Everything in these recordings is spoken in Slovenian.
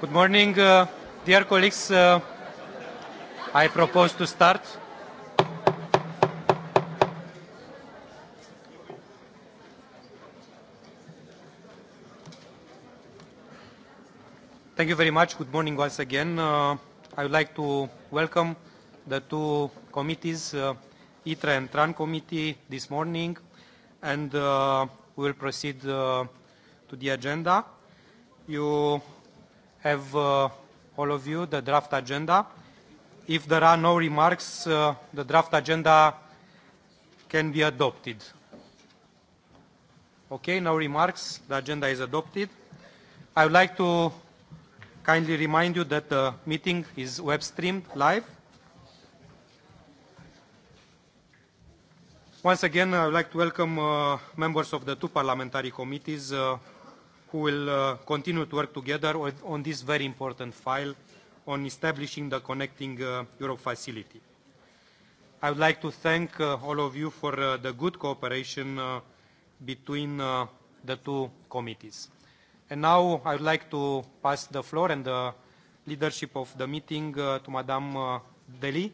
Good morning, uh, dear colleagues. Uh, I propose to start. Thank you very much. Good morning once again. Uh, I would like to welcome the two committees, uh, ITRA and TRAN committee, this morning, and uh, we will proceed uh, to the agenda. You have uh, all of you the draft agenda. If there are no remarks, uh, the draft agenda can be adopted. Okay, no remarks, the agenda is adopted. I would like to kindly remind you that the meeting is web streamed live. Once again, I would like to welcome uh, members of the two parliamentary committees uh, who will uh, continue to work together on this very important file on establishing the connecting uh, Europe facility. I would like to thank uh, all of you for uh, the good cooperation uh, between uh, the two committees. And now I would like to pass the floor and the leadership of the meeting uh, to Madame uh, Deli,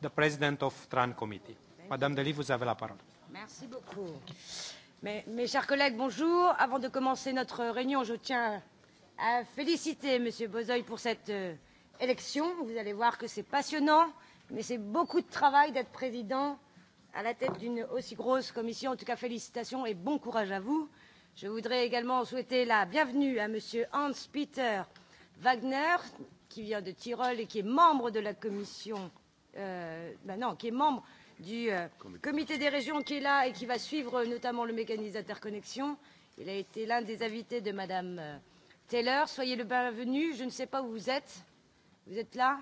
the President of TRAN Committee. Madame Deli, vous avez la parole. Merci beaucoup. Mais, mes chers collègues, bonjour. Avant de commencer notre réunion, je tiens à féliciter M. Bozoy pour cette euh, élection. Vous allez voir que c'est passionnant, mais c'est beaucoup de travail d'être président à la tête d'une aussi grosse commission. En tout cas, félicitations et bon courage à vous. Je voudrais également souhaiter la bienvenue à M. Hans-Peter Wagner, qui vient de Tyrol et qui est membre de la commission. Euh, ben non, qui est membre du euh, comité des régions qui est là et qui va suivre euh, notamment le mécanisme d'interconnexion. Il a été l'un des invités de Madame euh, Taylor. Soyez le bienvenu. Je ne sais pas où vous êtes. Vous êtes là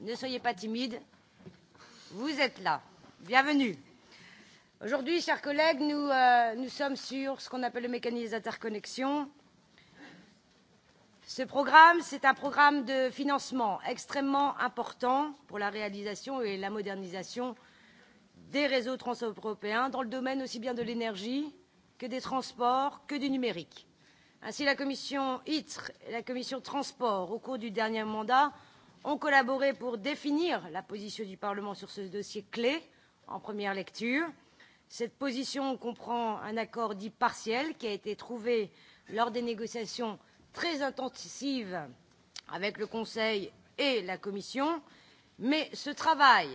Ne soyez pas timide. Vous êtes là. Bienvenue. Aujourd'hui, chers collègues, nous, euh, nous sommes sur ce qu'on appelle le mécanisme d'interconnexion. Ce programme, c'est un programme de financement extrêmement important pour la réalisation et la modernisation euh, des réseaux transeuropéens dans le domaine aussi bien de l'énergie que des transports que du numérique. Ainsi, la commission ITRE et la commission transport, au cours du dernier mandat, ont collaboré pour définir la position du Parlement sur ce dossier clé en première lecture. Cette position comprend un accord dit partiel qui a été trouvé lors des négociations très intensives avec le Conseil et la Commission. Mais ce travail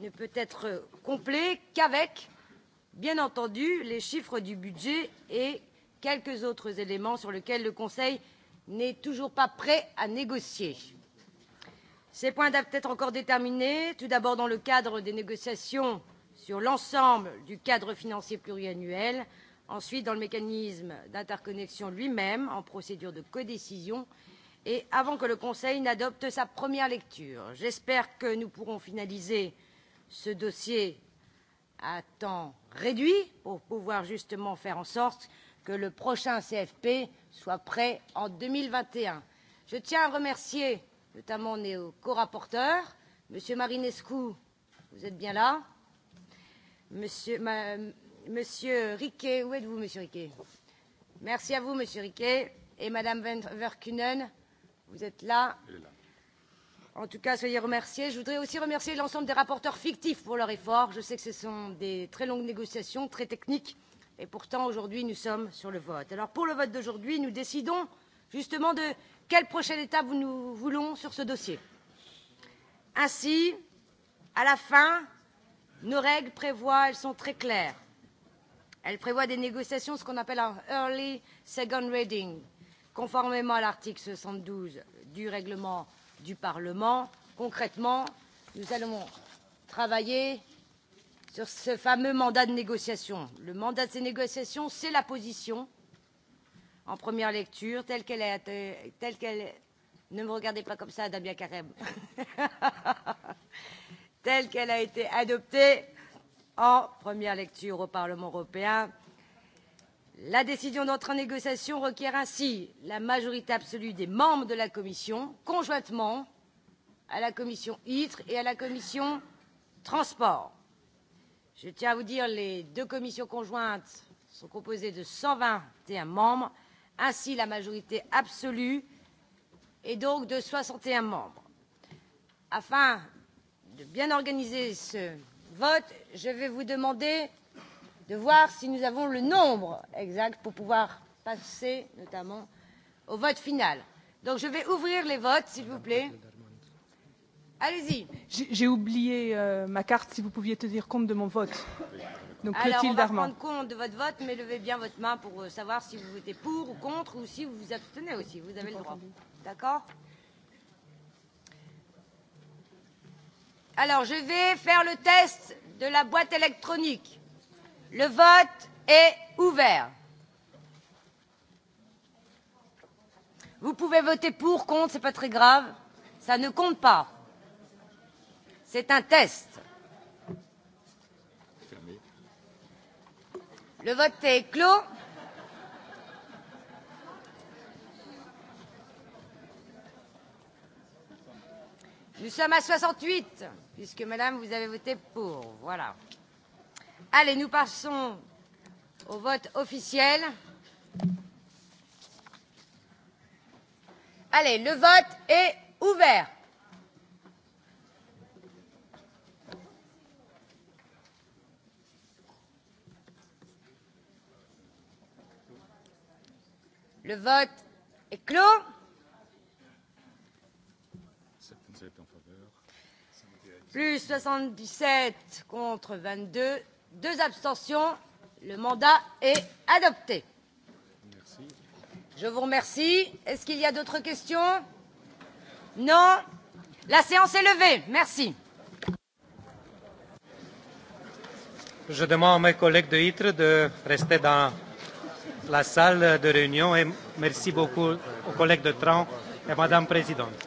ne peut être complet qu'avec, bien entendu, les chiffres du budget et quelques autres éléments sur lesquels le Conseil n'est toujours pas prêt à négocier. Ces points doivent être encore déterminés, tout d'abord dans le cadre des négociations sur l'ensemble du cadre financier pluriannuel, ensuite dans le mécanisme d'interconnexion lui-même en procédure de codécision, et avant que le Conseil n'adopte sa première lecture. J'espère que nous pourrons finaliser euh, ce dossier à temps réduit pour pouvoir justement faire en sorte que le prochain CFP soit prêt en 2021. Je tiens à remercier notamment nos co-rapporteurs, M. Marinescu, vous êtes bien là, M. Riquet, où êtes-vous M. Riquet Merci à vous M. Riquet et Mme Verkunen, vous êtes là. Elle est là en tout cas, soyez remerciés. Je voudrais aussi remercier l'ensemble des rapporteurs fictifs pour leur effort. Je sais que ce sont des très longues négociations, très techniques, et pourtant, aujourd'hui, nous sommes sur le vote. Alors, pour le vote d'aujourd'hui, nous décidons justement de quelle prochaine étape nous voulons sur ce dossier. Ainsi, à la fin, nos règles prévoient, elles sont très claires. Elles prévoient des négociations, ce qu'on appelle un early second reading, conformément à l'article 72 du règlement du Parlement. Concrètement, nous allons travailler sur ce fameux mandat de négociation. Le mandat de ces négociations, c'est la position en première lecture, telle qu'elle est. Telle qu ne me regardez pas comme ça, Damien Carême. telle qu'elle a été adoptée en première lecture au Parlement européen. La décision d'entrer en négociation requiert ainsi la majorité absolue des membres de la commission, conjointement à la commission « ITRE » et à la commission « transport ». Je tiens à vous dire que les deux commissions conjointes sont composées de 121 membres. Ainsi, la majorité absolue est donc de 61 membres. Afin de bien organiser ce vote, je vais vous demander de voir si nous avons le nombre exact pour pouvoir passer notamment au vote final. Donc je vais ouvrir les votes, s'il vous plaît. Allez-y. J'ai oublié euh, ma carte, si vous pouviez tenir compte de mon vote. Donc, Alors, Clotilde on va prendre compte de votre vote, mais levez bien votre main pour euh, savoir si vous votez pour ou contre, ou si vous vous abstenez aussi. Vous avez le droit. D'accord Alors, je vais faire le test de la boîte électronique. Le vote est ouvert. Vous pouvez voter pour, contre, c'est pas très grave. Ça ne compte pas. C'est un test. Le vote est clos. Nous sommes à 68, puisque madame, vous avez voté pour. Voilà. Allez, nous passons au vote officiel. Allez, le vote est ouvert. Le vote est clos. Plus 77 contre 22 deux abstentions. Le mandat est adopté. Merci. Je vous remercie. Est-ce qu'il y a d'autres questions Non La séance est levée. Merci. Je demande à mes collègues de ITRE de rester dans la salle de réunion et merci beaucoup aux collègues de Tran et Madame la Présidente.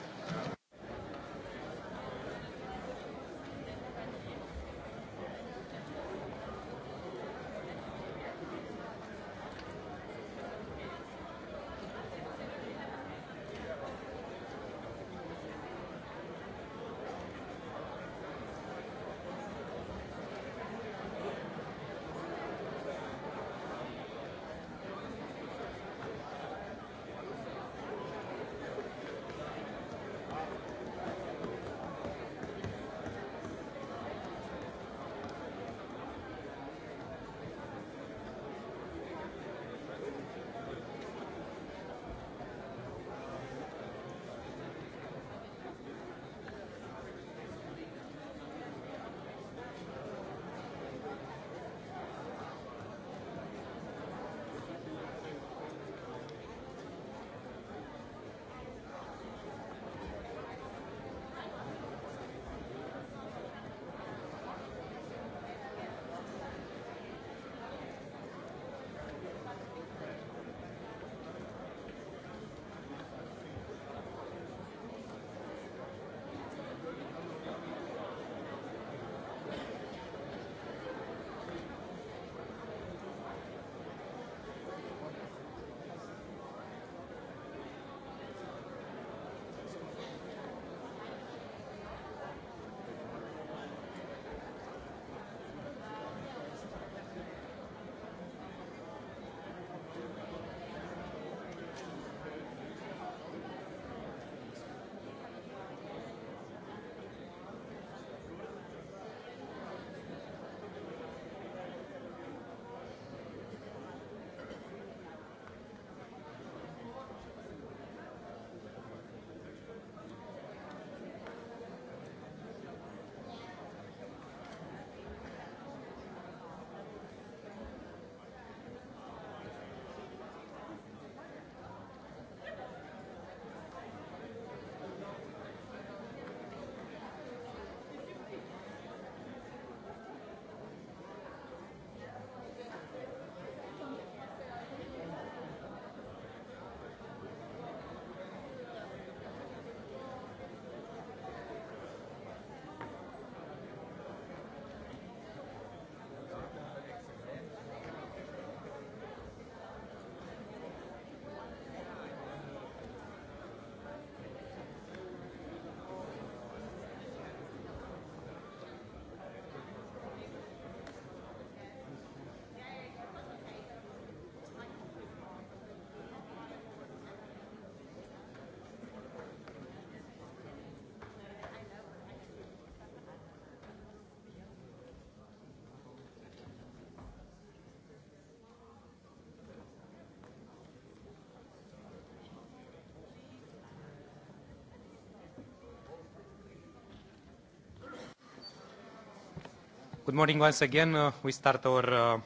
Good morning once again. Uh, we start our uh,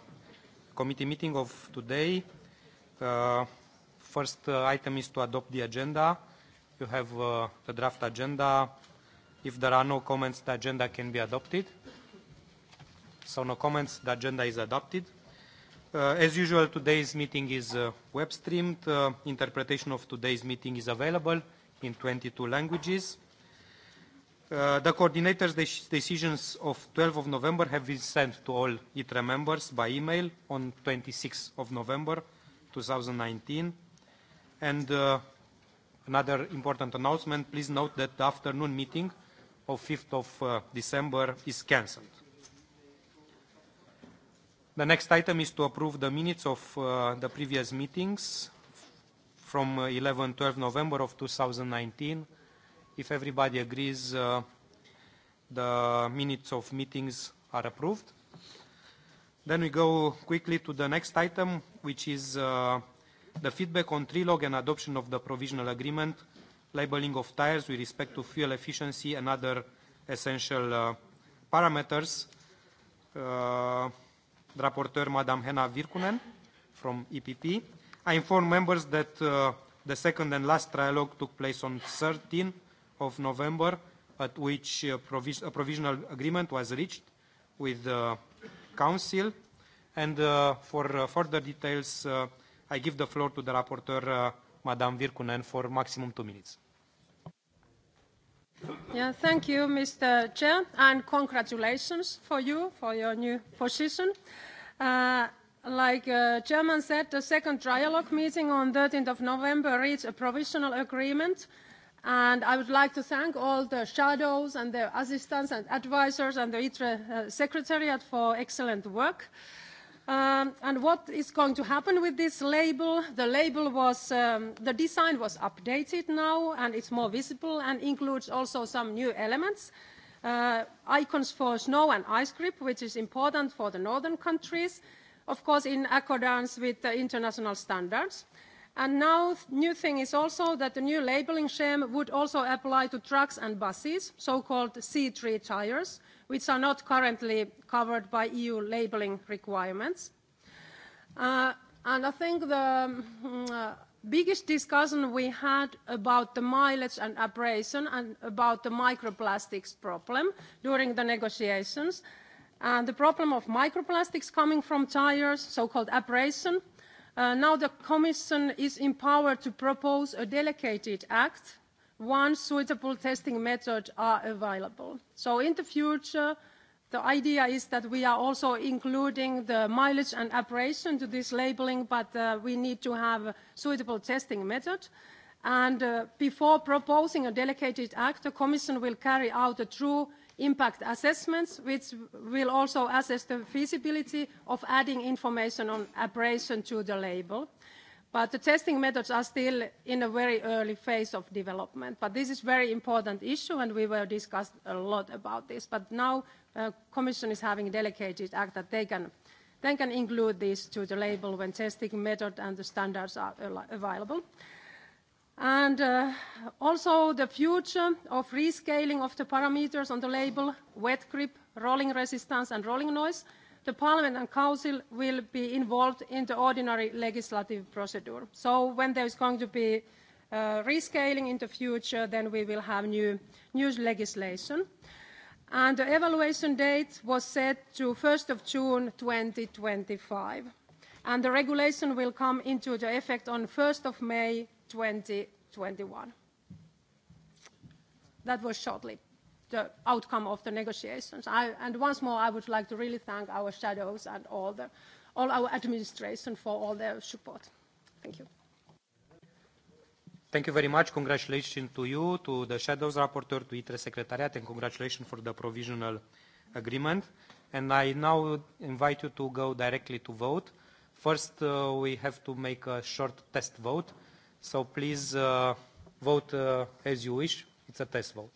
committee meeting of today. Uh, first uh, item is to adopt the agenda. You have uh, the draft agenda. If there are no comments, the agenda can be adopted. So no comments, the agenda is adopted. Uh, as usual, today's meeting is uh, web-streamed. Uh, interpretation of today's meeting is available in 22 languages. Uh, the coordinator's de decisions of 12 of November have been sent to all ITRE members by email on 26 of November 2019. And uh, another important announcement, please note that the afternoon meeting of 5th of uh, December is cancelled. The next item is to approve the minutes of uh, the previous meetings from 11-12 uh, November of 2019 if everybody agrees, uh, the minutes of meetings are approved. Then we go quickly to the next item, which is uh, the feedback on trilog and adoption of the provisional agreement, labeling of tires with respect to fuel efficiency and other essential uh, parameters. Uh, Rapporteur Madame Hena Virkunen from EPP. I inform members that uh, the second and last trilogue took place on 13 of November, at which uh, a provisional agreement was reached with the Council. And uh, for uh, further details, uh, I give the floor to the rapporteur, uh, Madame Virkunen, for maximum two minutes. Yeah, thank you, Mr. Chair, and congratulations for you for your new position. Uh, like uh, Chairman said, the second trialogue meeting on 13th of November reached a provisional agreement and I would like to thank all the shadows and the assistants and advisors and the ITRE uh, secretariat for excellent work. Um, and what is going to happen with this label? The label was, um, the design was updated now and it's more visible and includes also some new elements. Uh, icons for snow and ice grip, which is important for the northern countries. Of course, in accordance with the international standards. Uh, Now new thing is also that the new labeling scheme would also apply to trucks and buses, so-called C3 tires, which are not currently covered by EU labeling requirements. Uh, I think the mm, uh, biggest discussion we had about the mileage and abrasion and about the microplastics problem during the negotiations, and the problem of microplastics coming from tires, so-called abrasion, Uh, now the Commission is empowered to propose a delegated act once suitable testing methods are available. So in the future, the idea is that we are also including the mileage and abrasion to this labeling, but uh, we need to have a suitable testing method. And uh, before proposing a delegated act, the Commission will carry out a true impact assessments, which will also assess the feasibility of adding information on abrasion to the label. But the testing methods are still in a very early phase of development. But this is a very important issue, and we will discuss a lot about this. But now the uh, Commission is having a delegated act that they can include this to the label when testing method and the standards are available and uh, also the future of rescaling of the parameters on the label, wet grip, rolling resistance, and rolling noise, the Parliament and Council will be involved in the ordinary legislative procedure. So when there is going to be uh, rescaling in the future, then we will have new legislation. And the evaluation date was set to 1st of June 2025, and the regulation will come into effect on 1st of May 2021. That was shortly the outcome of the negotiations. Once more, I would like to really thank our shadows and all our administration for all their support. Thank you. Thank you very much. Congratulations to you, to the shadows rapporteur, to ITRE Secretariat, and congratulations for the provisional agreement. I now invite you to go directly to vote. First, uh, we have to make a short test vote. So please uh, vote uh, as you wish. It's a test vote.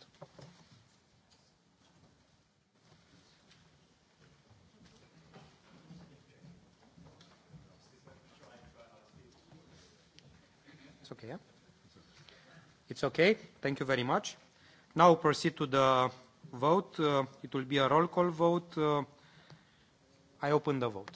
It's okay. Yeah? It's okay. Thank you very much. Now we'll proceed to the vote. Uh, it will be a roll call vote. Uh, I open the vote.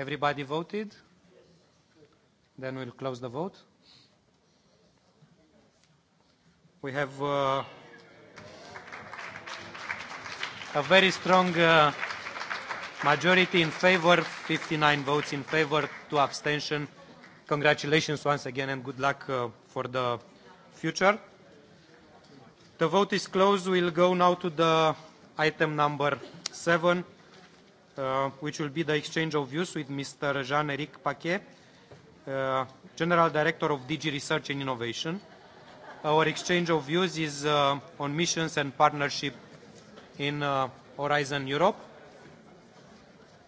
Everybody voted? Then we'll close the vote. We have uh, a very strong uh, majority in favor, 59 votes in favor, two abstention. Congratulations once again and good luck uh, for the future. The vote is closed. We'll go now to the item number seven. Uh, which will be the exchange of views with Mr. Jean-Éric Paquet, uh, General Director of DG Research and Innovation. Our exchange of views is uh, on missions and partnership in uh, Horizon Europe.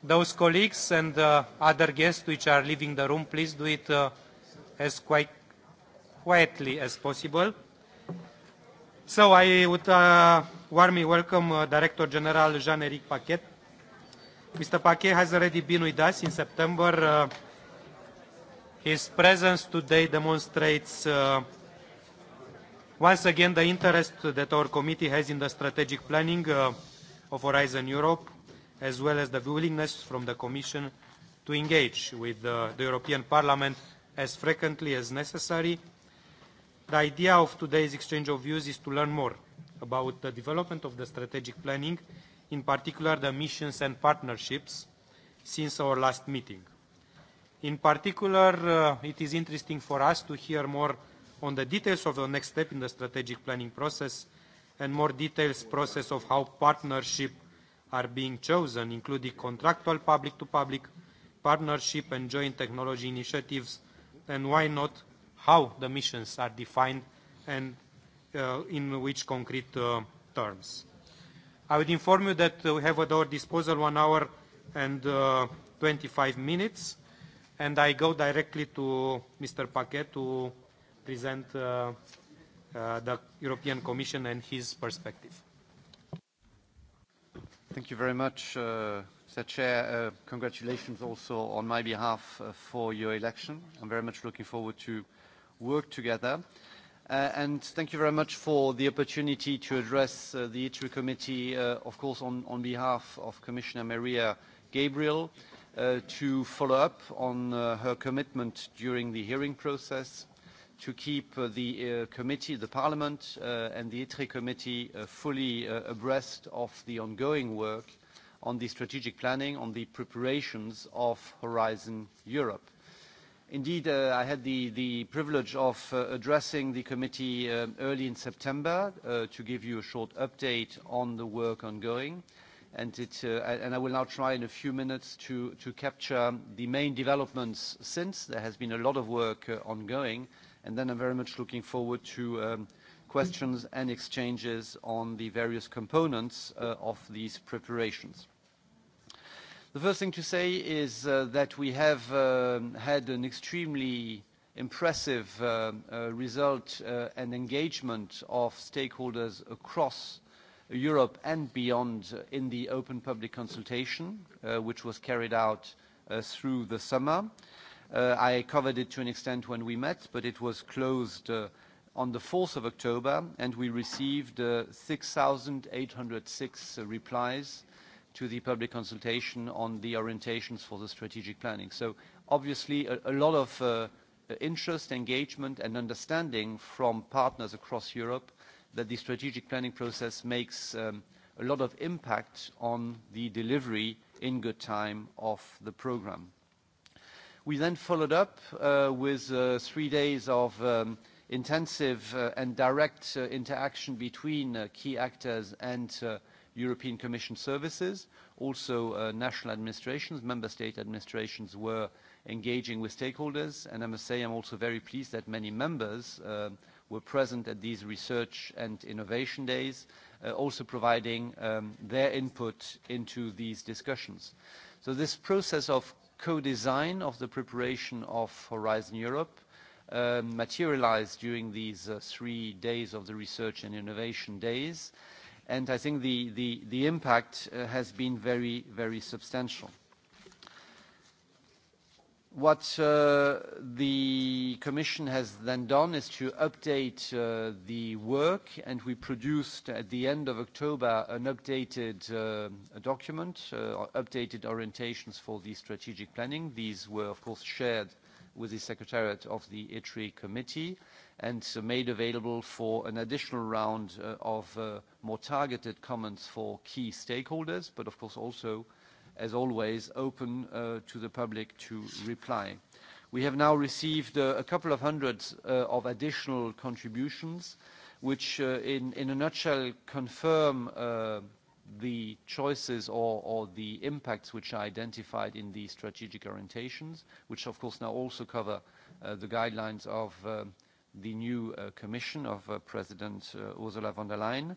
Those colleagues and uh, other guests which are leaving the room, please do it uh, as quite quietly as possible. So I would uh, warmly welcome uh, Director General Jean-Éric Paquet Mr. Paquet has already been with us in September. Uh, his presence today demonstrates uh, once again the interest that our committee has in the strategic planning uh, of Horizon Europe, as well as the willingness from the Commission to engage with uh, the European Parliament as frequently as necessary. The idea of today's exchange of views is to learn more about the development of the strategic planning in particular the missions and partnerships since our last meeting. In particular, uh, it is interesting for us to hear more on the details of the next step in the strategic planning process and more details process of how partnership are being chosen, including contractual public-to-public partnership and joint technology initiatives, and why not, how the missions are defined and uh, in which concrete uh, terms. I would inform you that uh, we have at our disposal one hour and uh, 25 minutes, and I go directly to Mr. Paquet to present uh, uh, the European Commission and his perspective. Thank you very much, uh, Mr. Chair. Uh, congratulations also on my behalf uh, for your election. I'm very much looking forward to work together. Uh, Uh, and thank you very much for the opportunity to address uh, the Itre Committee, uh, of course, on behalf of Commissioner Maria Gabriel, to follow up on her commitment during the hearing process to keep the committee, the parliament, and the Itre Committee fully abreast of the ongoing work on the strategic planning, on the preparations of Horizon Europe. Indeed, uh, I had the privilege of uh, addressing the committee uh, early in September to give you a short update on the work ongoing. I will now try in a few minutes to capture the main developments since. There has been a lot of work ongoing, and then I'm very much looking forward to um, questions and exchanges on the various components of these preparations. The first thing to say is uh, that we have um, had an extremely impressive uh, uh, result and engagement of stakeholders across Europe and beyond in the open public consultation, which was carried out through the summer. I covered it to an extent when we met, but it was closed on the 4th of October, and we received 6,806 replies to the public consultation on the orientations for the strategic planning. So obviously, a lot of uh, interest, engagement, and understanding from partners across Europe that the strategic planning process makes um, a lot of impact on the delivery in good time of the program. We then followed up uh, with uh, three days of um, intensive and direct interaction between key actors and European Commission services, also uh, national administrations, member state administrations were engaging with stakeholders. I must say, I'm also very pleased that many members um, were present at these research and innovation days, uh, also providing um, their input into these discussions. This process of co-design of the preparation of Horizon Europe um, materialized during these uh, three days of the research and innovation days and I think the, the, the impact uh, has been very, very substantial. What uh, the Commission has then done is to update uh, the work, and we produced at the end of October an updated uh, a document, uh, updated orientations for the strategic planning. These were, of course, shared with the secretariat of the ITRI committee and made available for an additional round uh, of uh, more targeted comments for key stakeholders, but of course also, as always, open uh, to the public to reply. We have now received a couple of hundreds of additional contributions, which in a nutshell confirm the choices or the impacts which are identified in the strategic orientations, which of course now also cover uh, the guidelines of uh, the new uh, commission of President Ursula von der Leyen.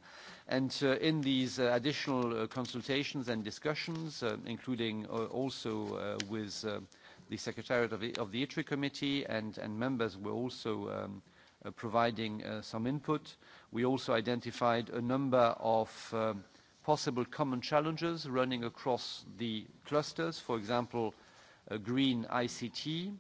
In these additional consultations and discussions, including also with the secretariat of the ITRI committee and members were also um, providing some input. We also identified a number of um, possible common challenges running across the clusters, for example, uh, green ICT.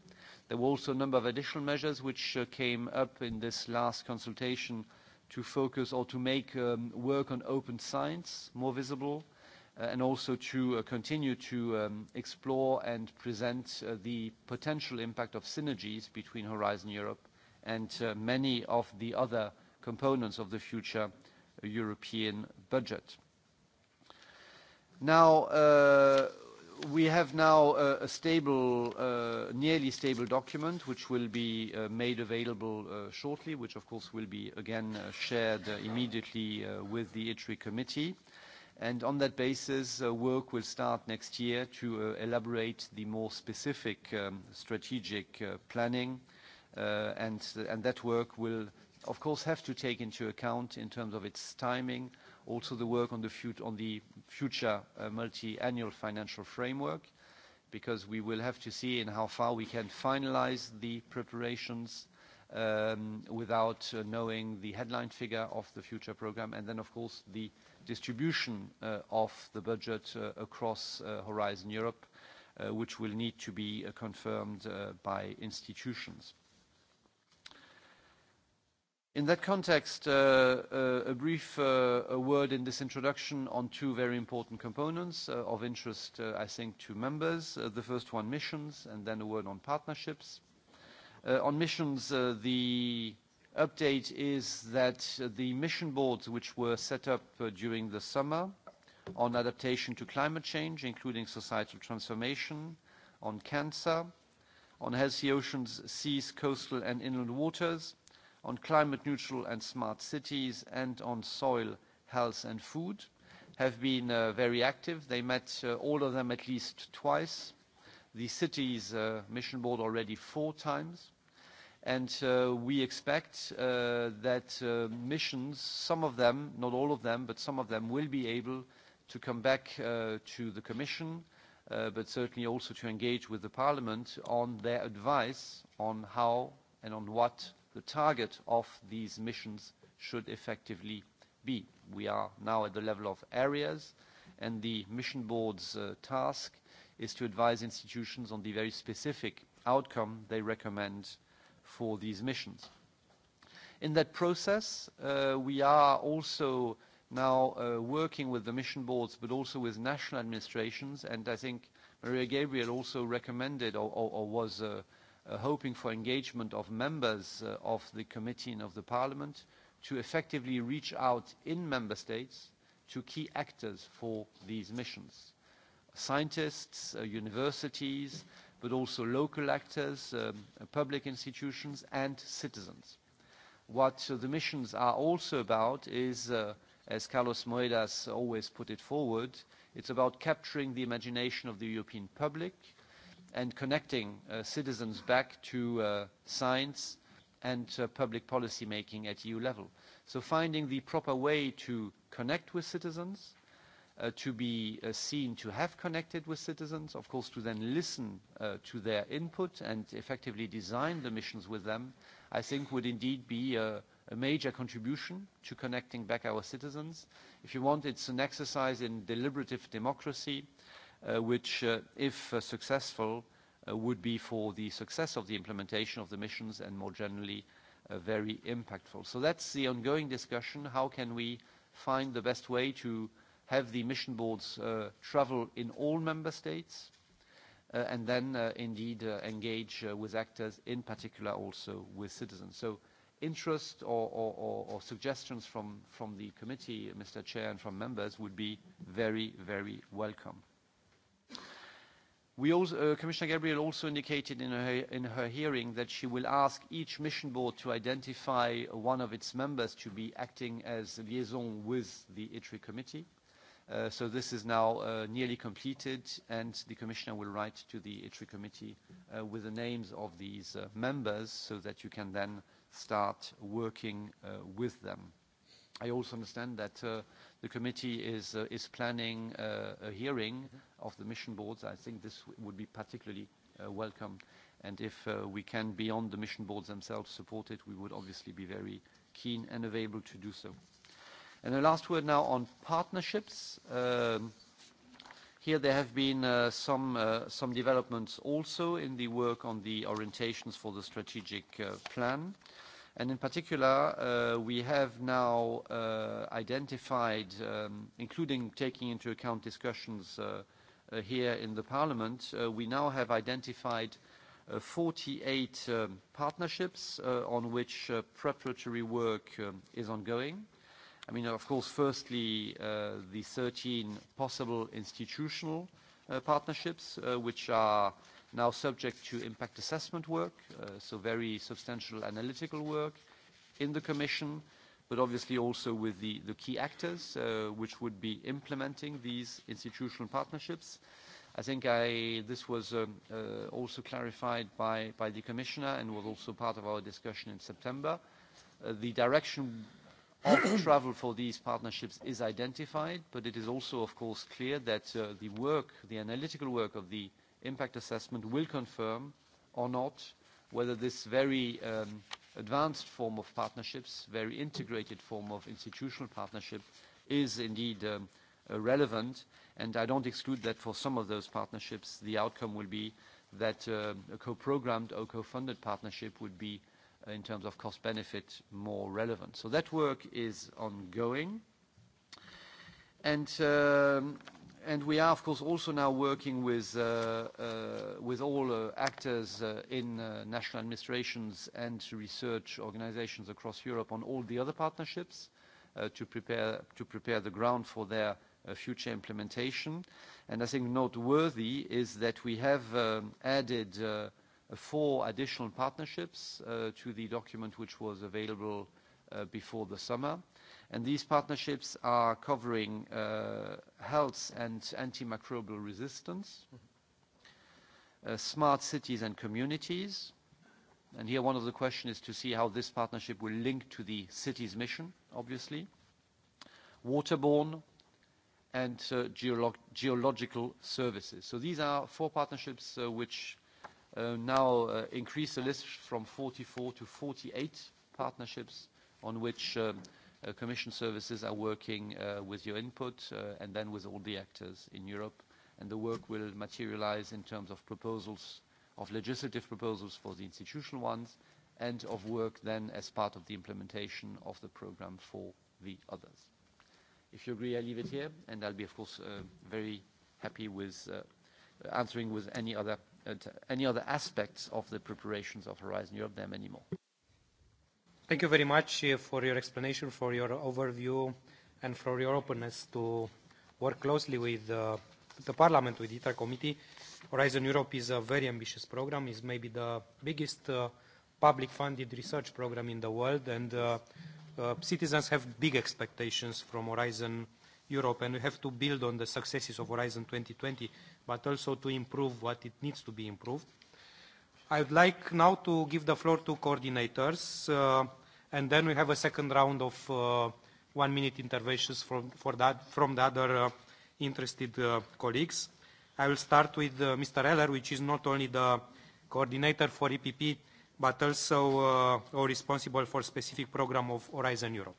There were also a number of additional measures which uh, came up in this last consultation to focus or to make um, work on open science more visible, uh, and also to continue to um, explore and present the potential impact of synergies between Horizon Europe and many of the other components of the future European budget. Now, uh, we have now a stable, uh, nearly stable document, which will be uh, made available shortly, which of course will be again shared immediately with the ITRI committee. On that basis, work will start next year to elaborate the more specific um, strategic planning. That work will of course have to take into account in terms of its timing, also the work on the, fut on the future uh, multi-annual financial framework because we will have to see in how far we can finalize the preparations um, without uh, knowing the headline figure of the future program and then of course the distribution uh, of the budget uh, across uh, Horizon Europe uh, which will need to be uh, confirmed uh, by institutions. In that context, uh, uh, a brief uh, word in this introduction on two very important components of interest, I think, to members. The first one, missions, and then a word on partnerships. On missions, the update is that the mission boards, which were set up during the summer on adaptation to climate change, including societal transformation, on cancer, on healthy oceans, seas, coastal, and inland waters, on climate neutral and smart cities, and on soil health and food have been uh, very active. They met uh, all of them at least twice. The city's uh, mission board already four times. And uh, we expect uh, that uh, missions, some of them, not all of them, but some of them will be able to come back uh, to the Commission, uh, but certainly also to engage with the Parliament on their advice on how and on what the target of these missions should effectively be. We are now at the level of areas, and the mission board's uh, task is to advise institutions on the very specific outcome they recommend for these missions. In that process, uh, we are also now uh, working with the mission boards, but also with national administrations, and I think Maria Gabriel also recommended or was Uh, hoping for engagement of members uh, of the committee and of the parliament to effectively reach out in member states to key actors for these missions. Scientists, uh, universities, but also local actors, um, uh, public institutions, and citizens. What uh, the missions are also about is, uh, as Carlos Moedas always put it forward, it's about capturing the imagination of the European public, uh, and connecting uh, citizens back to uh, science and uh, public policy making at EU level. So finding the proper way to connect with citizens, uh, to be uh, seen to have connected with citizens, of course to then listen uh, to their input and effectively design the missions with them, I think would indeed be a, a major contribution to connecting back our citizens. If you want, it's an exercise in deliberative democracy. Uh, which, uh, if uh, successful, would be for the success of the implementation of the missions and more generally, very impactful. That's the ongoing discussion. How can we find the best way to have the mission boards travel in all member states, and then indeed engage with actors, in particular also with citizens. Interest or suggestions from the committee, Mr. Chair, and from members would be very, very welcome. Uh, commissioner Gabriel also indicated in her hearing that she will ask each mission board to identify one of its members to be acting as liaison with the ITRI committee. Uh, so this is now uh, nearly completed and the commissioner will write to the ITRI committee uh, with the names of these uh, members so that you can then start working uh, with them. I also understand that uh, the committee is uh, planning uh, a hearing of the mission boards. I think this would be particularly welcome, and if we can, beyond the mission boards themselves, support it, we would obviously be very keen and available to do so. The last word now on partnerships. Um, here there have been some developments also in the work on the orientations for the strategic plan. In particular, uh, we have now uh, identified, um, including taking into account discussions uh, here in the parliament, we now have identified 48 um, partnerships on which preparatory work um, is ongoing. I mean, of course, firstly, the 13 possible institutional partnerships, which are now subject to impact assessment work, uh, so very substantial analytical work in the Commission, but obviously also with the, the key actors uh, which would be implementing these institutional partnerships. I think I, this was um, uh, also clarified by, by the Commissioner and was also part of our discussion in September. Uh, the direction of travel for these partnerships is identified, but it is also, of course, clear that uh, the work, the analytical work of the uh, impact assessment will confirm or not whether this very um, advanced form of partnerships, very integrated form of institutional partnership, is indeed um, uh, relevant. I don't exclude that for some of those partnerships, the outcome will be that um, a co-programmed or co-funded partnership would be, uh, in terms of cost benefit, more relevant. That work is ongoing. We are, of course, also now working with uh, uh, all uh, actors in national administrations and research organizations across Europe on all the other partnerships to prepare the ground for their future implementation. I think noteworthy is that we have um, added four additional partnerships to the document which was available before the summer. These partnerships are covering uh, health and antimicrobial resistance, uh, smart cities and communities. Here, one of the question is to see how this partnership will link to the city's mission, obviously, waterborne and uh, geological services. These are four partnerships which now increase the list from 44 to 48 partnerships on which um, Uh, commission services are working uh, with your input uh, and then with all the actors in Europe. The work will materialize in terms of proposals, of legislative proposals for the institutional ones, and of work then as part of the implementation of the program for the others. If you agree, I leave it here, and I'll be, of course, very happy with answering with any other aspects of the preparations of Horizon Europe. There are many more. Thank you very much uh, for your explanation, for your overview, and for your openness to work closely with uh, the Parliament, with the ITER Committee. Horizon Europe is a very ambitious program. It's maybe the biggest uh, public-funded research program in the world, and uh, uh, citizens have big expectations from Horizon Europe, and we have to build on the successes of Horizon 2020, but also to improve what it needs to be improved. I would like now to give the floor to coordinators, uh, and then we have a second round of uh, one-minute interventions from, for that, from the other uh, interested uh, colleagues. I will start with uh, Mr. Eller, which is not only the coordinator for EPP, but also uh, or responsible for specific program of Horizon Europe.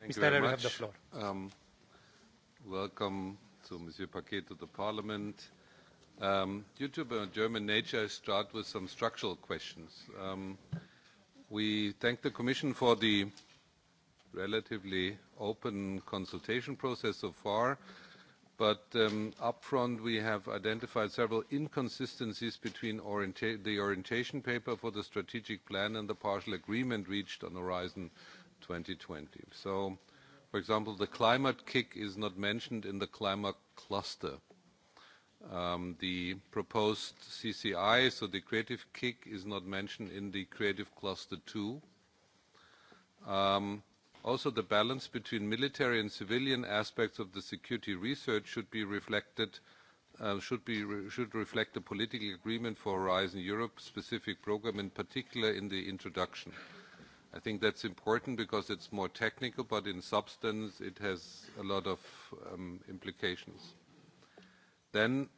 Thank Mr. Eller, you have the floor. Um, welcome to Monsieur Paquet to the Parliament. Um, due to my German nature, I start with some structural questions. Um, we thank the Commission for the relatively open consultation process so far, but um, upfront, we have identified several inconsistencies between the orientation paper for the strategic plan and the partial agreement reached on Horizon 2020. For example, the climate kick is not mentioned in the climate cluster um, the proposed CCI, so the creative kick is not mentioned in the creative cluster two. Um, also, the balance between military and civilian aspects of the security research should be reflected, uh, should, be re should reflect the political agreement for Horizon Europe specific program, in particular in the introduction. I think that's important because it's more technical, but in substance it has a lot of um, implications then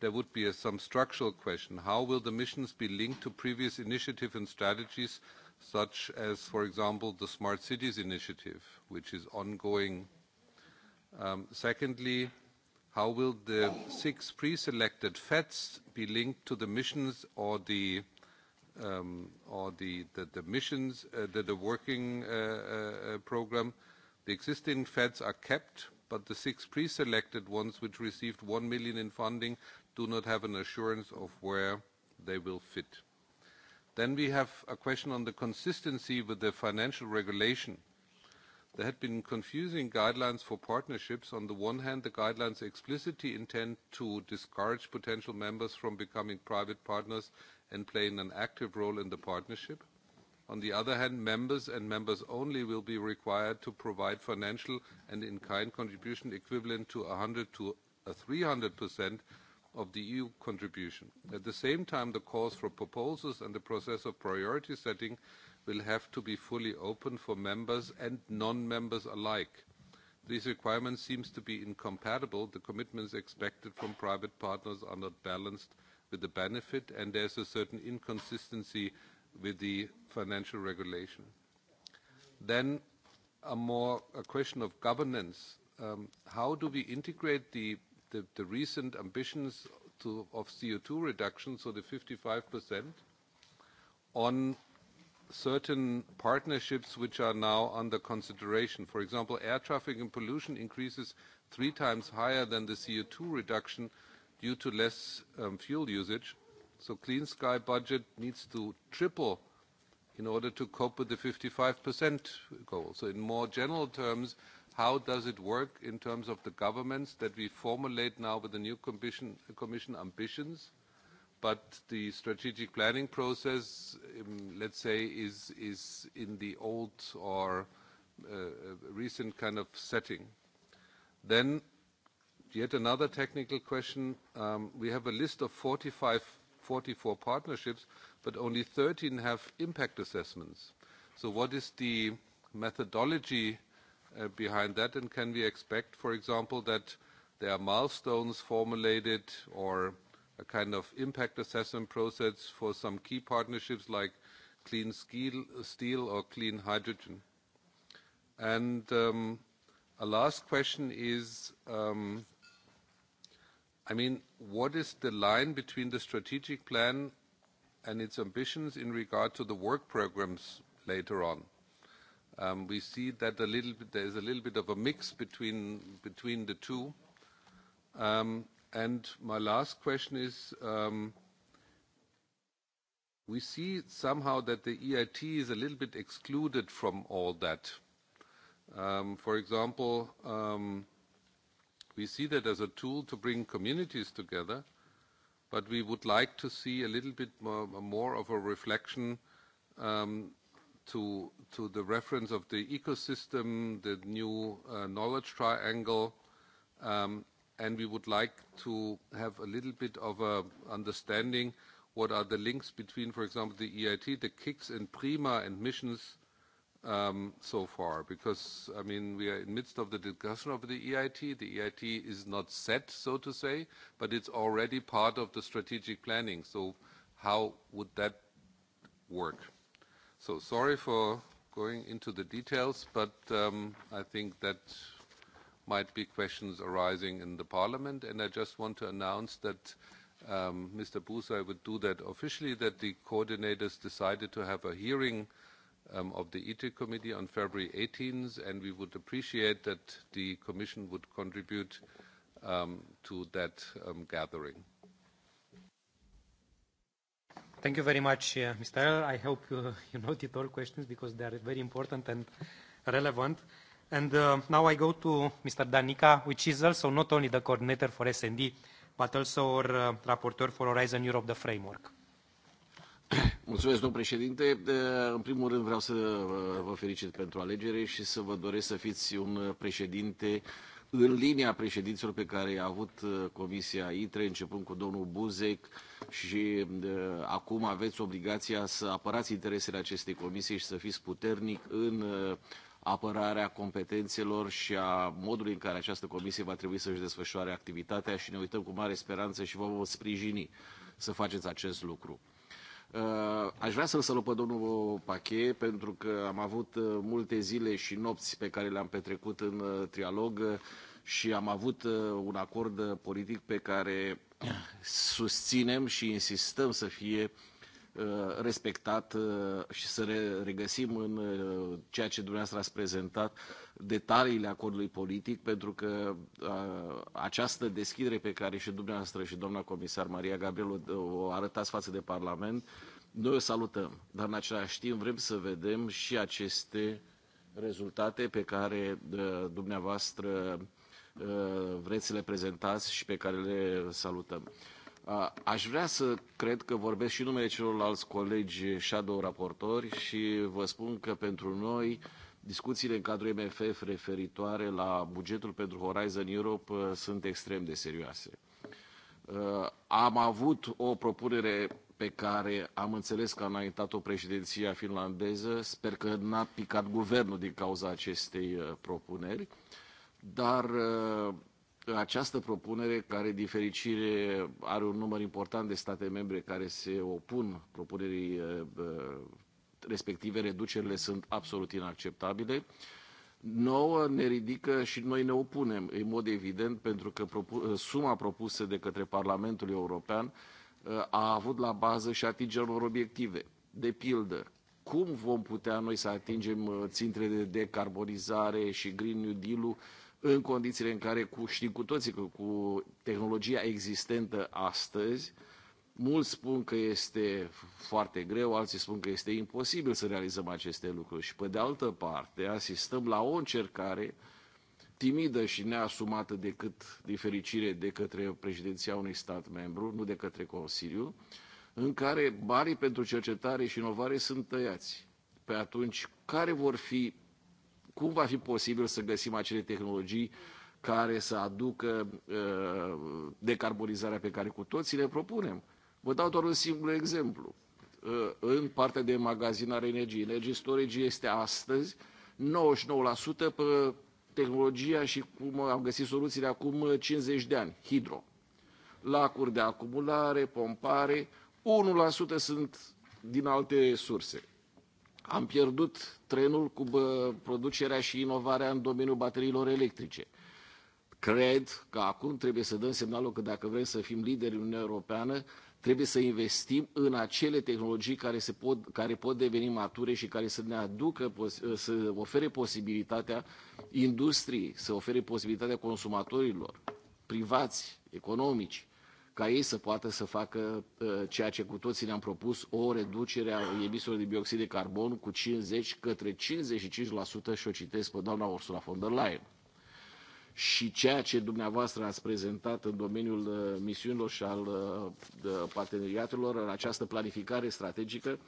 there would be some structural question. How will the missions be linked to previous initiative and strategies, such as, for example, the Smart Cities Initiative, which is ongoing? Um, secondly, how will the six pre-selected FETs be linked to the missions or the um, missions, uh, the working uh, uh, program? The existing FETs are kept, but the six pre-selected ones which received 1 million in funding do not have an assurance of where they will fit. Then we have a question on the consistency with the financial regulation. There had been confusing guidelines for partnerships. On the one hand, the guidelines explicitly intend to discourage potential members from becoming private partners and playing an active role in the partnership. On the other hand, members and members only will be required to provide financial and in-kind contribution equivalent to 100%-300% of the EU contribution. At the same time, the calls for proposals and the process of priority setting will have to be fully open for members and non-members alike. These requirements seems to be incompatible. The commitments expected from private partners are not balanced with the benefit, and there's a certain inconsistency with the financial regulation. Then a more a question of governance. Um, how do we integrate the, the, the recent ambitions to, of CO2 reduction, so the 55%, on certain partnerships which are now under consideration? For example, air traffic and pollution increases three times higher than the CO2 reduction due to less um, fuel usage. So clean sky budget needs to triple in order to cope with the 55% goal. So in more general terms, how does it work in terms of the governments that we formulate now with the new commission, commission ambitions? But the strategic planning process, um, let's say, is, is in the old or uh, recent kind of setting. Then, yet another technical question. Um, we have a list of 45 44 partnerships, but only 13 have impact assessments. So, what is the methodology uh, behind that? And can we expect, for example, that there are milestones formulated or a kind of impact assessment process for some key partnerships like clean steel or clean hydrogen? And um, a last question is. Um, I mean, what is the line between the strategic plan and its ambitions in regard to the work programs later on? Um, we see that a little bit, there is a little bit of a mix between between the two. Um, and my last question is: um, We see somehow that the EIT is a little bit excluded from all that. Um, for example. Um, We see that as a tool to bring communities together, but we would like to see a little bit more, more of a reflection um, to, to the reference of the ecosystem, the new uh, knowledge triangle, um, and we would like to have a little bit of a understanding what are the links between, for example, the EIT, the KICS and PRIMA and missions uh, Um, so far because I mean we are in the midst of the discussion of the EIT. The EIT is not set, so to say, but it's already part of the strategic planning. So how would that work? So sorry for going into the details, but um, I think that might be questions arising in the Parliament, and I just want to announce that um, Mr. Busai would do that officially, that the coordinators decided to have a hearing Um, of the ethics committee on February 18th, and we would appreciate that the commission would contribute um, to that um, gathering. Thank you very much, uh, Mr. Eller. I hope you noted all questions because they are very important and relevant. Uh, now I go to Mr. Dan Ica, which is also not only the coordinator for S&D, but also our uh, rapporteur for Horizon Europe, the framework. Mulțumesc, domn președinte. În primul rând vreau să uh, vă fericit pentru alegere și să vă doresc să fiți un președinte în linia președinților pe care i-a avut uh, Comisia ITRE, începând cu domnul Buzec și uh, acum aveți obligația să apărați interesele acestei comisii și să fiți puternic în apărarea competențelor și a modului în care această comisie va trebui să-și desfășoare activitatea și ne uităm cu mare speranță și vă vom sprijini să faceți acest lucru. Uh, aș vrea să-l salut pe domnul Pache, pentru că am avut uh, multe zile și nopți pe care le-am petrecut în uh, trialog și am avut un acord politic pe care ah. susținem și insistăm să fie uh, Uh, respectat uh, și să regăsim în uh, ceea ce dumneavoastră ați prezentat detaliile acordului politic, pentru că această deschidere pe care și dumneavoastră și doamna comisar Maria Gabrielu o arătați față de Parlament, noi o salutăm, dar în același timp vrem să vedem și aceste rezultate pe care dumneavoastră vreți să le prezentați și pe care le salutăm. Aș vrea să cred că vorbesc și numele celorlalți colegi shadow raportori și vă spun că pentru noi discuțiile în cadrul MFF referitoare la bugetul pentru Horizon Europe uh, sunt extrem de serioase. Uh, am avut o propunere pe care am înțeles că a înaintat-o președinția finlandeză. Sper că n-a picat guvernul din cauza acestei uh, propuneri, dar Această propunere, care din fericire are un număr important de state membre care se opun propunerii e, e, respective, reducerile sunt absolut inacceptabile. Nouă ne ridică și noi ne opunem, în mod evident, pentru că propu e, suma propusă de către Parlamentul European a avut la bază și atinge unor obiective. De pildă, cum vom putea noi să atingem țintele de decarbonizare și Green New Deal-ul în condițiile în care cu, știm cu toții că cu tehnologia existentă astăzi, mulți spun că este foarte greu, alții spun că este imposibil să realizăm aceste lucruri. Și pe de altă parte, asistăm la o încercare timidă și neasumată decât de fericire de către președinția unui stat membru, nu de către Consiliu, în care banii pentru cercetare și inovare sunt tăiați. Pe atunci, care vor fi cum va fi posibil să găsim acele tehnologii care să aducă decarbonizarea pe care cu toții le propunem. Vă dau doar un singur exemplu. În partea de magazinare energiei, energy storage este astăzi 99% pe tehnologia și cum am găsit soluțiile acum 50 de ani, hidro. Lacuri de acumulare, pompare, 1% sunt din alte surse. Am pierdut trenul cu producerea și inovarea în domeniul bateriilor electrice. Cred că acum trebuie să dăm semnalul că dacă vrem să fim lideri în Uniunea Europeană, trebuie să investim în acele tehnologii care, se pot, care pot deveni mature și care să ne aducă, să ofere posibilitatea industriei, să ofere posibilitatea consumatorilor privați, economici, uh, ca ei să poată să facă uh, ceea ce cu toții ne-am propus, o reducere a emisiilor de bioxid de carbon cu 50 către 55% și o citesc pe doamna Ursula von der Leyen. Și ceea ce dumneavoastră ați prezentat în domeniul uh, misiunilor și al uh, parteneriatelor în această planificare strategică,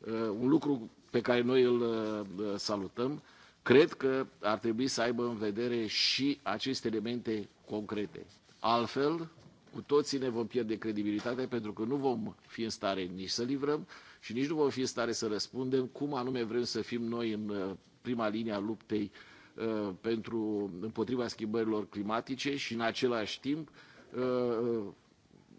uh, un lucru pe care noi îl uh, salutăm, cred că ar trebui să aibă în vedere și aceste elemente concrete. Altfel, cu toții ne vom pierde credibilitatea pentru că nu vom fi în stare nici să livrăm și nici nu vom fi în stare să răspundem cum anume vrem să fim noi în uh, prima linie a luptei uh, pentru împotriva schimbărilor climatice și în același timp uh,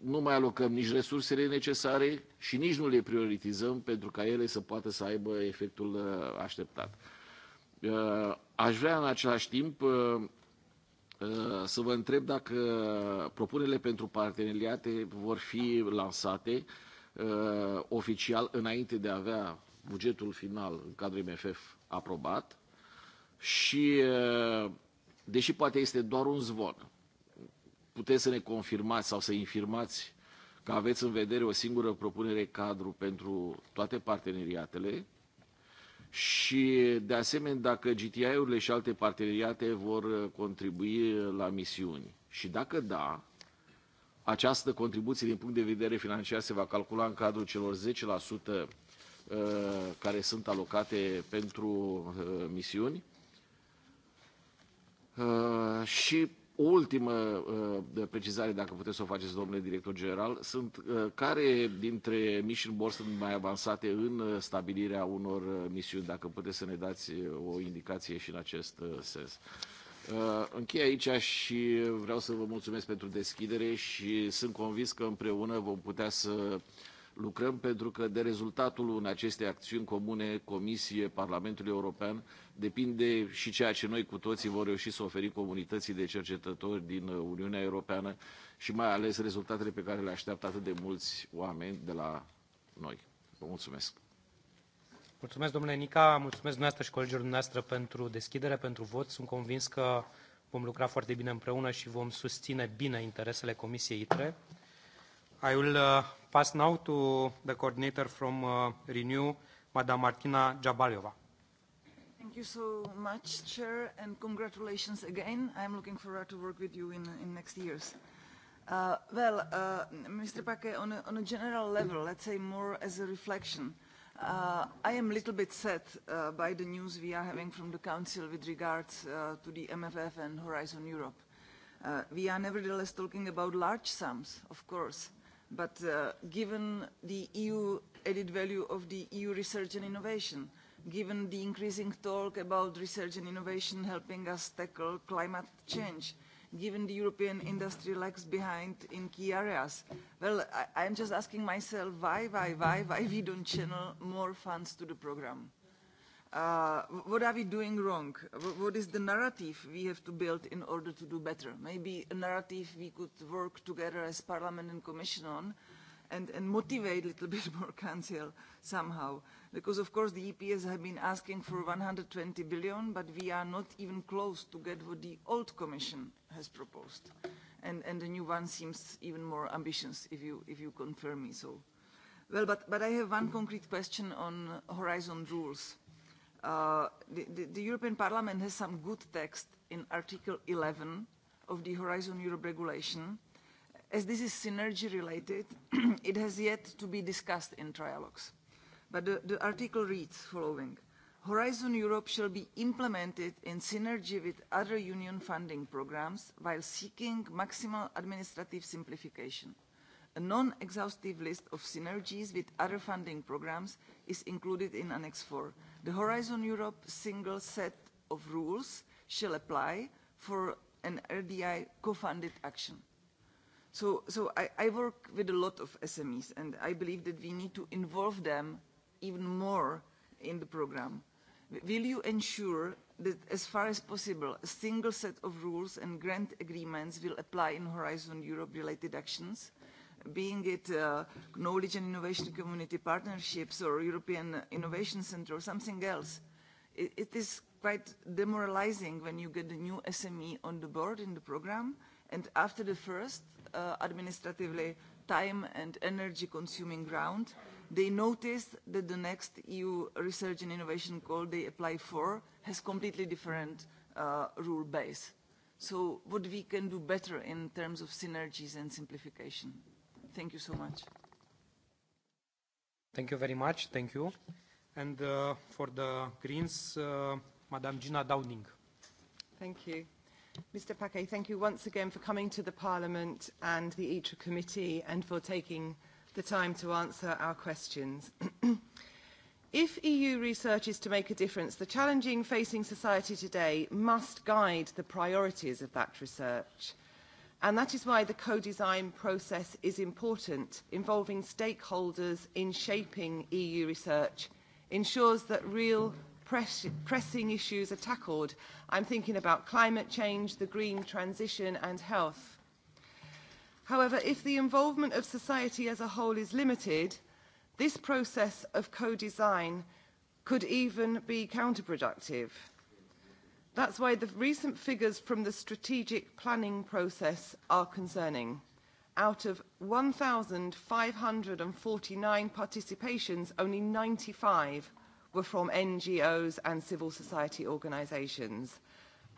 nu mai alocăm nici resursele necesare și nici nu le prioritizăm pentru ca ele să poată să aibă efectul așteptat. Aș vrea în același timp Eh, să vă întreb dacă eh, propunerile pentru parteneriate vor fi lansate uh, oficial înainte de a avea bugetul final în cadrul MFF aprobat și deși poate este doar un zvon, puteți să ne confirmați sau să infirmați că aveți în vedere o singură propunere cadru pentru toate parteneriatele, Și, de asemenea, dacă GTI-urile și alte parteneriate vor uh, contribui uh, la misiuni. Și dacă da, această contribuție din punct de vedere financiar se va calcula în cadrul celor 10% uh, care sunt alocate pentru misiuni. Și o ultimă uh, eh, precizare, dacă puteți să o faceți, domnule director general, sunt uh, care dintre mission board sunt mai avansate în eh, stabilirea unor misiuni, dacă puteți să ne dați o indicație și în acest uh, sens. Uh, închei aici și vreau să vă mulțumesc pentru deschidere și sunt convins că împreună vom putea să uh, lucrăm pentru că de rezultatul unei acestei acțiuni comune, Comisie, Parlamentul European, depinde și ceea ce noi cu toții vom reuși să oferim comunității de cercetători din Uniunea Europeană și mai ales rezultatele pe care le așteaptă atât de mulți oameni de la noi. Vă mulțumesc! Mulțumesc, domnule Nica, mulțumesc dumneavoastră și colegilor dumneavoastră pentru deschidere, pentru vot. Sunt convins că vom lucra foarte bine împreună și vom susține bine interesele Comisiei ITRE. I will uh, pass now to the coordinator from uh, Renew, Madam Martina Jabalova. Thank you so much, Chair, and congratulations again. I'm looking forward to work with you in, in next years. Uh, well, uh, Mr. Paque, on a, on a general level, let's say more as a reflection, uh, I am a little bit sad uh, by the news we are having from the Council with regards uh, to the MFF and Horizon Europe. Uh, we are nevertheless talking about large sums, of course, but uh, given the EU added value of the EU research and innovation, given the increasing talk about research and innovation helping us tackle climate change, given the European industry lags behind in key areas. Well, I, I'm just asking myself why, why, why, why we don't channel more funds to the programme? uh, what are we doing wrong? What is the narrative we have to build in order to do better? Maybe a narrative we could work together as Parliament and Commission on and, and motivate a little bit more Council somehow. Because of course the EPS have been asking for 120 billion, but we are not even close to get what the old Commission has proposed. And, and the new one seems even more ambitious, if you, if you confirm me so. Well, but, but I have one concrete question on Horizon rules. Uh, the, the, the European Parliament has some good text in Article 11 of the Horizon Europe regulation. As this is synergy related, it has yet to be discussed in trialogues. But the, the article reads following Horizon Europe shall be implemented in synergy with other Union funding programs while seeking maximal administrative simplification. A non-exhaustive list of synergies with other funding programs is included in Annex 4. The Horizon Europe single set of rules shall apply for an RDI co-funded action. So, so I, I work with a lot of SMEs, and I believe that we need to involve them even more in the program. Will you ensure that, as far as possible, a single set of rules and grant agreements will apply in Horizon Europe-related actions? being it uh, knowledge and innovation community partnerships or European Innovation Center or something else, it, it is quite demoralizing when you get a new SME on the board in the program and after the first uh, administratively time and energy consuming round, they notice that the next EU research and innovation call they apply for has completely different uh, rule base. So what we can do better in terms of synergies and simplification? Uh, Thank you so much. Thank you very much. Thank you. And uh, for the Greens, uh, Madam Gina Downing. Thank you. Mr. Paquet, thank you once again for coming to the Parliament and the ITRA e Committee and for taking the time to answer our questions. if EU research is to make a difference, the challenging facing society today must guide the priorities of that research. And that is why the co-design process is important, involving stakeholders in shaping EU research, ensures that real press pressing issues are tackled. I'm thinking about climate change, the green transition and health. However, if the involvement of society as a whole is limited, this process of co-design could even be counterproductive. That's why the recent figures from the strategic planning process are concerning. Out of 1,549 participations, only 95 were from NGOs and civil society organizations.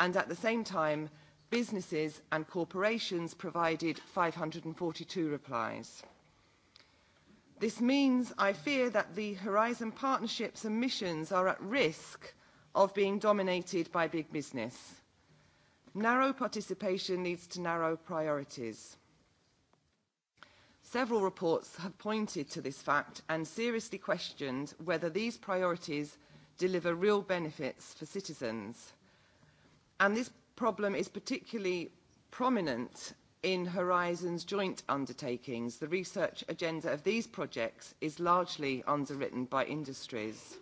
And at the same time, businesses and corporations provided 542 replies. This means, I fear, that the Horizon partnerships and missions are at risk of being dominated by big business. Narrow participation leads to narrow priorities. Several reports have pointed to this fact and seriously questioned whether these priorities deliver real benefits for citizens. And this problem is particularly prominent in Horizon's joint undertakings. The research agenda of these projects is largely underwritten by industries.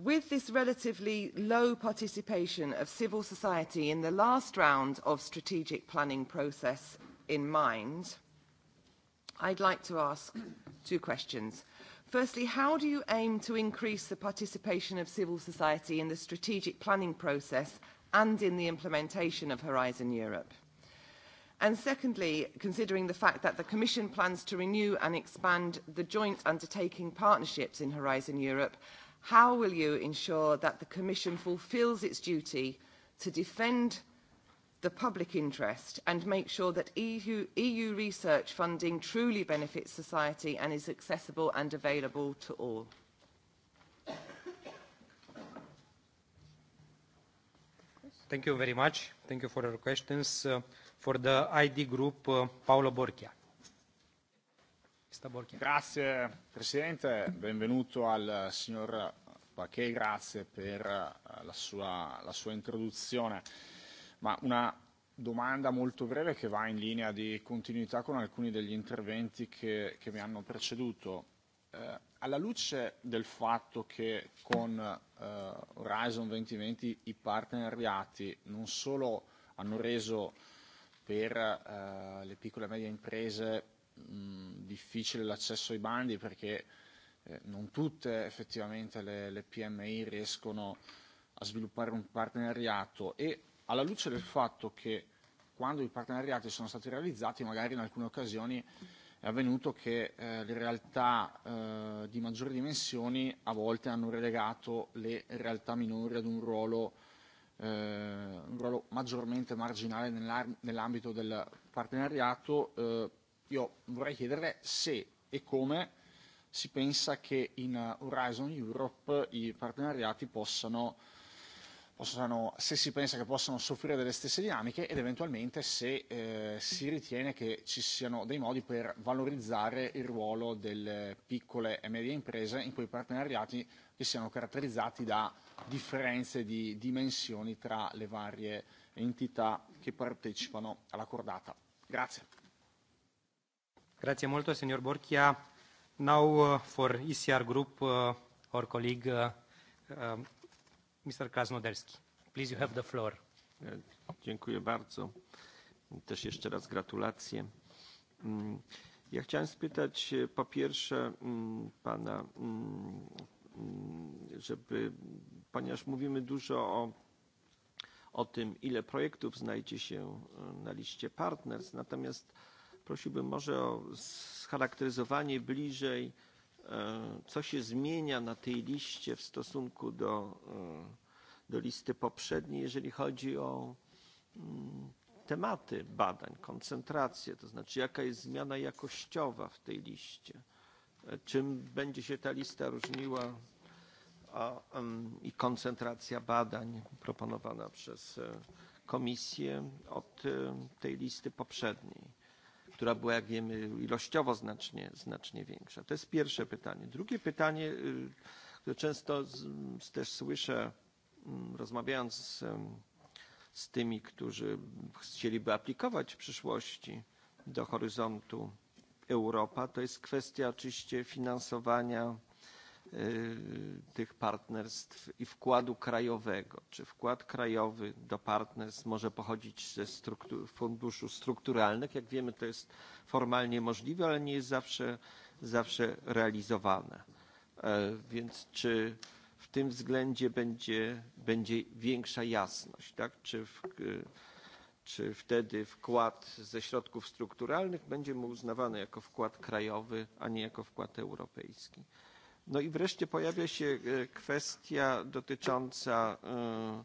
With this relatively low participation of civil society in the last round of strategic planning process in mind, I'd like to ask two questions. Firstly, how do you aim to increase the participation of civil society in the strategic planning process and in the implementation of Horizon Europe? And secondly, considering the fact that the Commission plans to renew and expand the joint undertaking partnerships in Horizon Europe, how will you ensure that the Commission fulfils its duty to defend the public interest and make sure that EU, EU research funding truly benefits society and is accessible and available to all? Thank you very much. Thank you for your questions. Uh, for the ID group, uh, Paolo Borchia. Grazie Presidente, benvenuto al eh, signor Pachet, grazie per eh, la sua, la sua introduzione. Ma una domanda molto breve che va in linea di continuità con alcuni degli interventi che, che mi hanno preceduto. Eh, alla luce del fatto che con eh, Horizon 2020 i partenariati non solo hanno reso per eh, le piccole e medie imprese difficile l'accesso ai bandi perché eh, non tutte effettivamente le, le PMI riescono a sviluppare un partenariato e alla luce del fatto che quando i partenariati sono stati realizzati magari in alcune occasioni è avvenuto che eh, le realtà eh, di maggiori dimensioni a volte hanno relegato le realtà minori ad un ruolo, eh, un ruolo maggiormente marginale nell'ambito del partenariato eh, io vorrei chiedere se e come si pensa che in eh, Horizon Europe i partenariati possano, possano se si pensa che possano soffrire delle stesse dinamiche ed eventualmente se eh, si ritiene che ci siano dei modi per valorizzare il ruolo delle piccole e medie imprese in quei partenariati che siano caratterizzati da differenze di dimensioni tra le varie entità che partecipano alla cordata. Grazie. Grazie molto, signor Borchia. Now, uh, for ECR Group, uh, our colleague, uh, uh, um, Mr. Krasnodelski. Please, you have the floor. E, dziękuję bardzo. Też jeszcze raz gratulacje. Mm, ja chciałem spytać e, po pierwsze mm, pana, mm, żeby, ponieważ mówimy dużo o, o tym, ile projektów znajdzie się e, na liście partners, natomiast prosiłbym może o scharakteryzowanie bliżej, e, co się zmienia na tej liście w stosunku do, e, do listy poprzedniej, jeżeli chodzi o mm, tematy badań, koncentrację, to znaczy jaka jest zmiana jakościowa w tej liście, e, czym będzie się ta lista różniła a, um, i koncentracja badań proponowana przez komisję od um, tej listy poprzedniej która była, jak wiemy, ilościowo znacznie, znacznie większa. To jest pierwsze pytanie. Drugie pytanie, które często z, też słyszę, mm, rozmawiając z, z tymi, którzy chcieliby aplikować w przyszłości do horyzontu Europa, to jest kwestia oczywiście finansowania, tych partnerstw i wkładu krajowego. Czy wkład krajowy do partnerstw może pochodzić ze struktur, funduszu strukturalnych? Jak wiemy, to jest formalnie możliwe, ale nie jest zawsze, zawsze realizowane. E, więc czy w tym względzie będzie, będzie większa jasność? Tak? Czy, w, czy wtedy wkład ze środków strukturalnych będzie mu uznawany jako wkład krajowy, a nie jako wkład europejski? No i wreszcie pojawia się e, kwestia dotycząca e,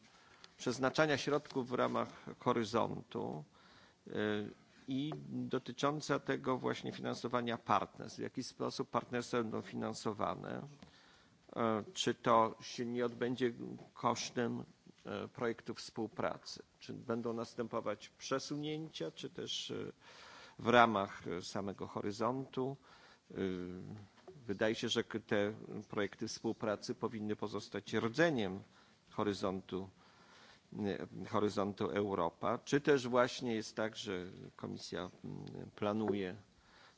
przeznaczania środków w ramach horyzontu e, i dotycząca tego właśnie finansowania partnerstw. W jaki sposób partnerstwa będą finansowane? Czy to się nie odbędzie kosztem projektu współpracy? Czy będą następować przesunięcia, czy też w ramach samego horyzontu? wydaje się, że te projekty współpracy powinny pozostać rdzeniem horyzontu, e, horyzontu Europa. Czy też właśnie jest tak, że Komisja mm, planuje,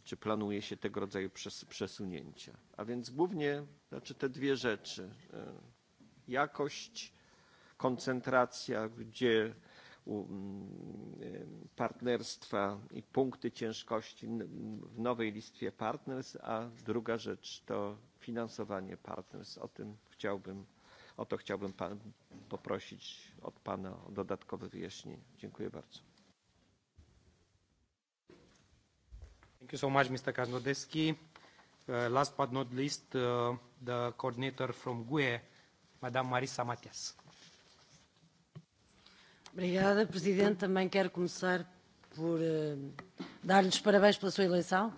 czy planuje się tego rodzaju przesunięcia? A więc głównie znaczy te dwie rzeczy. E, jakość, koncentracja, gdzie Mm, partnerstwa i punkty ciężkości w nowej listwie partners, a druga rzecz to finansowanie partners. O tym chciałbym, o to chciałbym pan, poprosić od Pana o dodatkowe wyjaśnienie. Dziękuję bardzo. Thank you so much, Mr. Kaznodeski. Uh, last but not least, uh, the coordinator from GUE, Madame Marisa Matias. Obrigada, Presidente. Também quero começar por uh, dar-lhes parabéns pela sua eleição.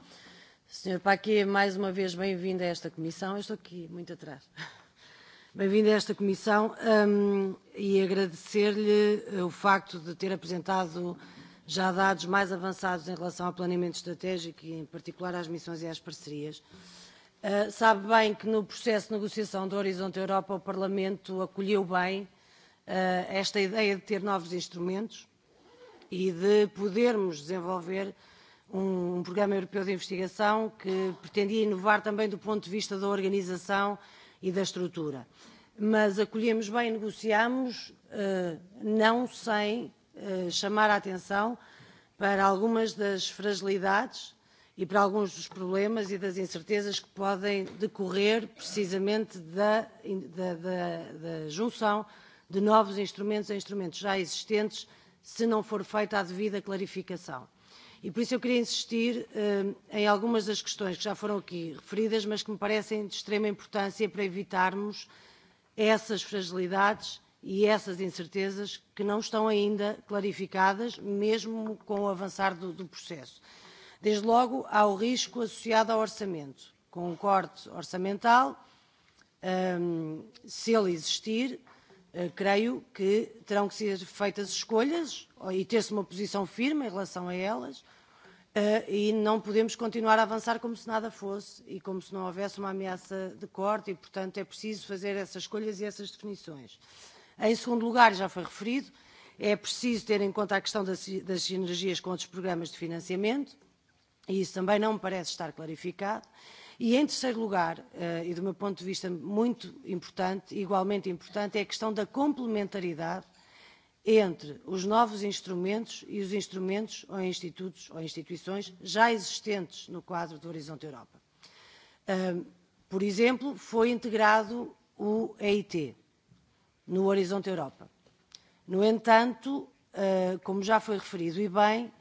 Senhor Paqui, mais uma vez bem-vindo a esta comissão. Eu estou aqui muito atrás. Bem-vindo a esta comissão um, e agradecer-lhe eh, o facto de ter apresentado já dados mais avançados em relação ao planeamento estratégico e, em particular, às missões e às parcerias. Uh, sabe bem que no processo de negociação do Horizonte Europa, o Parlamento acolheu bem Eh, esta ideia de ter novos instrumentos e de podermos desenvolver um, um programa europeu de investigação que pretendia inovar também do ponto de vista da organização e da estrutura. Mas acolhemos bem e negociamos, eh, não sem eh, chamar a atenção para algumas das fragilidades e para alguns dos problemas e das incertezas que podem decorrer precisamente da, da, da, da junção de novos instrumentos a instrumentos já existentes, se não for feita a devida clarificação. E por isso eu queria insistir uh, em algumas das questões que já foram aqui referidas, mas que me parecem de extrema importância para evitarmos essas fragilidades e essas incertezas que não estão ainda clarificadas, mesmo com o avançar do, do processo. Desde logo, há o risco associado ao orçamento. Com o um corte orçamental, um, se ele existir, Eh, creio que terão que ser feitas escolhas oh, e ter-se uma posição firme em relação a elas eh, e não podemos continuar a avançar como se nada fosse e como se não houvesse uma ameaça de corte e, portanto, é preciso fazer essas escolhas e essas definições. Em segundo lugar, já foi referido, é preciso ter em conta a questão das sinergias com outros programas de financiamento e isso também não me parece estar clarificado. Uh, E em terceiro lugar, eh, e do meu ponto de vista muito importante, igualmente importante, é a questão da complementaridade entre os novos instrumentos e os instrumentos ou institutos ou instituições já existentes no quadro do Horizonte Europa. Por exemplo, foi integrado o EIT no Horizonte Europa. No entanto, ah, como já foi referido e bem,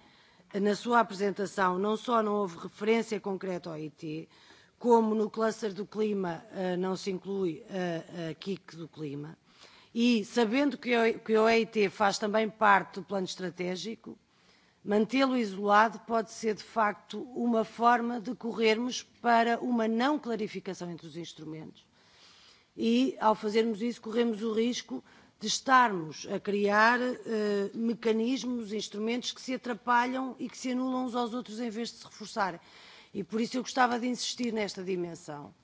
na sua apresentação não só não houve referência concreta ao EIT, como no cluster do clima eh, não se inclui eh, a KIC do clima, e sabendo que o EIT e, e e faz também parte do plano estratégico, mantê-lo isolado pode ser de facto uma forma de corrermos para uma não clarificação entre os instrumentos. E ao fazermos isso, corremos o risco de estarmos a criar uh, mecanismos, instrumentos que se atrapalham e que se anulam uns aos outros em vez de se reforçarem. E por isso eu gostava de insistir nesta dimensão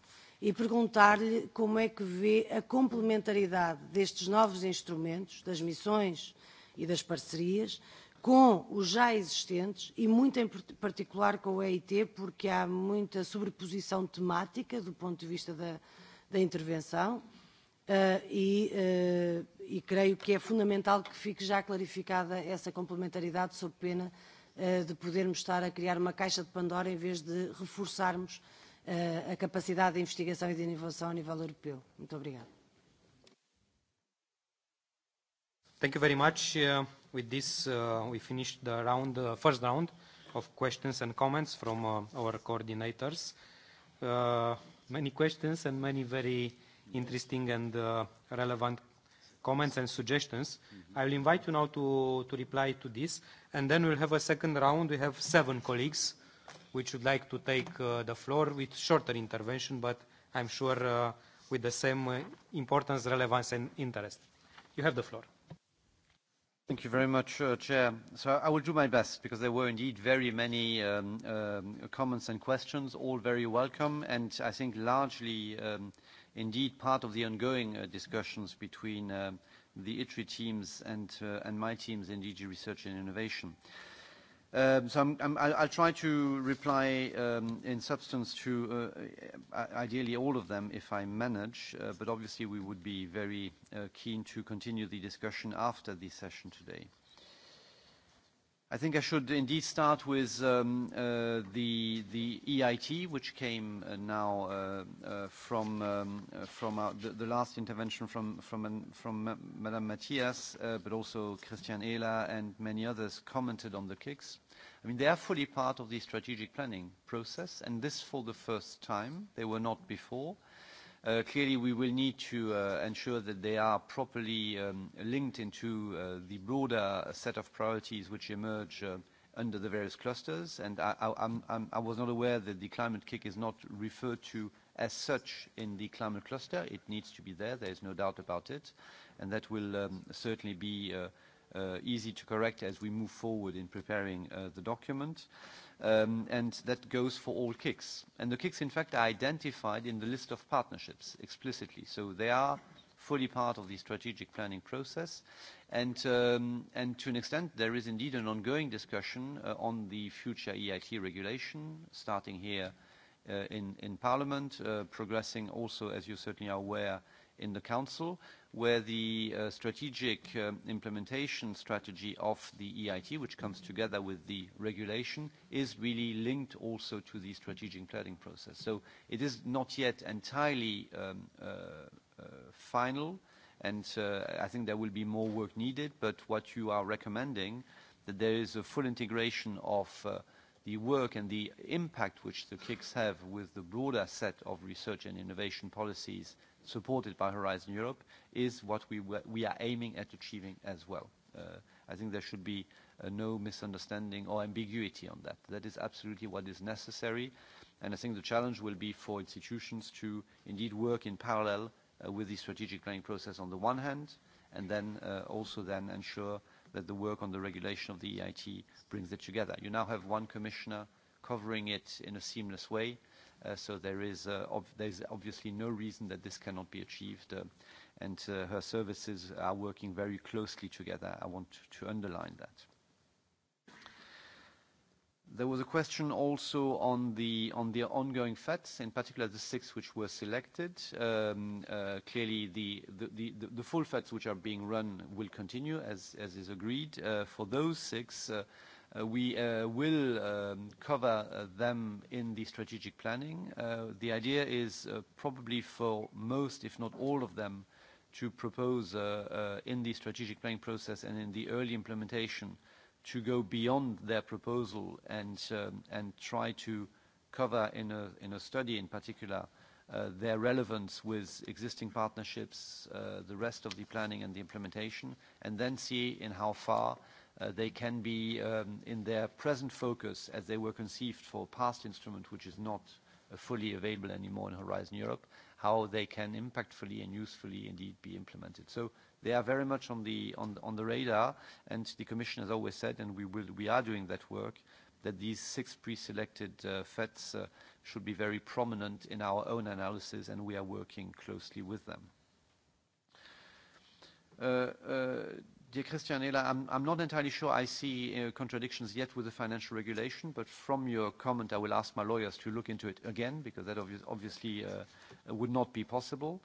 e perguntar-lhe como é que vê a complementaridade destes novos instrumentos, das missões e das parcerias, com os já existentes e, muito em particular, com o EIT, porque há muita sobreposição temática do ponto de vista da, da intervenção. Uh, e, uh, e creio que é fundamental que fique já clarificada essa complementaridade, sob pena Eh, de podermos estar a criar uma caixa de Pandora em vez de reforçarmos eh, a capacidade de investigação e de inovação a nível europeu. Muito obrigado. Thank you very much. Uh, with this, uh, we finished the round, uh, first round of questions and comments from uh, our coordinators. Uh, many questions and many very interesting and uh, relevant comments and suggestions. Mm -hmm. I will invite you now to, to reply to this and then we'll have a second round. We have seven colleagues which would like to take uh, the floor with shorter intervention, but I'm sure uh, with the same uh, importance, relevance, and interest. You have the floor. Thank you very much, uh, Chair. So I will do my best because there were indeed very many um, um, comments and questions, all very welcome, and I think largely um, indeed part of the ongoing uh, discussions between uh, the ITRI teams uh, and my teams in DG Research and Innovation. Um, I'll try to reply um, in substance to uh, uh, ideally all of them if I manage, but obviously we would be very keen to continue the discussion after the session today. I think I should indeed start with um, uh, the, the EIT, which came uh, now uh, uh, from, um, uh, from our, the, the last intervention from, from, an, from Madame Matthias, uh, but also Christian Ehler and many others commented on the kicks. I mean, they are fully part of the strategic planning process, and this for the first time. They were not before. Uh, clearly, we will need to uh, ensure that they are properly um, linked into uh, the broader set of priorities which emerge under the various clusters. I was not aware that the climate kick is not referred to as such in the climate cluster. It needs to be there. There is no doubt about it. That will um, certainly be easy to correct as we move forward in preparing the document. Um, that goes for all KICKS. The KICKS, in fact, are identified in the list of partnerships explicitly. They are fully part of the strategic planning process. Um, to an extent, there is indeed an ongoing discussion uh, on the future EIT regulation, starting here uh, in parliament, uh, progressing also, as you certainly are aware, in the Council, where the uh, strategic um, implementation strategy of the EIT, which comes together with the regulation, is really linked also to the strategic planning process. So it is not yet entirely um, uh, uh, final, and uh, I think there will be more work needed, but what you are recommending, that there is a full integration of uh, the work and the impact which the KICS have with the broader set of research and innovation policies supported by Horizon Europe, is what we are aiming at achieving as well. Uh, I think there should be uh, no misunderstanding or ambiguity on that. That is absolutely what is necessary, and I think the challenge will be for institutions to indeed work in parallel uh, with the strategic planning process on the one hand, and then also then ensure that the work on the regulation of the EIT brings it together. You now have one commissioner covering it in a seamless way. Uh, so there is uh, obviously no reason that this cannot be achieved. Uh, and her services are working very closely together. I want to underline that. There was a question also on the ongoing FETs, in particular the six which were selected. Um, clearly, the full FETs which are being run will continue, as is agreed. For those six, Uh, we uh, will um, cover uh, them in the strategic planning. The idea is probably for most, if not all of them, to propose in the strategic planning process and in the early implementation to go beyond their proposal and um, try to cover in a study in particular their relevance with existing partnerships, the rest of the planning and the implementation, and then see in how far Uh, they can be um, in their present focus as they were conceived for past instrument, which is not uh, fully available anymore in Horizon Europe, how they can impactfully and usefully indeed be implemented. They are very much on the radar, and the Commission has always said, and we are doing that work, that these six pre-selected uh, FETs should be very prominent in our own analysis, and we are working closely with them. Dear Christian, I'm not entirely sure I see uh, contradictions yet with the financial regulation, but from your comment, I will ask my lawyers to look into it again, because that obviously uh, uh, would not be possible.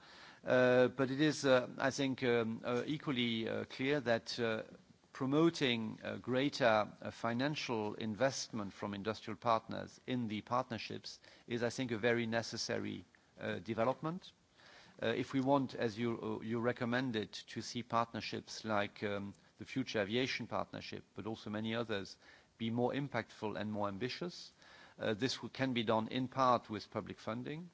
It is, I think, um, equally clear that promoting greater financial investment from industrial partners in the partnerships is, I think, a very necessary development. Uh, if we want, as uh, you recommended, to see partnerships like um, the Future Aviation Partnership, but also many others, be more impactful and more ambitious, uh, this can be done in part with public funding,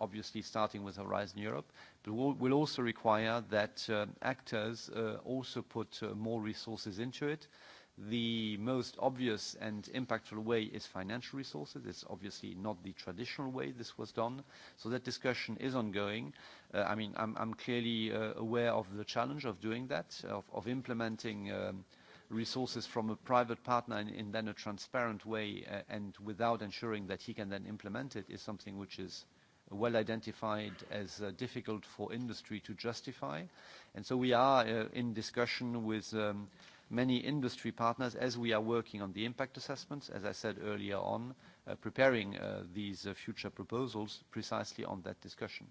obviously starting with Horizon Europe. Will also require that um, actors also put more resources into it. The most obvious and impactful way is financial resources. It's obviously not the traditional way this was done. That discussion is ongoing. Uh, I mean, I'm clearly uh, aware of the challenge of doing that, of implementing um, resources from a private partner in then a transparent way uh, and without ensuring that he can then implement it is something which is well identified as difficult for industry to justify. We are in discussion with um, many industry partners as we are working on the impact assessments, as I said earlier on, uh, preparing uh, these uh, future proposals precisely on that discussion.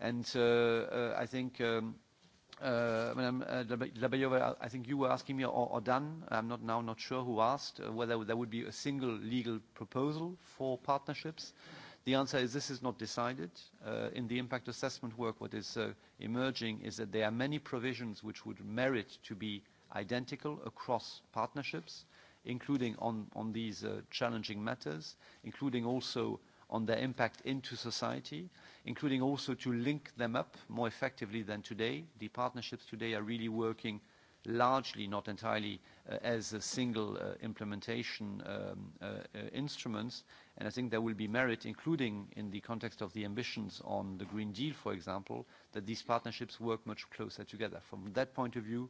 And uh, uh, I think, um, uh, uh, Labayova, I think you were asking me, or, or Dan, I'm not now not sure who asked, uh, whether there would be a single legal proposal for partnerships. The answer is this is not decided. Uh, in the impact assessment work, what is uh, emerging is that there are many provisions which would merit to be identical across partnerships, including on these uh, challenging matters, including also on their impact into society, including also to link them up more effectively than today. The partnerships today are really working largely, not entirely, uh, as a single uh, implementation um, instruments. I think there will be merit, including in the context of the ambitions on the Green Deal, for example, that these partnerships work much closer together. From that point of view,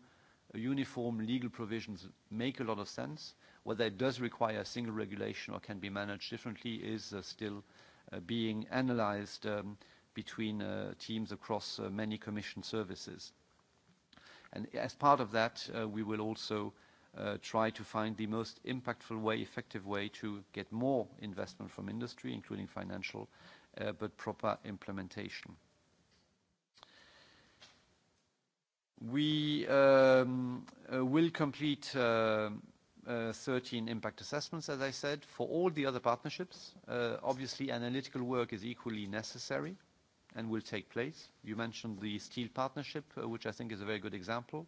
uniform legal provisions make a lot of sense. Whether it does require a single regulation or can be managed differently is uh, still uh, being analyzed um, between uh, teams across many commission services. As part of that, we will also try to find the most impactful way, effective way to get more investment from industry, including financial, but proper implementation. We um, uh, will complete 13 uh, uh, impact assessments, as I said, for all the other partnerships. Obviously, analytical work is equally necessary and will take place. You mentioned the steel partnership, which I think is a very good example,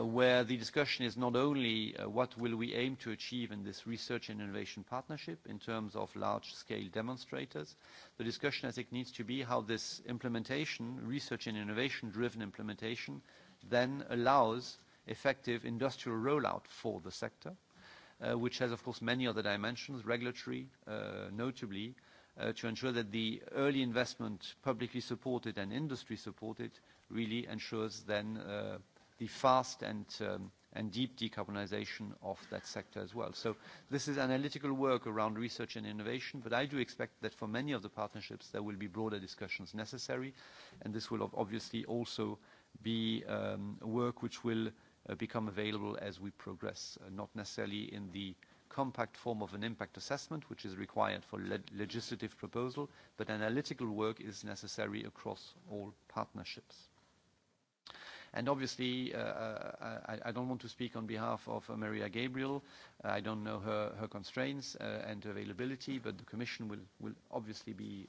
where the discussion is not only what will we aim to achieve in this research and innovation partnership in terms of large-scale demonstrators. The discussion, I think, needs to be how this implementation, research and innovation-driven implementation, then allows effective industrial rollout for the sector, uh, which has, of course, many other dimensions, regulatory, uh, notably, uh, to ensure that the early investment, publicly supported and industry supported, really ensures then the fast um, and deep decarbonization of that sector as well. This is analytical work around research and innovation, but I do expect that for many of the partnerships, there will be broader discussions necessary, and this will obviously also be um, work which will uh, become available as we progress, uh, not necessarily in the compact form of an impact assessment, which is required for legislative proposal, but analytical work is necessary across all partnerships. Obviously, uh, I don't want to speak on behalf of Maria Gabriel. I don't know her constraints and availability, but the Commission will obviously be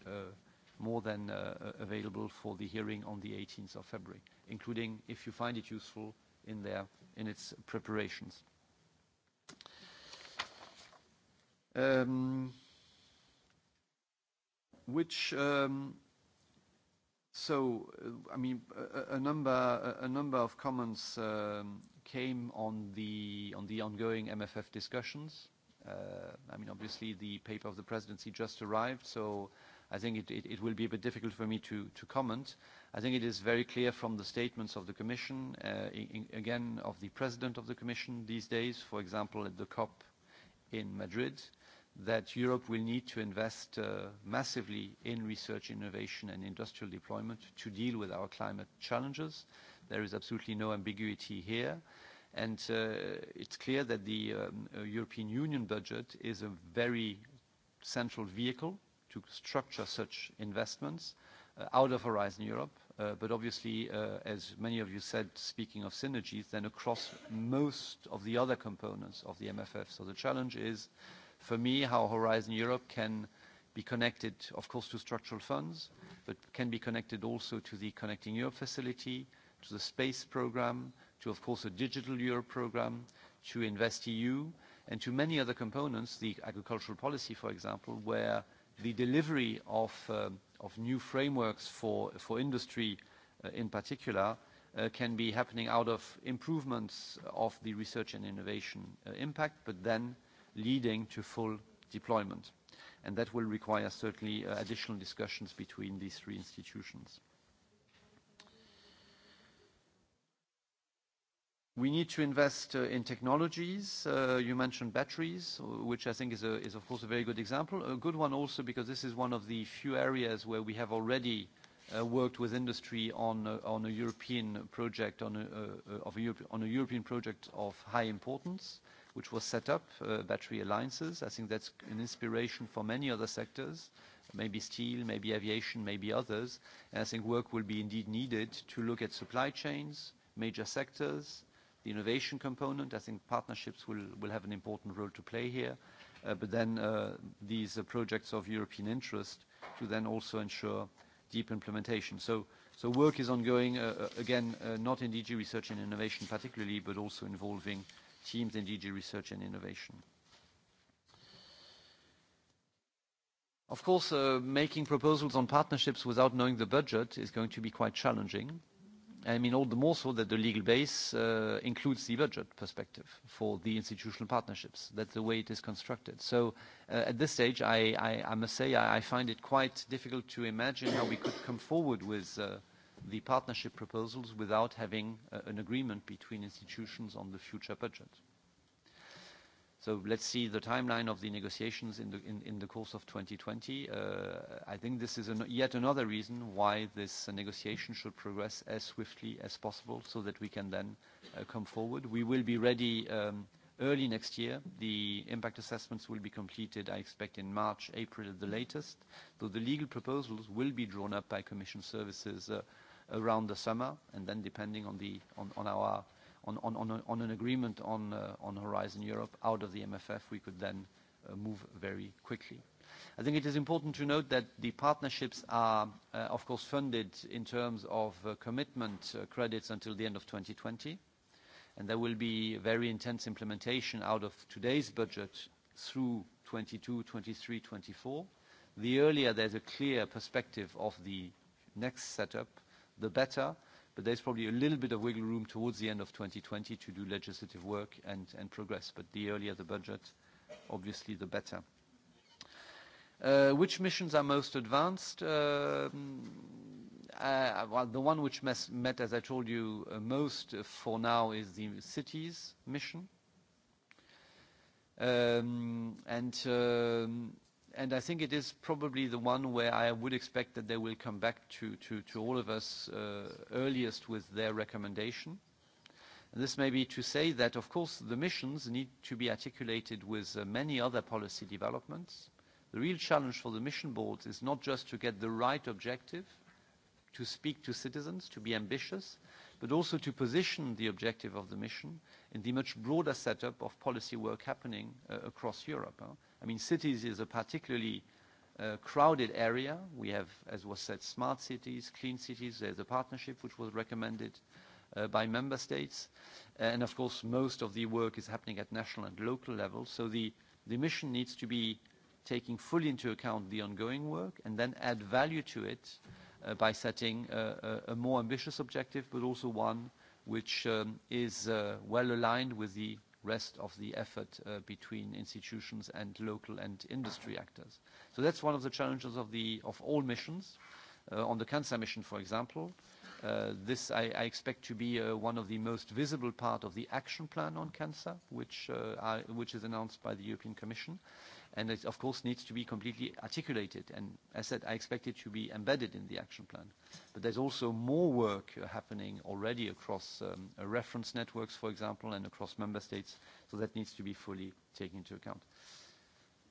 more than uh, available for the hearing on the 18th of February, including, if you find it useful, in its preparations. Um, which, um, so, uh, I mean, a number of comments um, came on the ongoing MFF discussions. Uh, I mean, obviously, the paper of the presidency just arrived, so I think it will be a bit difficult for me to comment. I think it is very clear from the statements of the Commission, uh, again, of the President of the Commission these days, for example, at the COP in Madrid, that Europe will need to invest uh, massively in research, innovation, and industrial deployment to deal with our climate challenges. There is absolutely no ambiguity here. Uh, it's clear that the um, European Union budget is a very central vehicle to structure such investments uh, out of Horizon Europe. Uh, obviously, uh, as many of you said, speaking of synergies, then across most of the other components of the MFF. The challenge is, for me, how Horizon Europe can be connected, of course, to structural funds, but can be connected also to the Connecting Europe facility, to the space program, to, of course, a Digital Europe program, to InvestEU, and to many other components, the agricultural policy, for example, where the delivery uh, of new frameworks for industry uh, in particular uh, can be happening out of improvements of the research and innovation impact, but then leading to full deployment. That will require certainly additional discussions between these three institutions. We need to invest uh, in technologies. Uh, you mentioned batteries, uh, which I think is, of course, a very good example. A good one also because this is one of the few areas where we have already worked with industry on a European project of high importance, which was set up, battery alliances. I think that's an inspiration for many other sectors, maybe steel, maybe aviation, maybe others. I think work will be indeed needed to look at supply chains, major sectors, the innovation component. I think partnerships will have an important role to play here. Uh, then uh, these uh, projects of European interest to then also ensure deep implementation. Work is ongoing, again, not in DG Research and Innovation particularly, but also involving teams in DG Research and Innovation. Of course, making proposals on partnerships without knowing the budget is going to be quite challenging. I mean, all the more so that the legal base uh, includes the budget perspective for the institutional partnerships. That's the way it is constructed. Uh, at this stage, I must say I find it quite difficult to imagine how we could come forward with uh, the partnership proposals without having an agreement between institutions on the future budget. Let's see the timeline of the negotiations in the course of 2020. Uh, I think this is yet another reason why this negotiation should progress as swiftly as possible so that we can then uh, come forward. We will be ready um, early next year. The impact assessments will be completed, I expect, in March, April at the latest, though the legal proposals will be drawn up by commission services uh, around the summer, and then depending on our on an agreement uh, on Horizon Europe out of the MFF, we could then uh, move very quickly. I think it is important to note that the partnerships are, uh, of course, funded in terms of commitment credits until the end of 2020, and there will be very intense implementation out of today's budget through 2022, 2023, 2024. The earlier there's a clear perspective of the next setup, the better, There's probably a little bit of wiggle room towards the end of 2020 to do legislative work and progress. The earlier the budget, obviously the better. Uh, which missions are most advanced? Um, uh, well, the one which met, as I told you, uh, most for now is the CITES mission. Um, um, and I think it is probably the one where I would expect that they will come back to all of us uh, earliest with their recommendation. This may be to say that, of course, the missions need to be articulated with uh, many other policy developments. The real challenge for the mission boards is not just to get the right objective, to speak to citizens, to be ambitious, but also to position the objective of the mission in the much broader setup of policy work happening uh, across Europe. I mean, cities is a particularly uh, crowded area. We have, as was said, smart cities, clean cities. There's a partnership which was recommended uh, by member states. And of course, most of the work is happening at national and local level. So the, the mission needs to be taking fully into account the ongoing work and then add value to it uh, by setting a, a, a more ambitious objective, but also one which um, is uh, well aligned with the rest of the effort uh, between institutions and local and industry actors. That's one of the challenges of all missions. Uh, on the cancer mission, for example, uh, this I expect to be one of the most visible part of the action plan on cancer, which is announced by the European Commission and it of course needs to be completely articulated and as I said I expect it to be embedded in the action plan but there's also more work uh, happening already across um, uh, reference networks for example and across member states so that needs to be fully taken into account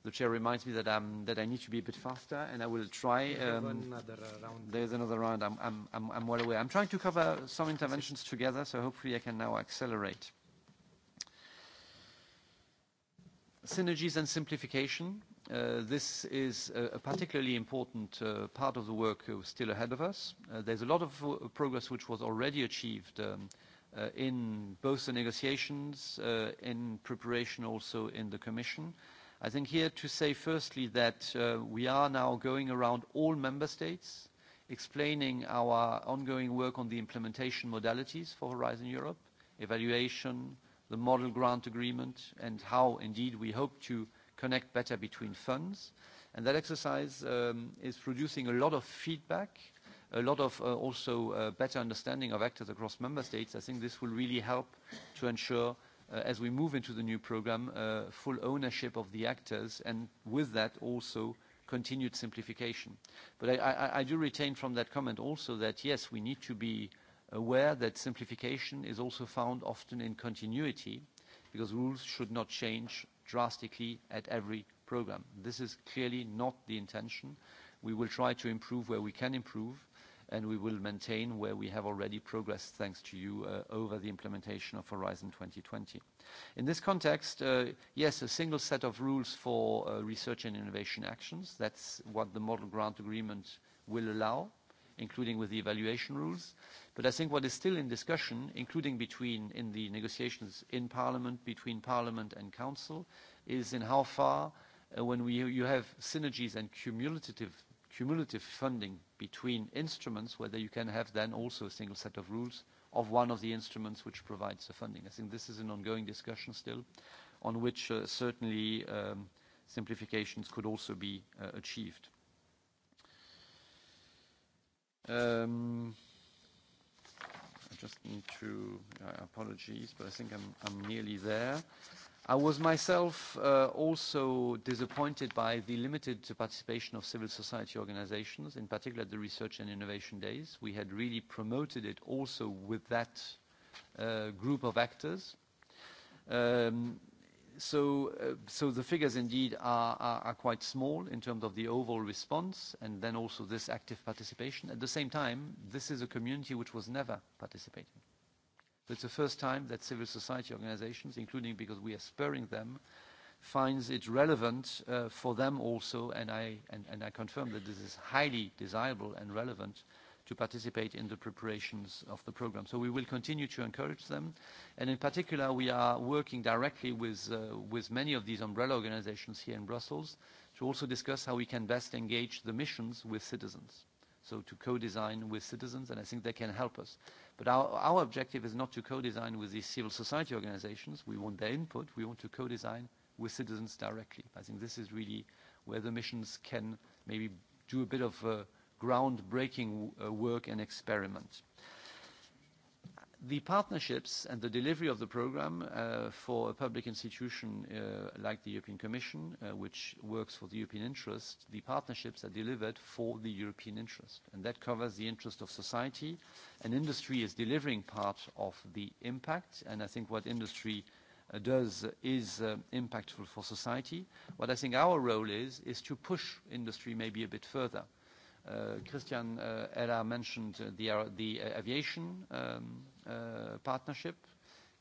the chair reminds me that I'm um, that I need to be a bit faster and I will try um, another round. there's another round I'm, I'm, I'm well aware I'm trying to cover some interventions together so hopefully I can now accelerate synergies and simplification. Uh, this is a particularly important uh, part of the work uh, still ahead of us. There's a lot of progress which was already achieved um, in both the negotiations, in preparation also in the commission. I think here to say firstly that we are now going around all member states explaining our ongoing work on the implementation modalities for Horizon Europe, evaluation, the Model Grant Agreement, and how indeed we hope to connect better between funds. That exercise um, is producing a lot of feedback, a lot of uh, also uh, better understanding of actors across member states. I think this will really help to ensure, uh, as we move into the new program, full ownership of the actors, and with that, also continued simplification. I do retain from that comment also that, yes, we need to be aware that simplification is also found often in continuity because rules should not change drastically at every program. This is clearly not the intention. We will try to improve where we can improve, and we will maintain where we have already progressed, thanks to you, uh, over the implementation of Horizon 2020. In this context, uh, yes, a single set of rules for uh, research and innovation actions, that's what the Model Grant Agreement will allow including with the evaluation rules. But I think what is still in discussion, including between in the negotiations in Parliament, between Parliament and Council, is in how far, uh, when we, you have synergies and cumulative, cumulative funding between instruments, whether you can have then also a single set of rules of one of the instruments which provides the funding. I think this is an ongoing discussion still, on which uh, certainly um, simplifications could also be uh, achieved. Um, just need to. Apologies, but I think I'm nearly there. I was myself uh, also disappointed by the limited participation of civil society organizations, in particular the Research and Innovation Days. We had really promoted it also with that uh, group of actors. Um, Uh, the figures indeed are quite small in terms of the overall response and then also this active participation. At the same time, this is a community which was never participating. It's the first time that civil society organizations, including because we are spurring them, finds it relevant uh, for them also, and I confirm that this is highly desirable and relevant to participate in the preparations of the program. We will continue to encourage them. In particular, we are working directly uh, with many of these umbrella organizations here in Brussels to also discuss how we can best engage the missions with citizens. To co-design with citizens, and I think they can help us. Our objective is not to co-design with these civil society organizations. We want their input. We want to co-design with citizens directly. I think this is really where the missions can maybe do a bit of uh, groundbreaking uh, work and experiment. The partnerships and the delivery of the program uh, for a public institution uh, like the European Commission, which works for the European interest, the partnerships are delivered for the European interest, and that covers the interest of society. Industry is delivering part of the impact, and I think what industry does is impactful for society. What I think our role is to push industry maybe a bit further. Uh, Christian uh, Ehler mentioned the uh, aviation um, partnership.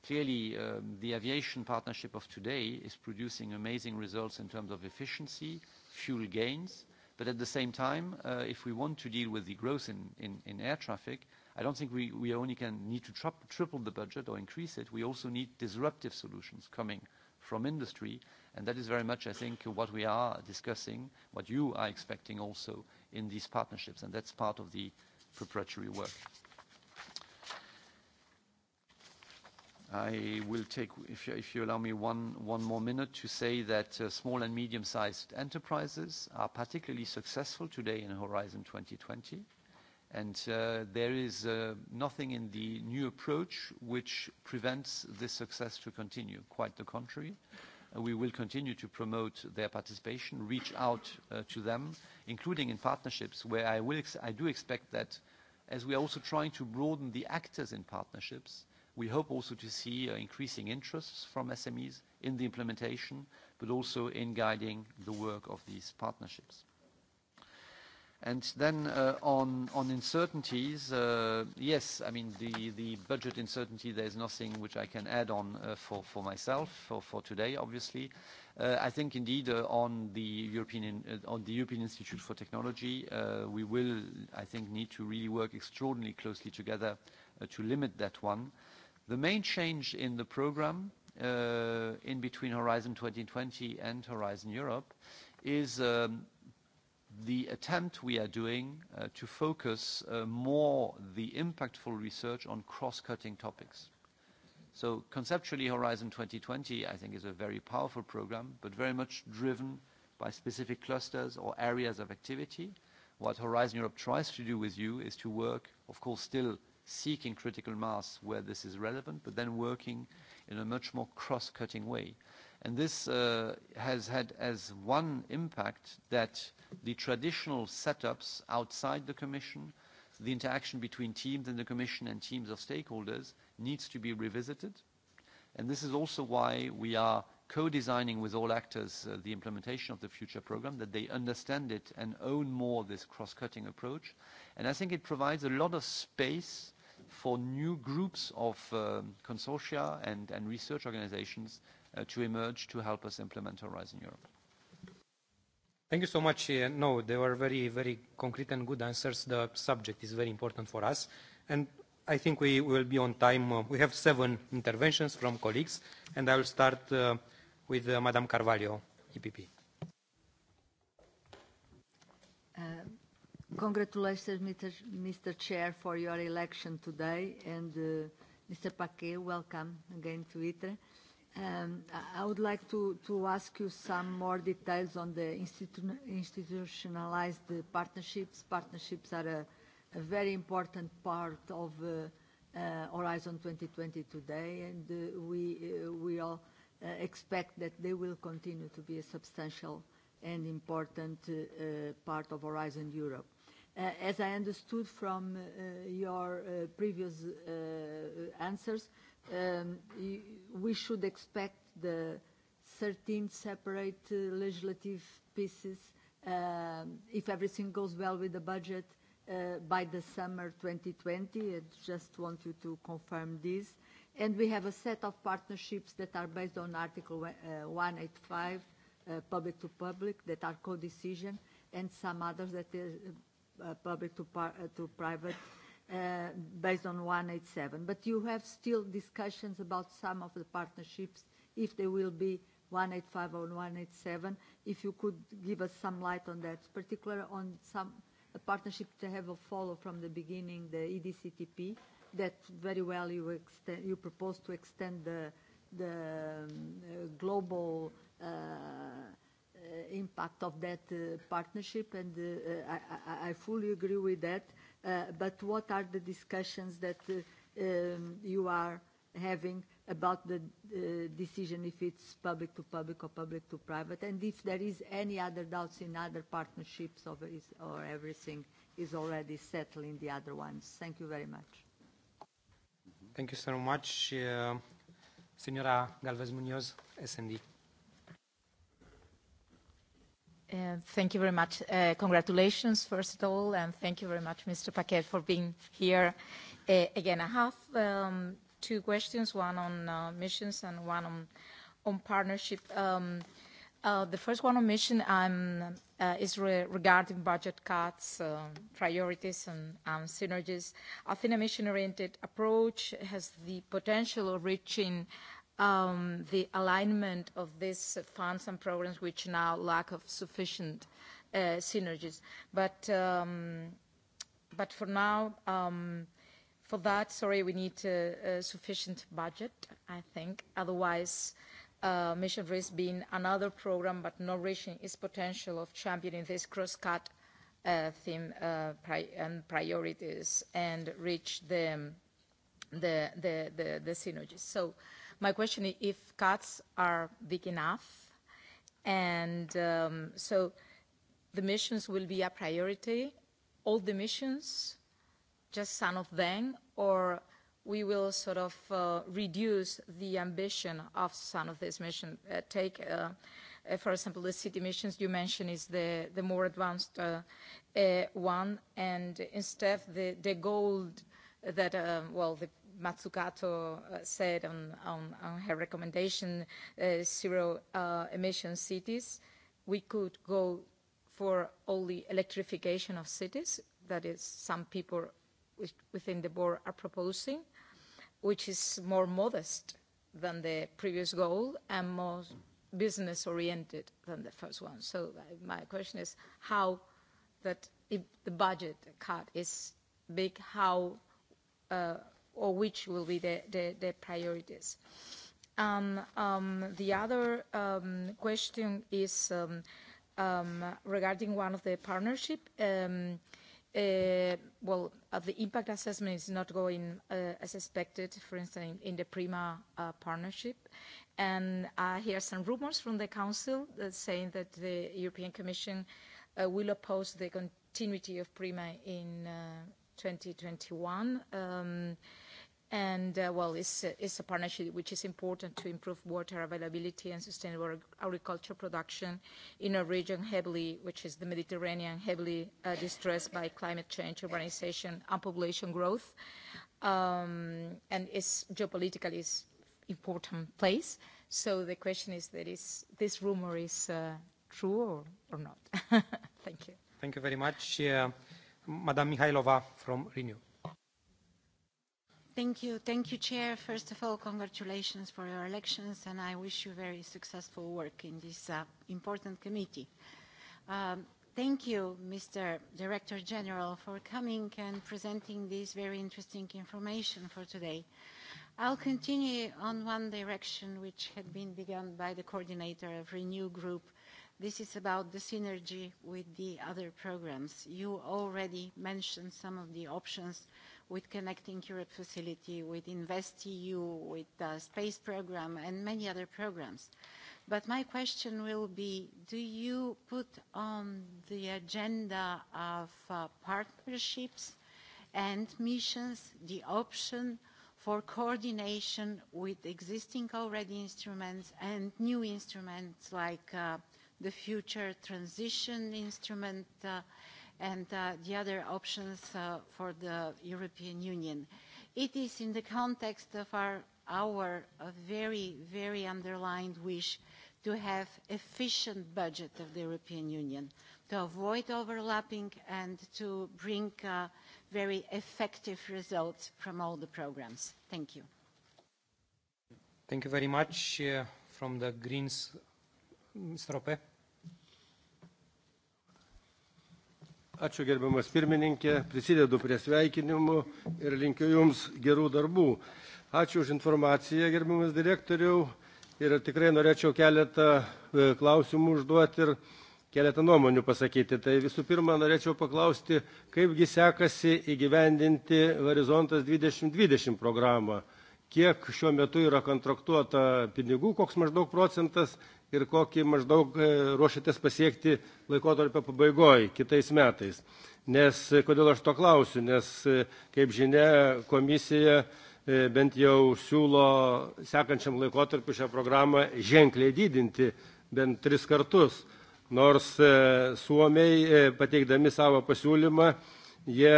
Clearly, um, the aviation partnership of today is producing amazing results in terms of efficiency, fuel gains. At the same time, if we want to deal with the growth in air traffic, I don't think we only can need to triple the budget or increase it. We also need disruptive solutions coming from industry, and that is very much, I think, what we are discussing, what you are expecting also in these partnerships, and that's part of the preparatory work. I will take, if you allow me one more minute to say that uh, small and medium-sized enterprises are particularly successful today in Horizon 2020. Uh, there is uh, nothing in the new approach which prevents this success to continue. Quite the contrary we will continue to promote their participation, reach out uh, to them, including in partnerships where I do expect that as we are also trying to broaden the actors in partnerships, we hope also to see uh, increasing interests from SMEs in the implementation, but also in guiding the work of these partnerships. Then, uh, on uncertainties, uh, yes, I mean, the budget uncertainty, there's nothing which I can add on uh, for myself for today, obviously. I think indeed, on the European Institute for Technology, we will, I think, need to really work extraordinarily closely together to limit that one. The main change in the program, in between Horizon 2020 and Horizon Europe is um, the attempt we are doing uh, to focus uh, more the impactful research on cross-cutting topics. Conceptually, Horizon 2020, I think, is a very powerful program, but very much driven by specific clusters or areas of activity. What Horizon Europe tries to do with you is to work, of course, still seeking critical mass where this is relevant, but then working in a much more cross-cutting way. This uh, has had as one impact that the traditional setups outside the commission, the interaction between teams in the commission and teams of stakeholders needs to be revisited. This is also why we are co-designing with all actors uh, the implementation of the future program, that they understand it and own more this cross-cutting approach. I think it provides a lot of space for new groups of um, consortia and research organizations Uh, to emerge to help us implement Horizon Europe. Thank you so much. Yeah, uh, no, they were very, very concrete and good answers. The subject is very important for us. And I think we will be on time. Uh, we have seven interventions from colleagues, and I will start uh, with uh, Madame Carvalho, EPP. Uh, congratulations, Mr. Mr. Chair, for your election today, and uh, Mr. Paquet, welcome again to ITRE. Uh, Um, I would like to ask you some more details on the institutionalized partnerships. Partnerships are a very important part of uh, uh, Horizon 2020 today, and uh, we all expect that they will continue to be a substantial and important part of Horizon Europe. As I understood from your previous answers, Um, we should expect the 13 separate uh, legislative pieces, um, if everything goes well with the budget, uh, by the summer 2020. I just want you to confirm this. And we have a set of partnerships that are based on Article uh, 185, public-to-public, uh, -public, that are co-decision, and some others that are public-to-private. Uh, Uh, based on 187, but you have still discussions about some of the partnerships, if they will be 185 or 187. If you could give us some light on that, particularly on some partnerships that have a follow from the beginning, the EDCTP, that very well you extend, you propose to extend the um, global uh, uh, impact of that partnership. I fully agree with that. Uh, but what are the discussions that uh, um, you are having about the uh, decision if it's public to public or public to private, and if there is any other doubts in other partnerships or is, or everything is already settled in the other ones? Thank you very much. Thank you so much, Senora Gálvez Muñoz, SND. Thank you very much. Uh, congratulations, first of all, and thank you very much, Mr. Paquet, for being here. Uh, again, I have um, two questions, one on uh, missions and one on partnership. Um, the first one on mission um, is regarding budget cuts, priorities, and synergies. Athena mission-oriented approach has the potential of reaching um, the alignment of these funds and programs which now lack of sufficient uh, synergies. But, um, but for now, um, for that, sorry, we need a, uh, a sufficient budget, I think. Otherwise, uh, Mission Risk being another program but not reaching its potential of championing this cross-cut uh, theme uh, pri and priorities and reach the, the, the, the, the synergies. So, uh, My question is if cuts are big enough, and um, so the missions will be a priority, all the missions, just some of them, or we will sort of uh, reduce the ambition of some of this mission. Uh, take, uh, uh, for example, the city missions you mentioned is the, the more advanced uh, uh, one, and instead the, the gold that, uh, well, the, Matsukato uh, said on her recommendation, uh, zero uh, emission cities, we could go for only electrification of cities. That is some people within the board are proposing, which is more modest than the previous goal and more business-oriented than the first one. My question is how that if the budget cut is big, how or which will be the, the, the priorities. Um, um, the other um, question is um, um, regarding one of the partnership. Um, uh, well, uh, the impact assessment is not going uh, as expected, for instance, in, in the PRIMA uh, partnership. And I hear some rumors from the Council that saying that the European Commission uh, will oppose the continuity of PRIMA in uh, 2021. Um, and uh, well, it's, uh, it's a partnership which is important to improve water availability and sustainable agriculture production in a region heavily, which is the Mediterranean, heavily uh, distressed by climate change, urbanization, and population growth. Um, and it's geopolitically it's important place. So the question is that is this rumor is uh, true or, or not? Thank you. Thank you very much, uh, Madam Mihailova from Renew. Thank you. Thank you, Chair. First of all, congratulations for your elections, and I wish you very successful work in this uh, important committee. Um, thank you, Mr. Director General, for coming and presenting this very interesting information for today. I'll continue on one direction which had been begun by the coordinator of Renew Group. This is about the synergy with the other programs. You already mentioned some of the options uh, with Connecting Europe Facility, with InvestEU, with the uh, space program, and many other programs. But my question will be, do you put on the agenda of uh, partnerships and missions the option for coordination with existing already instruments and new instruments like uh, the future transition instrument uh, and uh, the other options uh, for the European Union. It is in the context of our, our very, very underlined wish to have efficient budget of the European Union, to avoid overlapping and to bring uh, very effective results from all the programs. Thank you. Thank you very much. Uh, from the Greens, Mr. Ope. Ačiū gerbiamas pirmininkė, prisidedu prie sveikinimų ir linkiu Jums gerų darbų. Ačiū už informaciją gerbiamas direktoriau ir tikrai norėčiau keletą e, klausimų užduoti ir keletą nuomonių pasakyti. Tai visų pirma, norėčiau paklausti, kaipgi sekasi įgyvendinti Horizontas 2020 programą. Kiek šiuo metu yra kontraktuota pinigų, koks maždaug procentas ir kokį maždaug e, ruošiatės pasiekti laikotarpio pabaigoj kitais metais. Nes e, kodėl aš to klausiu, nes e, kaip žinia, komisija bent jau siūlo sekančiam laikotarpiu šią programą ženkliai didinti bent tris kartus. Nors Suomiai pateikdami savo pasiūlymą, jie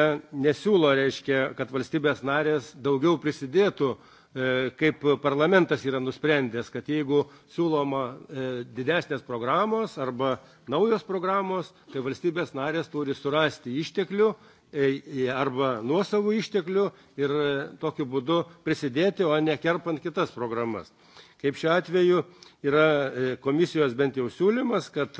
nesiūlo, reiškia, kad valstybės narės daugiau prisidėtų E, kaip parlamentas yra nusprendęs, kad jeigu siūloma e, didesnės programos arba naujos programos, tai valstybės narės turi surasti išteklių e, arba nuosavų išteklių ir tokiu būdu prisidėti, o ne kerpant kitas programas. Kaip šiuo atveju yra komisijos bent jau siūlymas, kad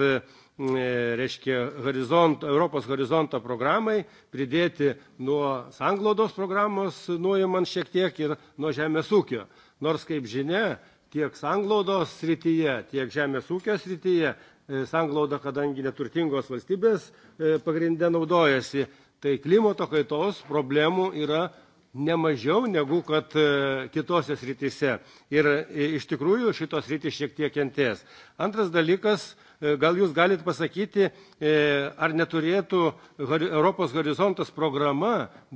E, reiškia horizont europos horizonto programai pridėti nuo sanglaudos programos nuimant šiek tiek ir nuo žemės ūkio nors kaip žinia tiek sanglaudos srityje tiek žemės ūkio srityje e, sanglauda kadangi neturtingos valstybės e, pagrinde naudojasi tai klimato kaitos problemų yra nemažiau negu kad kitose srityse ir iš tikrųjų šitos sritys šiek tiek kentės antras dalykas E, gal jūs galit pasakyti, e, ar neturėtų Europos horizontas programa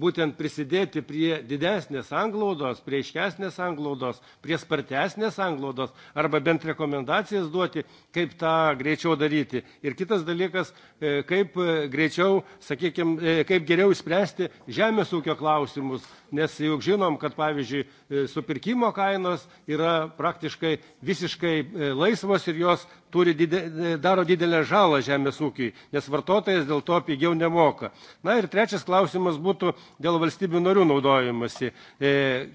būtent prisidėti prie didesnės anglaudos, prie iškesnės anglaudos, prie spartesnės anglaudos, arba bent rekomendacijas duoti, kaip tą greičiau daryti. Ir kitas dalykas, e, kaip greičiau, sakykime, kaip geriau išspręsti žemės ūkio klausimus, nes jau žinom, kad pavyzdžiui e, supirkimo kainos yra praktiškai visiškai e, laisvos ir jos didė, e, daro didelę žalą žemės ūkiai, nes vartotojas dėl to pigiau nemoka. Na ir trečias klausimas būtų dėl valstybių narių naudojimasi.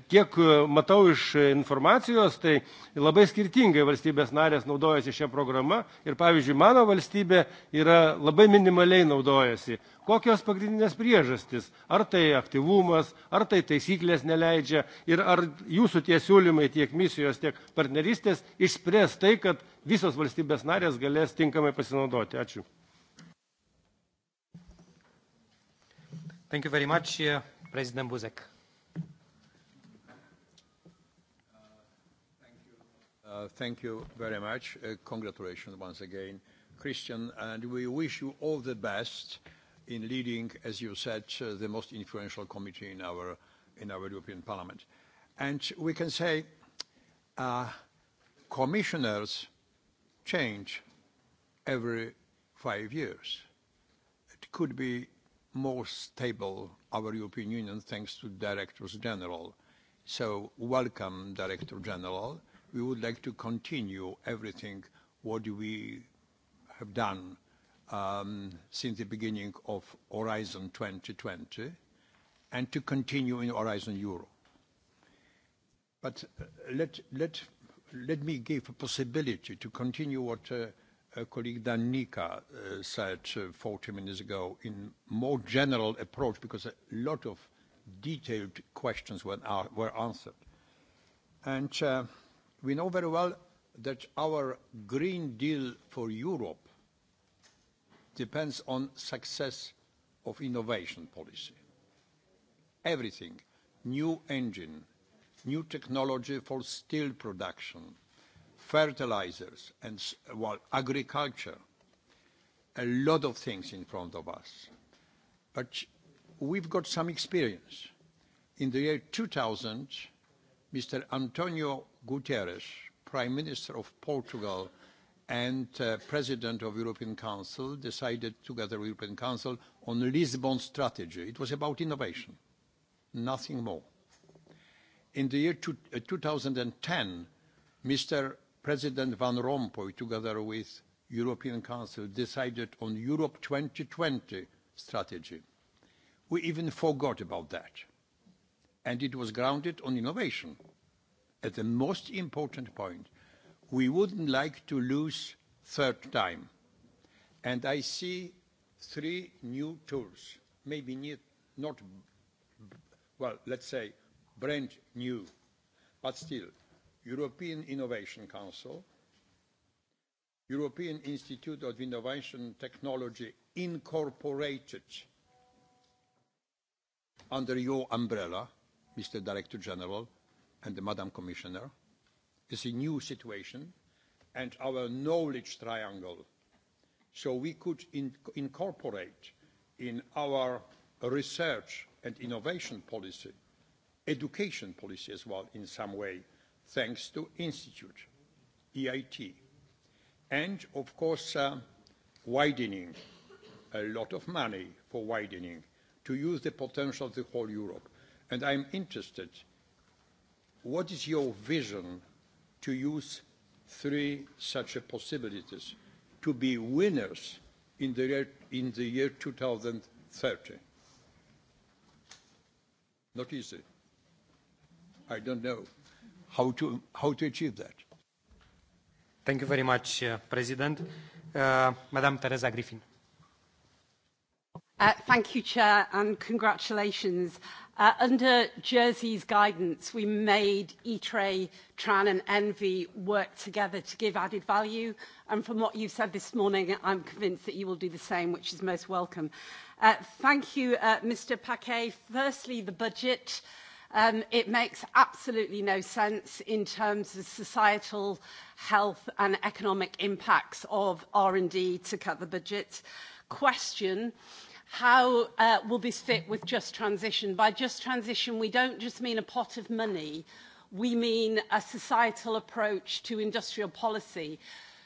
Kiek matau iš informacijos, tai labai skirtingai valstybės narės naudojasi šią programą ir pavyzdžiui mano valstybė yra labai minimaliai naudojasi kokios pagrindinės priežastys ar tai aktyvumas ar tai taisyklės neleidžia ir ar jūsų tie siūlymai tiek misijos tiek partnerystės išspręs tai kad visos valstybės narės galės tinkamai pasinaudoti ačiū thank you very much uh, president buzek Uh, thank you uh, very much. Uh, congratulations once again, Christian. And we wish you all the best in leading, as you said, uh, the most influential committee in our in our European Parliament. And we can say uh, commissioners change every five years. It could be more stable, our European Union, thanks to Directors General. So welcome, Director General. We would like to continue everything what we have done Um, since the beginning of Horizon 2020, and to continue in Horizon Europe. Uh, let me give a possibility to continue what uh, a colleague, Danica, uh, said 40 minutes ago in more general approach, because a lot of detailed questions were answered. We know very well that our Green Deal for Europe depends on success of innovation policy. Everything, new engine, new technology for steel production, fertilizers, and well, agriculture, a lot of things in front of us. But we've got some experience. In the year 2000, Mr. António Guterres, Prime Minister of Portugal, and uh, president of European Council decided together with European Council on Lisbon strategy. It was about innovation, nothing more. In the year two, uh, 2010, Mr. President Van Rompuy, together with European Council, decided on Europe 2020 strategy. We even forgot about that. And it was grounded on innovation at the most important point, we wouldn't like to lose third time. And I see three new tools, maybe not, not well, let's say brand new, but still European Innovation Council, European Institute of Innovation Technology incorporated under your umbrella, Mr. Director General and the Madam Commissioner, is a new situation and our knowledge triangle. We could incorporate in our research and innovation policy, education policy as well in some way, thanks to institute, EIT, and of course, uh, widening, a lot of money for widening to use the potential of the whole Europe. I'm interested, what is your vision to use three such possibilities to be winners in the year, in the year 2030. Not easy. I don't know how to, how to achieve that. Thank you very much, uh, President. Uh, Madame Teresa Griffin. Uh, thank you, Chair, and congratulations. Uh, under Jerzy's guidance, we made Itre, Tran, and Envy work together to give added value, and from what you've said this morning, I'm convinced that you will do the same, which is most welcome. Uh, thank you, uh, Mr. Paquet. Firstly, the budget, um, it makes absolutely no sense in terms of societal health and economic impacts of R&D to cut the budget. Question, how uh, will this fit with just transition? By just transition, we don't just mean a pot of money. We mean a societal approach to industrial policy.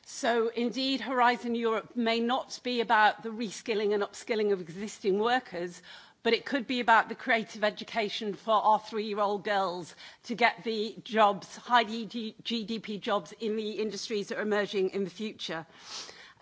So indeed, Horizon Europe may not be about the reskilling and upskilling of existing workers, but it could be about the creative education for our three-year-old girls to get the jobs, high GDP jobs in the industries that are emerging in the future.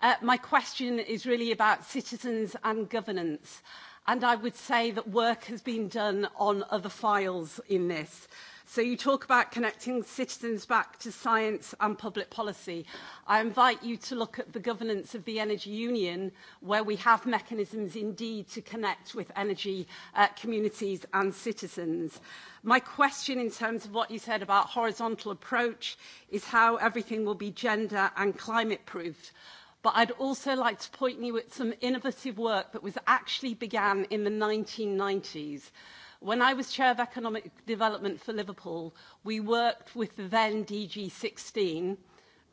Uh, my question is really about citizens and governance, and I would say that work has been done on other files in this. So you talk about connecting citizens back to science and public policy. I invite you to look at the governance of the energy union, where we have mechanisms indeed to connect with energy uh, communities and citizens. My question in terms of what you said about horizontal approach is how everything will be gender and climate proofed but I'd also like to point you at some innovative work that was actually began in the 1990s. When I was Chair of Economic Development for Liverpool, we worked with the then DG16,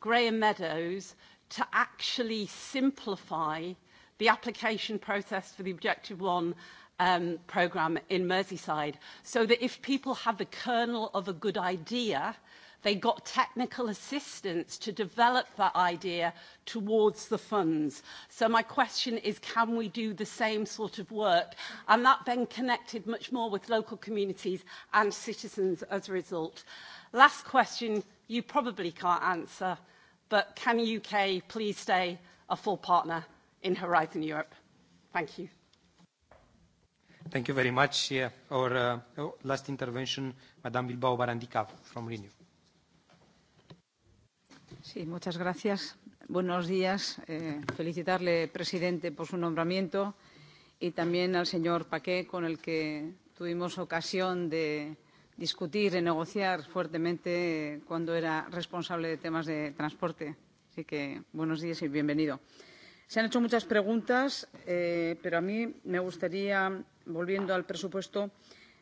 Graham Meadows, to actually simplify the application process for the Objective 1 um, programme in Merseyside so that if people have the kernel of a good idea, They got technical assistance to develop that idea towards the funds. So my question is, can we do the same sort of work? And that then connected much more with local communities and citizens as a result. Last question, you probably can't answer, but can UK please stay a full partner in Horizon Europe? Thank you. Thank you very much. Yeah, our uh, oh, last intervention, Madame Bilbao Barandica from Renew. Sí, muchas gracias. Buenos días. Eh, felicitarle, presidente, por su nombramiento y también al señor Paquet, con el que tuvimos ocasión de discutir y negociar fuertemente cuando era responsable de temas de transporte. Así que buenos días y bienvenido. Se han hecho muchas preguntas, eh, pero a mí me gustaría, volviendo al presupuesto,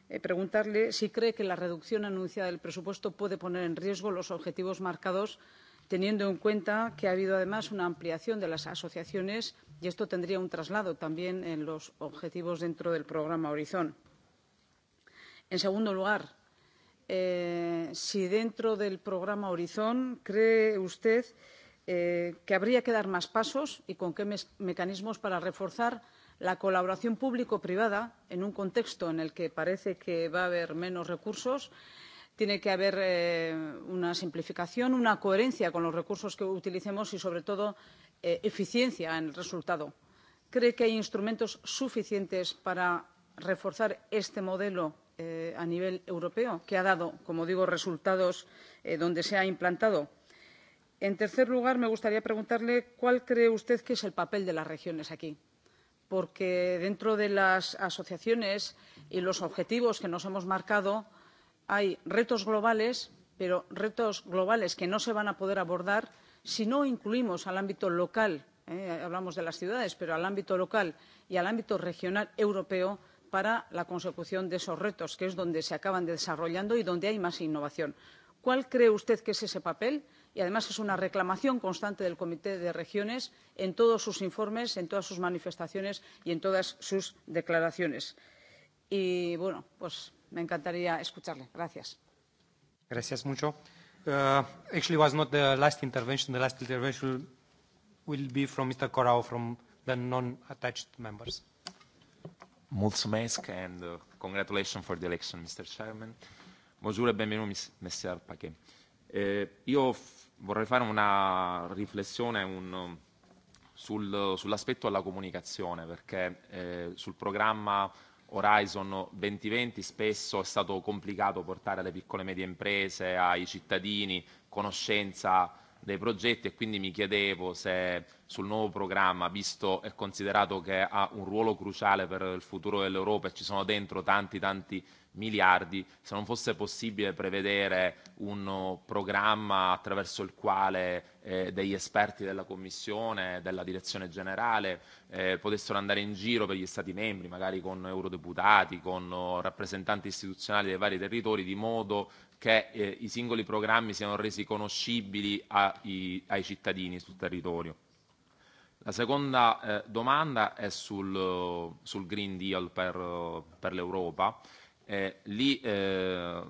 eh, preguntarle si cree que la reducción anunciada del presupuesto puede poner en riesgo los objetivos marcados teniendo en cuenta que ha habido además una ampliación de las asociaciones y esto tendría un traslado también en los objetivos dentro del programa Horizon. En segundo lugar, eh, si dentro del programa Horizon cree usted eh, que habría que dar más pasos y con qué mes, mecanismos para reforzar la colaboración público-privada en un contexto en el que parece que va a haber menos recursos, eh, tiene que haber eh, una simplificación, una coherencia con los recursos que utilicemos y, sobre todo, eh, eficiencia en el resultado. ¿Cree que hay instrumentos suficientes para reforzar este modelo eh, a nivel europeo, que ha dado, como digo, resultados eh, donde se ha implantado? En tercer lugar, me gustaría preguntarle cuál cree usted que es el papel de las regiones aquí. Porque dentro de las asociaciones y los objetivos que nos hemos marcado, eh, hay retos globales pero retos globales que no se van a poder abordar si no incluimos al ámbito local eh, hablamos de las ciudades pero al ámbito local y al ámbito regional europeo para la consecución de esos retos que es donde se acaban desarrollando y donde hay más innovación. cuál cree usted que es ese papel? y además es una reclamación constante del comité de regiones en todos sus informes en todas sus manifestaciones y en todas sus declaraciones. y bueno pues Me encantaría escucharle. Gracias. Gracias mucho. Uh, actually, was not the last intervention. The last intervention will be from Mr. Corao, from the non-attached members. Mulțumesc and uh, congratulations for the election, Mr. Chairman. Bonjour et bienvenue, Mr. Paquet. Uh, io vorrei fare una riflessione un, um, sul, uh, sull'aspetto della comunicazione, perché uh, sul programma... Horizon 2020 spesso è stato complicato portare alle piccole e medie imprese, ai cittadini, conoscenza dei progetti e quindi mi chiedevo se sul nuovo programma, visto e considerato che ha un ruolo cruciale per il futuro dell'Europa e ci sono dentro tanti, tanti miliardi, se non fosse possibile prevedere un programma attraverso il quale eh, degli esperti della Commissione, della Direzione Generale, eh, potessero andare in giro per gli Stati membri, magari con eurodeputati, con rappresentanti istituzionali dei vari territori, di modo che eh, i singoli programmi siano resi conoscibili ai, ai cittadini sul territorio. La seconda eh, domanda è sul, eh, sul Green Deal per, eh, per l'Europa. Eh, lì il eh,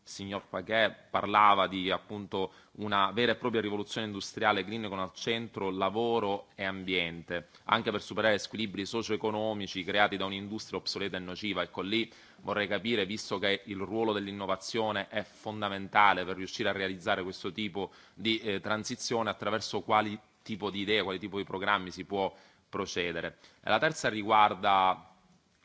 signor Paget parlava di appunto, una vera e propria rivoluzione industriale green con al centro lavoro e ambiente, anche per superare squilibri socio-economici creati da un'industria obsoleta e nociva. Ecco lì vorrei capire, visto che il ruolo dell'innovazione è fondamentale per riuscire a realizzare questo tipo di eh, transizione, attraverso quali tipo di idee, quale tipo di programmi si può procedere. E la terza riguarda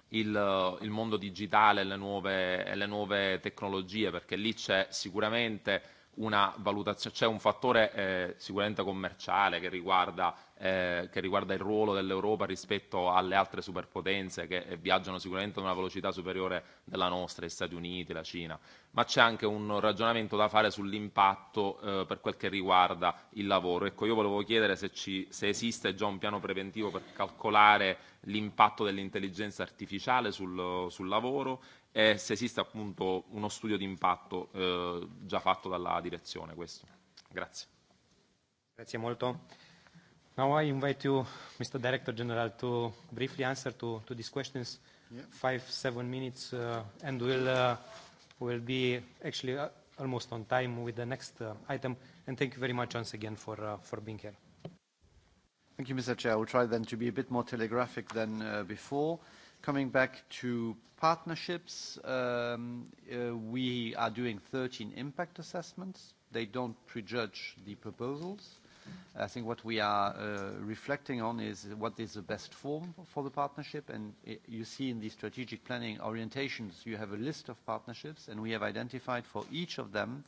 il, il mondo digitale e le, nuove, e le nuove tecnologie, perché lì c'è sicuramente una valutazione, c'è un fattore eh, sicuramente commerciale che riguarda, eh, che riguarda il ruolo dell'Europa rispetto alle altre superpotenze che eh, viaggiano sicuramente a una velocità superiore della nostra, gli Stati Uniti, la Cina, ma c'è anche un ragionamento da fare sull'impatto eh, per quel che riguarda il lavoro. Ecco, io volevo chiedere se, ci, se esiste già un piano preventivo per calcolare l'impatto dell'intelligenza artificiale sul, sul lavoro e se esiste appunto uno studio di impatto eh, già fatto dalla direzione questo. Grazie. Grazie molto. Now I invite you, Mr. Director General, to briefly answer to, to these questions. Yeah. Five, seven minutes uh, and we'll, uh, we'll be actually uh, almost on time with the next uh, item. And thank you very much once again for, uh, for being here. Thank you, Mr. Chair. I will try then to be a bit more telegraphic than uh, before. Coming back to partnerships, um, uh, we are doing 13 impact assessments. They don't prejudge the proposals. I think what we are uh, reflecting on is what is the best form for the partnership. You see in the strategic planning orientations, you have a list of partnerships, and we have identified for each of them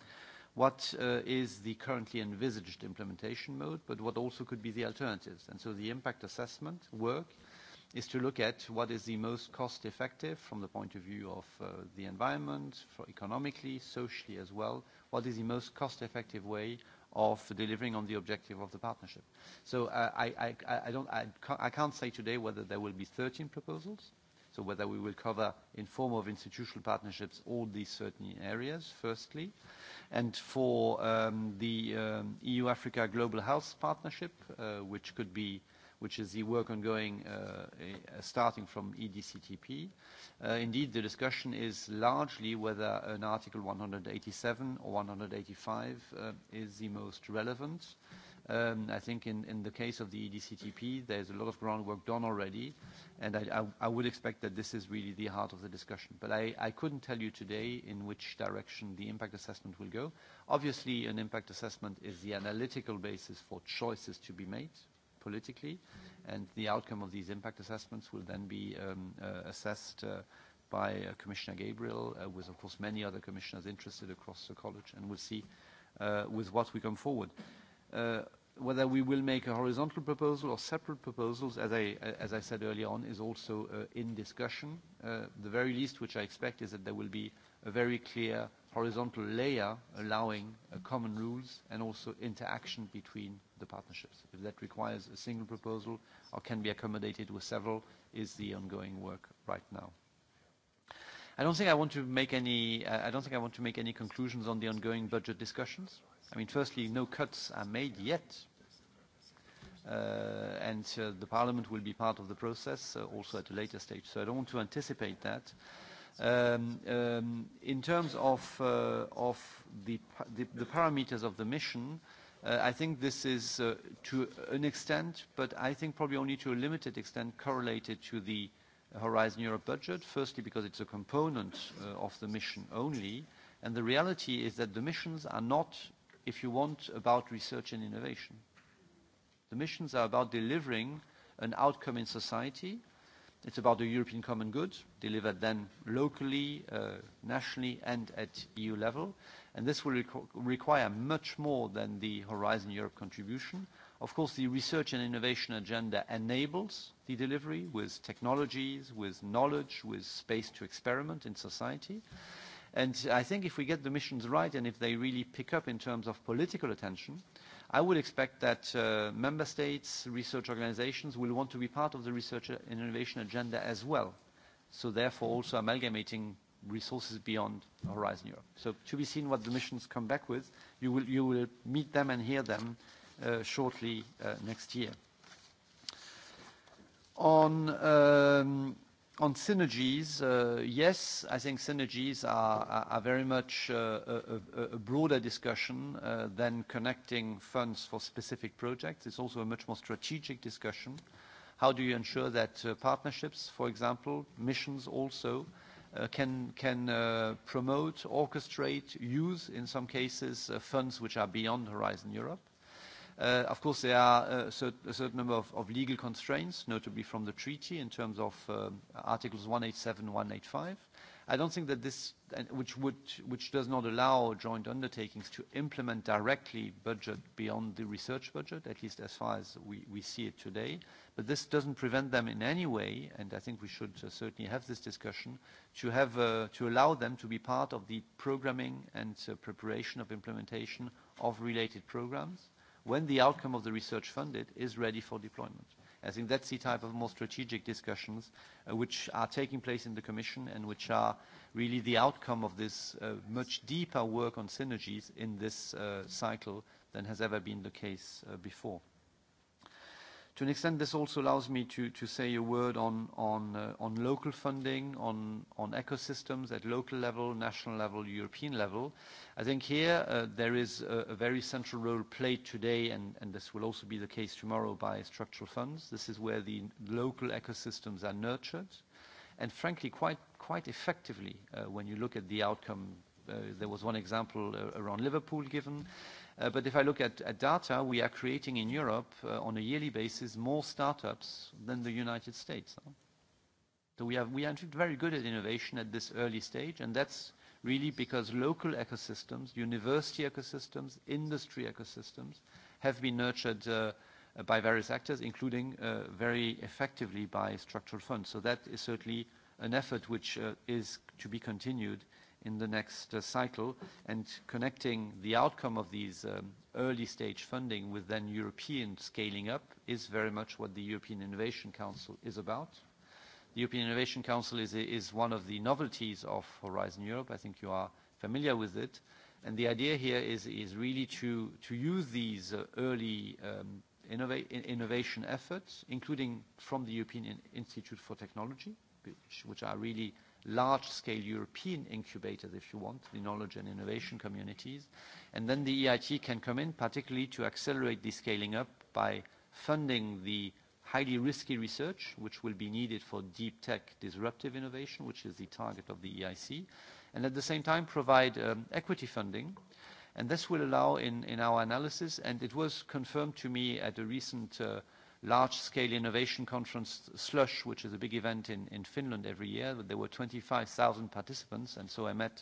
what uh, is the currently envisaged implementation mode, but what also could be the alternatives. The impact assessment work is to look at what is the most cost-effective from the point of view of uh, the environment, for economically, socially as well, what is the most cost-effective way of delivering on the objective of the partnership. Uh, I can't say today whether there will be 13 proposals, so whether we will cover in form of institutional partnerships all these certain areas, firstly. For um, the um, EU-Africa Global Health Partnership, uh, which could be which is the work ongoing uh, eh, uh starting from EDCTP. Uh, indeed, the discussion is largely whether an Article 187 or 185 uh, is the most relevant. Um, I think in, in the case of the EDCTP, there's a lot of groundwork done already, and I, I, I would expect that this is really the heart of the discussion. But I, I couldn't tell you today in which direction the impact assessment will go. Obviously, an impact assessment is the analytical basis for choices to be made, politically. And the outcome of these impact assessments will then be um, uh, assessed uh, by uh, Commissioner Gabriel, uh, with, of course, many other commissioners interested across the college, and we'll see uh, with what we come forward. Uh, whether we will make a horizontal proposal or separate proposals, as I, as I said earlier on, is also uh, in discussion. Uh, the very least which I expect is that there will be a very clear horizontal layer allowing uh, common rules and also interaction between the partnerships. If that requires a single proposal or can be accommodated with several, is the ongoing work right now. I don't think I want to make any, uh, I don't think I want to make any conclusions on the ongoing budget discussions. I mean, firstly, no cuts are made yet. Uh, uh, the parliament will be part of the process also at a later stage, so I don't want to anticipate that. Um, um, in terms of the parameters of the mission, Uh, I think this is uh, to an extent, but I think probably only to a limited extent, correlated to the Horizon Europe budget. Firstly, because it's a component uh, of the mission only. The reality is that the missions are not, if you want, about research and innovation. The missions are about delivering an outcome in society. It's about the European common good, delivered then locally, nationally, and at EU level. This will require much more than the Horizon Europe contribution. Of course, the research and innovation agenda enables the delivery with technologies, with knowledge, with space to experiment in society. I think if we get the missions right, and if they really pick up in terms of political attention, I would expect that uh, member states, research organizations will want to be part of the research and innovation agenda as well. Therefore, also amalgamating resources beyond Horizon Europe. So to be seen what the missions come back with. You will, you will meet them and hear them uh, shortly uh, next year. On, um, on synergies, uh, yes, I think synergies are, are very much uh, a, a broader discussion uh, than connecting funds for specific projects. It's also a much more strategic discussion. How do you ensure that uh, partnerships, for example, missions also, Uh, can uh, promote, orchestrate, use, in some cases, uh, funds which are beyond Horizon Europe. Of course, there are a certain number of legal constraints, notably from the treaty in terms of um, Articles 187, 185. I don't think that this, which, would, which does not allow joint undertakings to implement directly budget beyond the research budget, at least as far as we, we see it today, but this doesn't prevent them in any way, and I think we should uh, certainly have this discussion, to, have, uh, to allow them to be part of the programming and uh, preparation of implementation of related programs when the outcome of the research funded is ready for deployment. I think that's the type of more strategic discussions uh, which are taking place in the Commission and which are really the outcome of this uh, much deeper work on synergies in this uh, cycle than has ever been the case uh, before. To an extent, this also allows me to say a word on uh, local funding, on ecosystems at local level, national level, European level. I think here, uh, there is a very central role played today, and this will also be the case tomorrow by structural funds. This is where the local ecosystems are nurtured, and frankly, quite effectively, uh, when you look at the outcome. There was one example around Liverpool given. Uh, if I look at data, we are creating in Europe, uh, on a yearly basis, more startups than the United States. We are in fact very good at innovation at this early stage, and that's really because local ecosystems, university ecosystems, industry ecosystems, have been nurtured uh, by various actors, including very effectively by structural funds. That is certainly an effort which is to be continued in the next uh, cycle and connecting the outcome of these um, early stage funding with then European scaling up is very much what the European Innovation Council is about. The European Innovation Council is, is one of the novelties of Horizon Europe. I think you are familiar with it. And the idea here is, is really to, to use these uh, early um, innova innovation efforts, including from the European Institute for Technology, which, which are really large-scale European incubators, if you want, the knowledge and innovation communities. Then the EIT can come in, particularly to accelerate the scaling up by funding the highly risky research, which will be needed for deep tech disruptive innovation, which is the target of the EIC. At the same time, provide um, equity funding. This will allow in our analysis, and it was confirmed to me at a recent uh, large-scale innovation conference, SLUSH, which is a big event in Finland every year. There were 25,000 participants, and so I met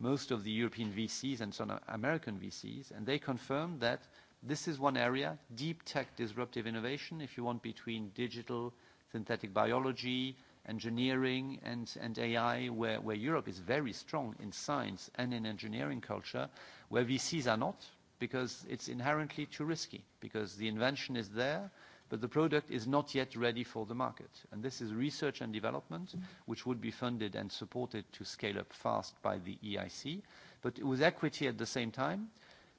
most of the European VCs and some American VCs, and they confirmed that this is one area, deep tech disruptive innovation, if you want, between digital, synthetic biology, engineering, and AI, where Europe is very strong in science and in engineering culture, where VCs are not, because it's inherently too risky, because the invention is there, but the product is not yet ready for the market. This is research and development, which would be funded and supported to scale up fast by the EIC, but with equity at the same time,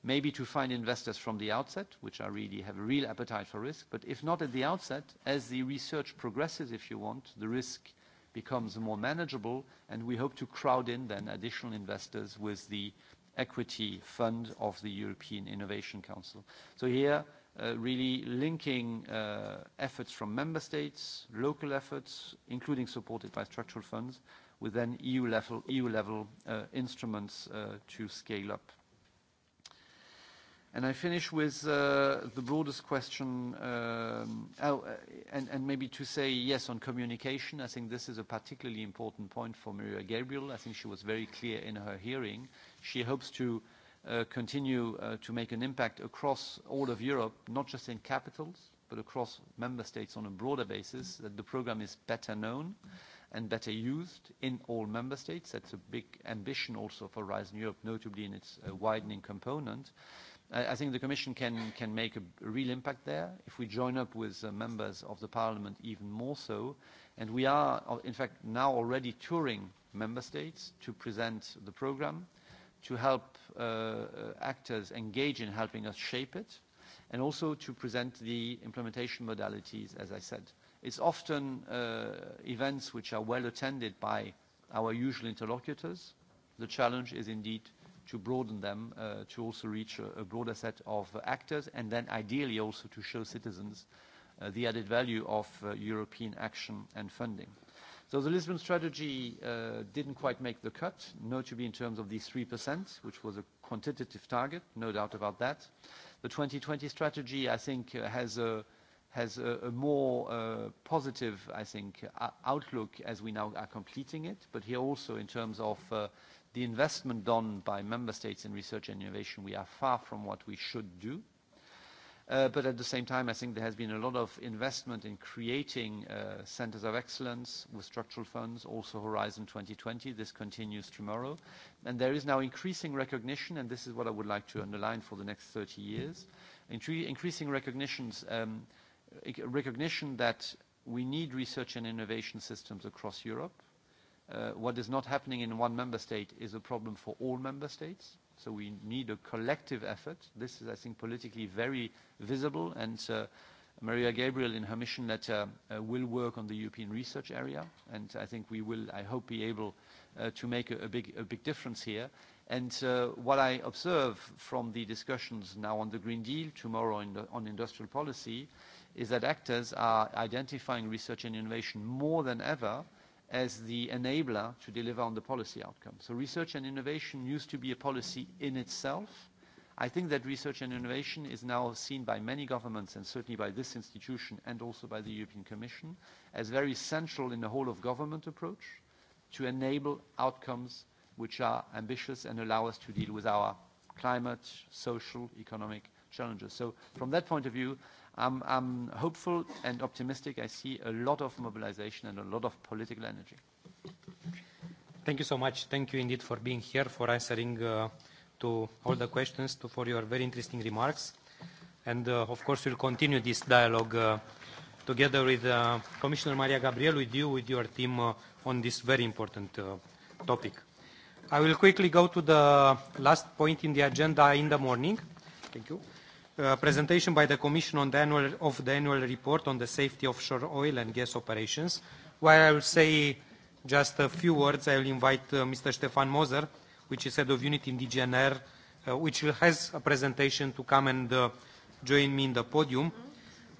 maybe to find investors from the outset, which I really have a real appetite for risk. If not at the outset, as the research progresses, if you want, the risk becomes more manageable, and we hope to crowd in then additional investors with the equity fund of the European Innovation Council. Here, Uh, really linking uh, efforts from member states, local efforts, including supported by structural funds, with then EU-level e uh, instruments to scale up. I finish with the broadest question. Um, oh, and maybe to say yes on communication, I think this is a particularly important point for Maria Gabriel. I think she was very clear in her hearing. She hopes to Uh, continue uh, to make an impact across all of Europe, not just in capitals, but across member states on a broader basis, that the program is better known and better used in all member states. That's a big ambition also for Horizon Europe, notably in its uh, widening component. I think the Commission can make a real impact there if we join up with members of the Parliament even more so. We are, in fact, now already touring member states to present the program to help uh, uh, actors engage in helping us shape it, and also to present the implementation modalities, as I said. It's often uh, events which are well attended by our usual interlocutors. The challenge is indeed to broaden them to also reach a broader set of actors, and then ideally also to show citizens the added value of European action and funding. The Lisbon strategy uh, didn't quite make the cut, notably in terms of the 3%, which was a quantitative target, no doubt about that. The 2020 strategy, I think, uh, has a more uh, positive, I think, outlook as we now are completing it. Here also in terms of the investment done by member states in research and innovation, we are far from what we should do. Uh, at the same time, I think there has been a lot of investment in creating uh, centers of excellence with structural funds, also Horizon 2020. This continues tomorrow. There is now increasing recognition, and this is what I would like to underline for the next 30 years. Increasing um, recognition that we need research and innovation systems across Europe. Uh, what is not happening in one member state is a problem for all member states. So we need a collective effort. This is, I think, politically very visible. And uh, Maria Gabriel, in her mission letter, uh, will work on the European research area. And I think we will, I hope, be able uh, to make a, a, big, a big difference here. And uh, what I observe from the discussions now on the Green Deal, tomorrow in the, on industrial policy, is that actors are identifying research and innovation more than ever uh, as the enabler to deliver on the policy outcome. So research and innovation used to be a policy in itself. I think that research and innovation is now seen by many governments and certainly by this institution and also by the European Commission as very central in the whole of government approach to enable outcomes which are ambitious and allow us to deal with our climate, social, economic challenges. So from that point of view, I'm hopeful and optimistic. I see a lot of mobilization and a lot of political energy. Thank you so much. Thank you indeed for being here, for answering uh, to all the questions, for your very interesting remarks. Uh, of course, we'll continue this dialogue uh, together with Commissioner Maria Gabriel, with you, with your team on this very important topic. I will quickly go to the last point in the agenda in the morning. Thank you. Uh, presentation by the Commission on the annual, of the annual report on the safety of offshore oil and gas operations. While I will say just a few words, I will invite uh, Mr. Stefan Moser, which is Head of Unit in DGNR, uh, which has a presentation to come and join me in the podium.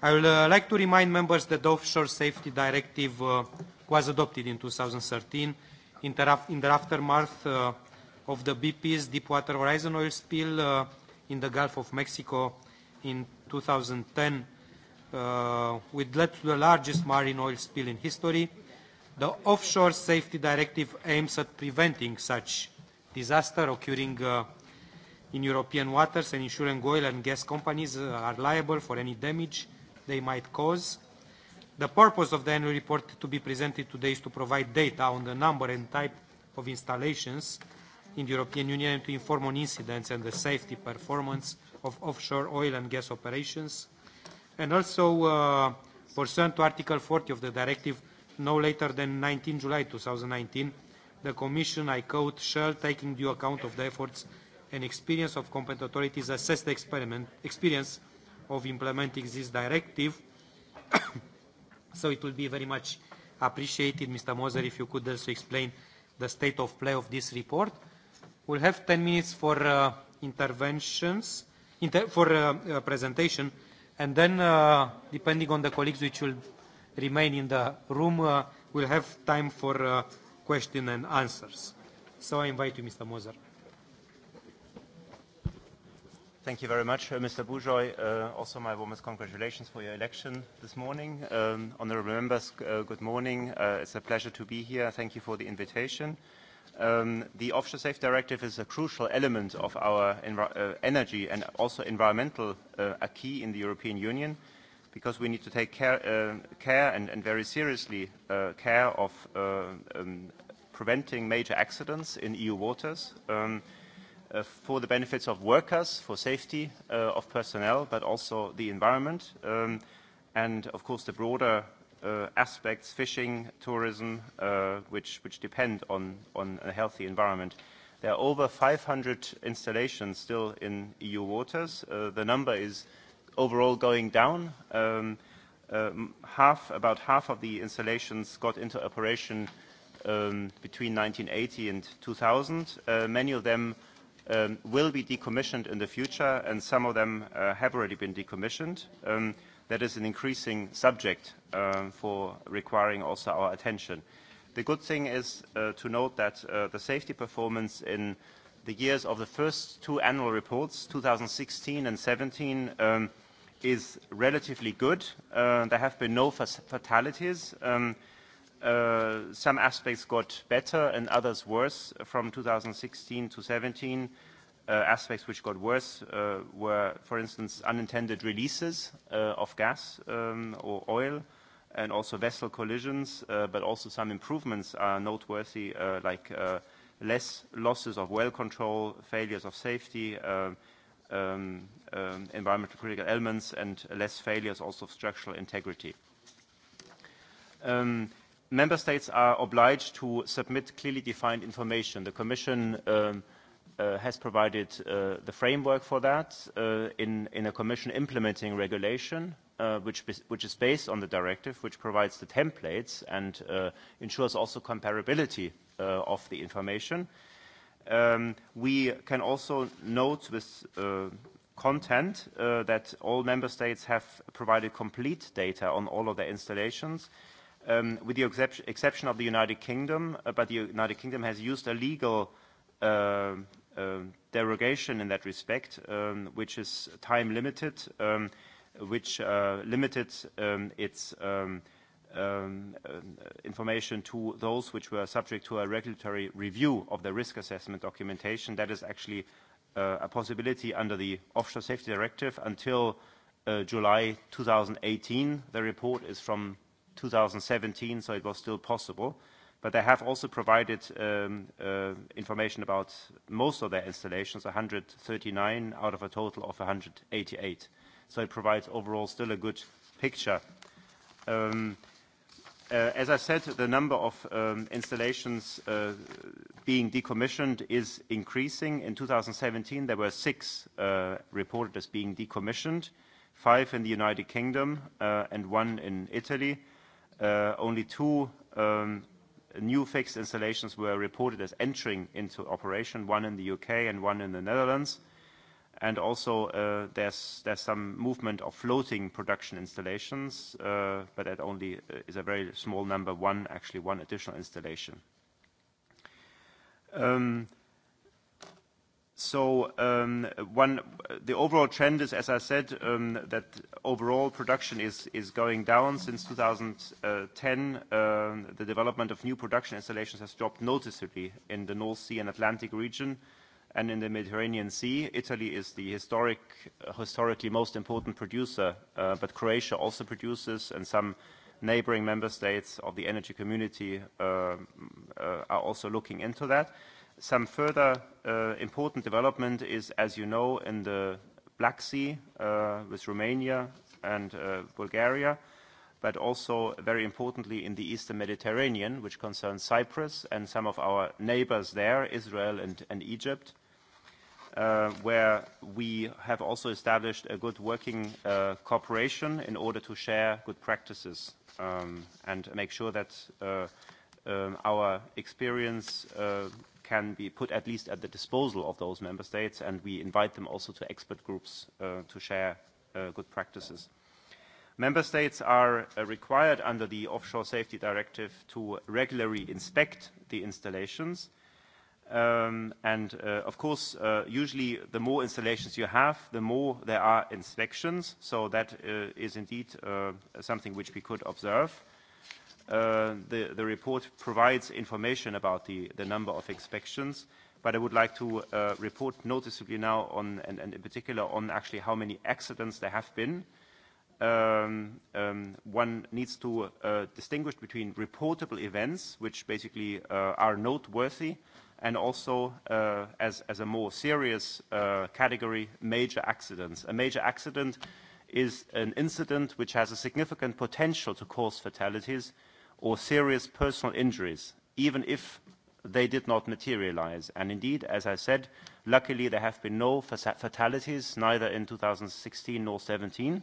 I would like to remind members that the Offshore Safety Directive was adopted in 2013. In the aftermath of the BP's Deepwater Horizon oil spill in the Gulf of Mexico, in 2010 uh, which led to the largest marine oil spill in history. The Offshore Safety Directive aims at preventing such disaster occurring uh, in European waters and ensuring oil and gas companies uh, are liable for any damage they might cause. The purpose of the annual report to be presented today is to provide data on the number and type of installations in the European Union and to inform on incidents and the safety performance of offshore oil and gas operations, and also uh, pursuant to Article 40 of the directive, no later than 19 July 2019, the commission, I quote, "Shall, taking due account of the efforts and experience of competent authorities, assess the experience of implementing this directive." It will be very much appreciated, Mr. Moser, if you could also explain the state of play of this report. We'll have 10 minutes for uh, interventions inter for uh, uh, presentation and then uh, depending on the colleagues which will remain in the room uh, we'll have time for uh, question and answers so i invite you mr moser thank you very much uh, mr bujoy uh, also my warmest congratulations for your election this morning um, honorable members uh, good morning uh, it's a pleasure to be here thank you for the invitation um, the Offshore Safe Directive is a crucial element of our envir- uh, energy and also environmental uh, acquis in the European Union because we need to take care, uh, care and, and very seriously uh, care of uh, um, preventing major accidents in EU waters um, uh, for the benefits of workers, for safety uh, of personnel, but also the environment um, and, of course, the broader Uh, aspects, fishing, tourism, uh, which depend on a healthy environment. There are over 500 installations still in EU waters. Uh, the number is overall going down. Um, um, half, about half of the installations got into operation um, between 1980 and 2000. Many of them will be decommissioned in the future, and some of them have already been decommissioned that is an increasing subject uh, for requiring also our attention. The good thing is uh, to note that uh, the safety performance in the years of the first two annual reports, 2016 and 17, um, is relatively good. Uh, there have been no fatalities. Um, uh, some aspects got better and others worse from 2016 to 17. Uh, aspects which got worse uh, were, for instance, unintended releases uh, of gas um, or oil, and also vessel collisions, but also some improvements are noteworthy, like less losses of well control, failures of safety, um, um, environmental critical elements, and less failures also of structural integrity. Member states are obliged to submit clearly defined information. The Commission Uh, has provided uh, the framework for that uh, in, in a commission implementing regulation, uh, which, which is based on the directive, which provides the templates and uh, ensures also comparability uh, of the information. Um, we can also note with uh, content uh, that all member states have provided complete data on all of their installations. Um, with the exception of the United Kingdom, uh, but the United Kingdom has used a legal uh, Um, derogation in that respect, um, which is time limited, um, which uh, limited its uh, information to those which were subject to a regulatory review of the risk assessment documentation. That is actually uh, a possibility under the Offshore Safety Directive until July 2018. The report is from 2017, so it was still possible but they have also provided um, uh, information about most of their installations, 139 out of a total of 188. So it provides overall still a good picture. Um, uh, as I said, the number of um, installations uh, being decommissioned is increasing. In 2017, there were six uh, reported as being decommissioned, five in the United Kingdom uh, and one in Italy. Uh, only two um, new fixed installations were reported as entering into operation, one in the U.K. and one in the Netherlands. Also, uh, there's some movement of floating production installations, uh, but that only uh, is a very small number, one, actually one additional installation. Um, Um, the overall trend is, as I said, um, that overall production is going down since 2010. Um, the development of new production installations has dropped noticeably in the North Sea and Atlantic region and in the Mediterranean Sea. Italy is the uh, historically most important producer, uh, but Croatia also produces, and some neighboring member states of the energy community uh, are also looking into that. Some further uh, important development is, as you know, in the Black Sea uh, with Romania and uh, Bulgaria, but also very importantly in the Eastern Mediterranean, which concerns Cyprus and some of our neighbors there, Israel and Egypt, where we have also established a good working cooperation in order to share good practices um, and make sure that um, our experience can be put at least at the disposal of those member states, and we invite them also to expert groups uh, to share uh, good practices. Member states are uh, required under the Offshore Safety Directive to regularly inspect the installations. Um, and uh, of course, uh, usually the more installations you have, the more there are inspections. So that uh, is indeed uh, something which we could observe. Uh, the report provides information about the number of inspections, but I would like to uh, report noticeably now on, and in particular, on actually how many accidents there have been. Um, um, one needs to uh, distinguish between reportable events, which basically are noteworthy, and also, as a more serious category, major accidents. A major accident is an incident which has a significant potential to cause fatalities, or serious personal injuries, even if they did not materialize. And indeed, as I said, luckily there have been no fatalities, neither in 2016 nor 17.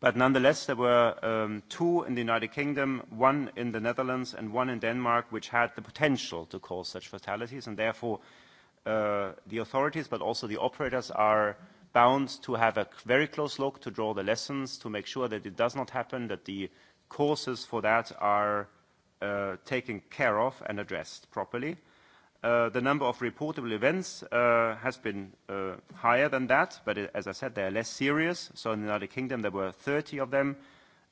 But nonetheless, there were um, two in the United Kingdom, one in the Netherlands and one in Denmark, which had the potential to cause such fatalities. And therefore, uh, the authorities, but also the operators, are bound to have a very close look to draw the lessons, to make sure that it does not happen, that the causes for that are uh, taken care of and addressed properly. Uh, the number of reportable events uh, has been higher than that, but as I said, they are less serious. So in the United Kingdom, there were 30 of them,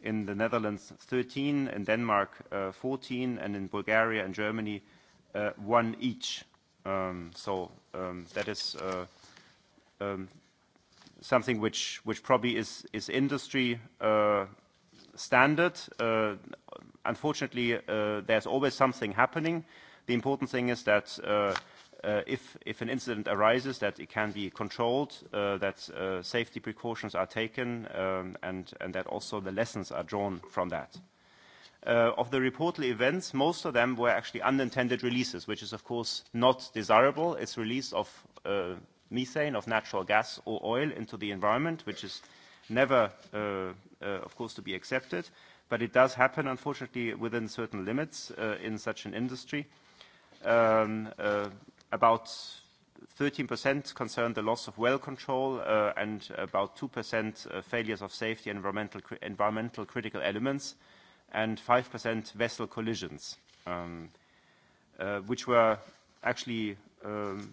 in the Netherlands, 13, in Denmark, 14, and in Bulgaria and Germany, one each. Um, so, um, that is um, something which probably is industry standard. Uh, unfortunately, uh, there's always something happening. The important thing is that uh, uh, if, if an incident arises, that it can be controlled, uh, that uh, safety precautions are taken, um, and, and that also the lessons are drawn from that. Uh, of the reportable events, most of them were actually unintended releases, which is, of course, not desirable. It's release of uh, methane, of natural gas or oil into the environment, which is never, uh, uh, of course, to be accepted, but it does happen, unfortunately, within certain limits uh, in such an industry. Um, about 13% concern the loss of well control, and about 2% failures of safety and environmental critical elements, and 5% vessel collisions, um, which were actually um,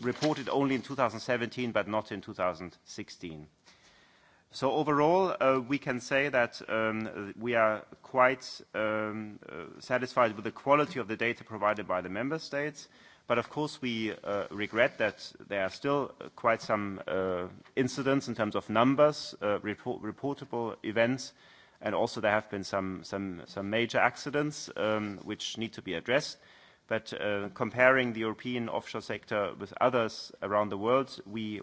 reported only in 2017, but not in 2016. Overall, uh, we can say that um, we are quite um, uh, satisfied with the quality of the data provided by the member states. Of course, we uh, regret that there are still quite some incidents in terms of numbers, reportable events, and also there have been some major accidents um, which need to be addressed. Comparing the European offshore sector with others around the world, we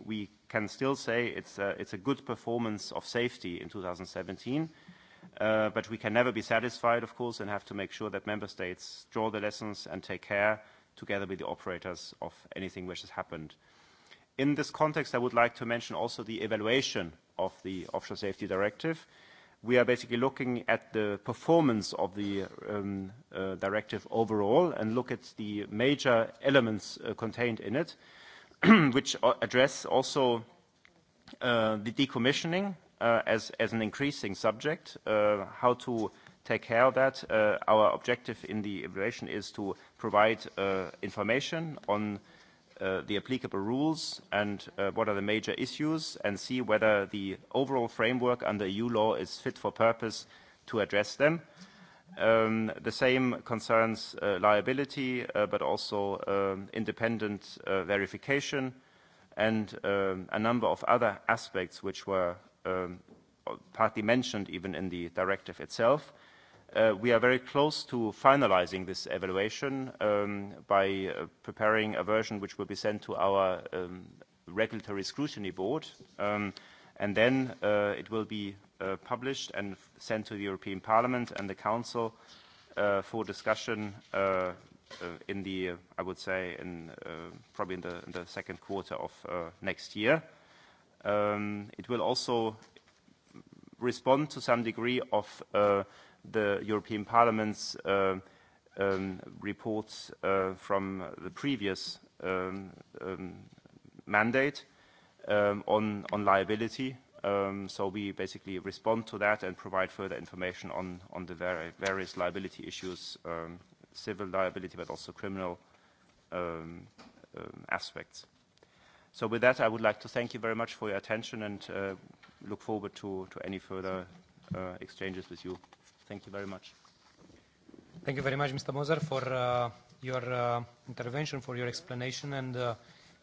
can still say it's a, it's a good performance of safety in 2017. Uh, but we can never be satisfied, of course, and have to make sure that member states draw the lessons and take care together with the operators of anything which has happened. In this context, I would like to mention also the evaluation of the Offshore Safety Directive. We are basically looking at the performance of the um, uh, directive overall and look at the major elements uh, contained in it. which uh, address also uh, the decommissioning uh, as, as an increasing subject, uh, how to take care of that. Uh, our objective in the evaluation is to provide uh, information on uh, the applicable rules and uh, what are the major issues and see whether the overall framework under EU law is fit for purpose to address them. Uh, Um, the same concerns uh, liability, uh, but also um, independent uh, verification and um, a number of other aspects which were partly mentioned even in the directive itself. We are very close to finalizing this evaluation by preparing a version which will be sent to our regulatory scrutiny board. It will be Uh, published and sent to the European Parliament and the Council uh, for discussion uh, uh, in the, uh, I would say, in uh, probably in the, in the second quarter of uh, next year. Um, it will also respond to some degree of uh, the European Parliament's uh, um, reports uh, from the previous um, um, mandate um, on, on liability, Um, so we basically respond to that and provide further information on the various liability issues, um, civil liability, but also criminal um, aspects. So with that, I would like to thank you very much for your attention and uh, look forward to any further uh, exchanges with you. Thank you very much. Thank you very much, Mr. Moser, for uh, your intervention, for your explanation, and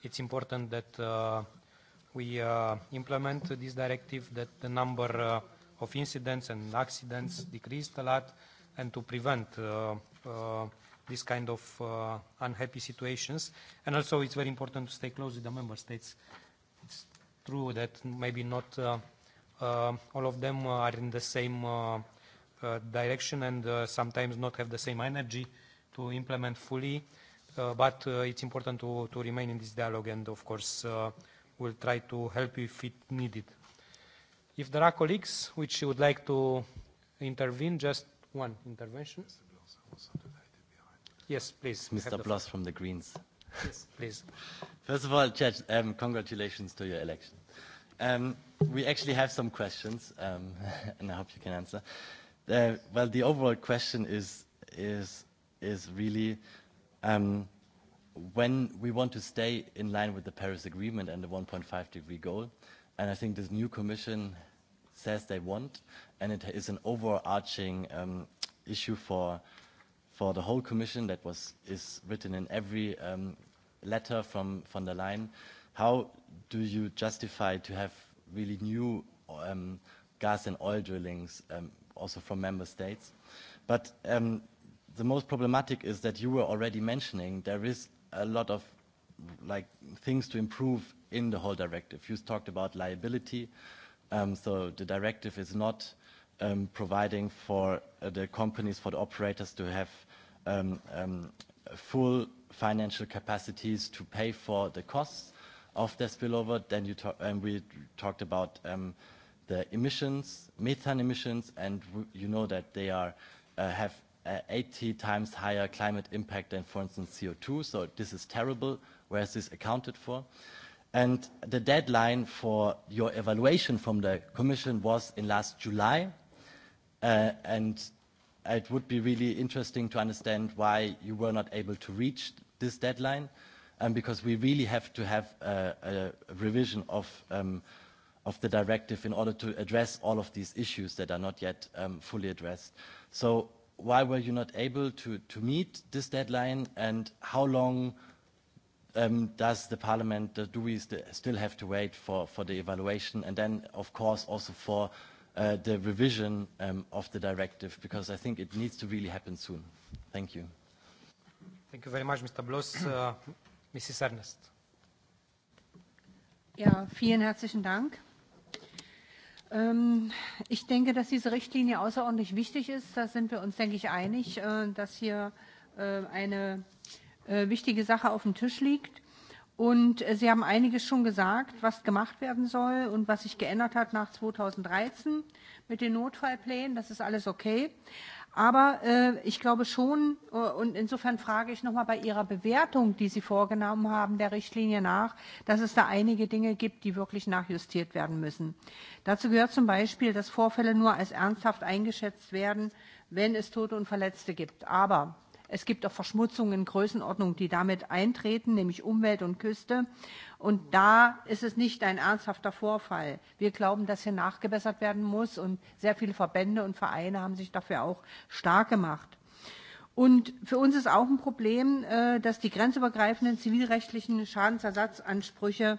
it's important that we uh, implement this directive that the number uh, of incidents and accidents decreased a lot and to prevent uh, uh, this kind of uh, unhappy situations. And also it's very important to stay close with the member states. It's true that maybe not uh, uh, all of them are in the same uh, uh, direction and uh, sometimes not have the same energy to implement fully. Uh, but uh, it's important to, to remain in this dialogue and of course uh, will try to help you if it needed. If there are colleagues which you would like to intervene, just one intervention. Mr. Blas, yes, please. Mr. Blas from the Greens. Yes, please. First of all, Judge, um, congratulations to your election. Um, we actually have some questions, um, and I hope you can answer. The, uh, well, the overall question is is is really. Um, when we want to stay in line with the Paris Agreement and the 1.5 degree goal, and I think this new commission says they want, and it is an overarching um, issue for, for the whole commission that was, is written in every um, letter from von der Leyen, how do you justify to have really new um, gas and oil drillings um, also from member states? But um, the most problematic is that you were already mentioning there is a lot of like things to improve in the whole directive. You talked about liability, um, so the directive is not um, providing for uh, the companies, for the operators to have um, um, full financial capacities to pay for the costs of their spillover. Then you talk, and we talked about um, the emissions, methane emissions, and you know that they are uh, have uh, 80 times higher climate impact than, for instance, CO2. So this is terrible. Where is this accounted for? And the deadline for your evaluation from the Commission was in last July. Uh, and it would be really interesting to understand why you were not able to reach this deadline. Um, because we really have to have a, a revision of, um, of the directive in order to address all of these issues that are not yet um, fully addressed. So why were you not able to, to meet this deadline and how long um, does the parliament, uh, do we st still have to wait for, for the evaluation and then of course also for uh, the revision um, of the directive because I think it needs to really happen soon. Thank you. Thank you very much, Mr. Bloss. Uh, Mrs. Ernest. Ja, vielen herzlichen Dank. Ähm, ich denke, dass diese Richtlinie außerordentlich wichtig ist. Da sind wir uns, denke ich, einig, äh, dass hier äh, eine äh, wichtige Sache auf dem Tisch liegt. Und Sie haben einiges schon gesagt, was gemacht werden soll und was sich geändert hat nach 2013 mit den Notfallplänen. Das ist alles okay. Aber äh, ich glaube schon, äh, und insofern frage ich nochmal bei Ihrer Bewertung, die Sie vorgenommen haben, der Richtlinie nach, dass es da einige Dinge gibt, die wirklich nachjustiert werden müssen. Dazu gehört zum Beispiel, dass Vorfälle nur als ernsthaft eingeschätzt werden, wenn es Tote und Verletzte gibt. Aber es gibt auch Verschmutzungen in Größenordnung, die damit eintreten, nämlich Umwelt und Küste. Und da ist es nicht ein ernsthafter Vorfall. Wir glauben, dass hier nachgebessert werden muss. Und sehr viele Verbände und Vereine haben sich dafür auch stark gemacht. Und für uns ist auch ein Problem, äh, dass die grenzübergreifenden zivilrechtlichen Schadensersatzansprüche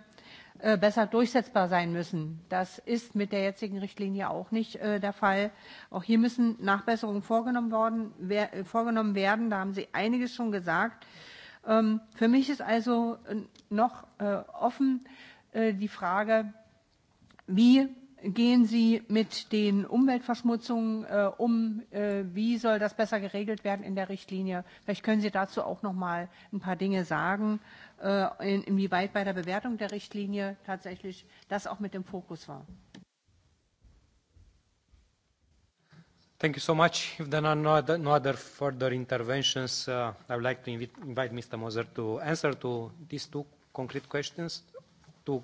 äh, besser durchsetzbar sein müssen. Das ist mit der jetzigen Richtlinie auch nicht äh, der Fall. Auch hier müssen Nachbesserungen vorgenommen, worden, vorgenommen werden. Da haben Sie einiges schon gesagt. Ähm, für mich ist also äh, noch äh, offen äh, die Frage, wie gehen Sie mit den Umweltverschmutzungen äh, um? Äh, wie soll das besser geregelt werden in der Richtlinie? Vielleicht können Sie dazu auch noch mal ein paar Dinge sagen, äh, in, inwieweit bei der Bewertung der Richtlinie tatsächlich das auch mit dem Fokus war. Thank you so much. If there are no other, no other further interventions, uh, I would like to invite Mr. Moser to answer to these two concrete questions, two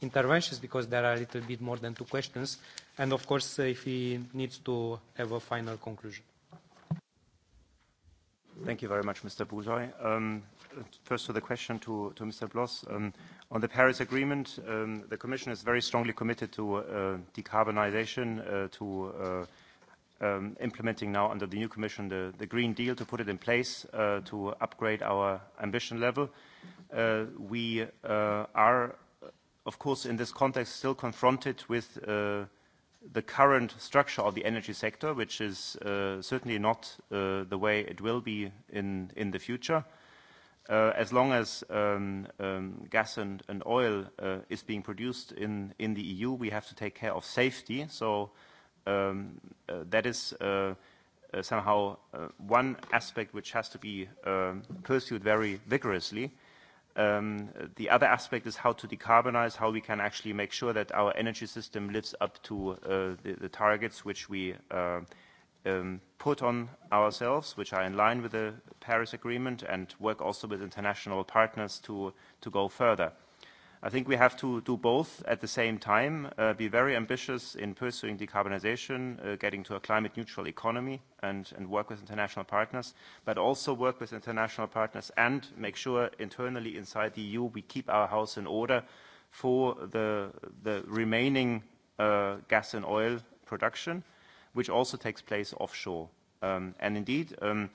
interventions, because there are a little bit more than two questions, and of course, uh, if he needs to have a final conclusion. Thank you very much, Mr. Bouzoy. Um, first, to the question to, to Mr. Bloss. Um, on the Paris Agreement, um, the Commission is very strongly committed to uh, decarbonization, uh, to uh, Um, implementing now under the new commission the, the Green Deal to put it in place uh, to upgrade our ambition level. Uh, we uh, are, of course, in this context still confronted with uh, the current structure of the energy sector, which is uh, certainly not uh, the way it will be in, in the future. Uh, as long as um, um, gas and, and oil uh, is being produced in, in the EU, we have to take care of safety. So. Um, uh, that is uh, uh, somehow one aspect which has to be um, pursued very vigorously. Um, the other aspect is how to decarbonize, how we can actually make sure that our energy system lives up to the targets which we put on ourselves, which are in line with the Paris Agreement, and work also with international partners to go further. I think we have to do both at the same time, uh, be very ambitious in pursuing decarbonization, uh, getting to a climate neutral economy and work with international partners, but also work with international partners and make sure internally inside the EU, we keep our house in order for the remaining uh, gas and oil production, which also takes place offshore. Um, indeed, um,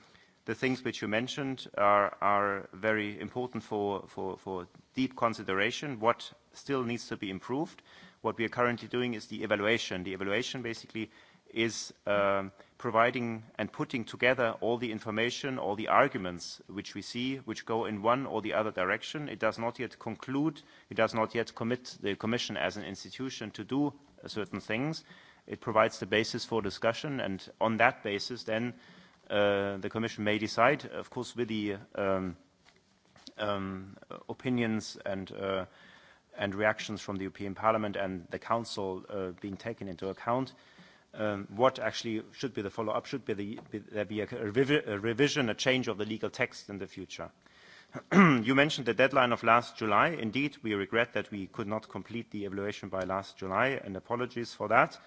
the things which you mentioned are very important for deep consideration. What still needs to be improved, what we are currently doing is the evaluation. The evaluation basically is um, providing and putting together all the information, all the arguments which we see, which go in one or the other direction. It does not yet conclude, it does not yet commit the commission as an institution to do certain things. It provides the basis for discussion, and on that basis, then Uh, the Commission may decide, of course, with the um, um, opinions uh, and reactions from the European Parliament and the Council uh, being taken into account. Um, what actually should be the follow-up? Should there be a revision, a change of the legal text in the future? You mentioned the deadline of last July. Indeed, we regret that we could not complete the evaluation by last July, and apologies for that.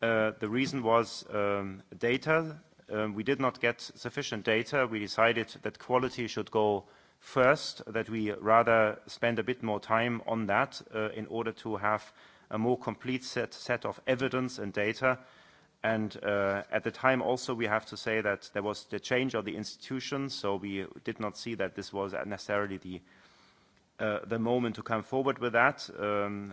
The reason was data Um, we did not get sufficient data. We decided that quality should go first, that we rather spend a bit more time on that uh, in order to have a more complete set of evidence and data. Uh, at the time also, we have to say that there was the change of the institution, so we did not see that this was necessarily the uh, moment to come forward with that. Um,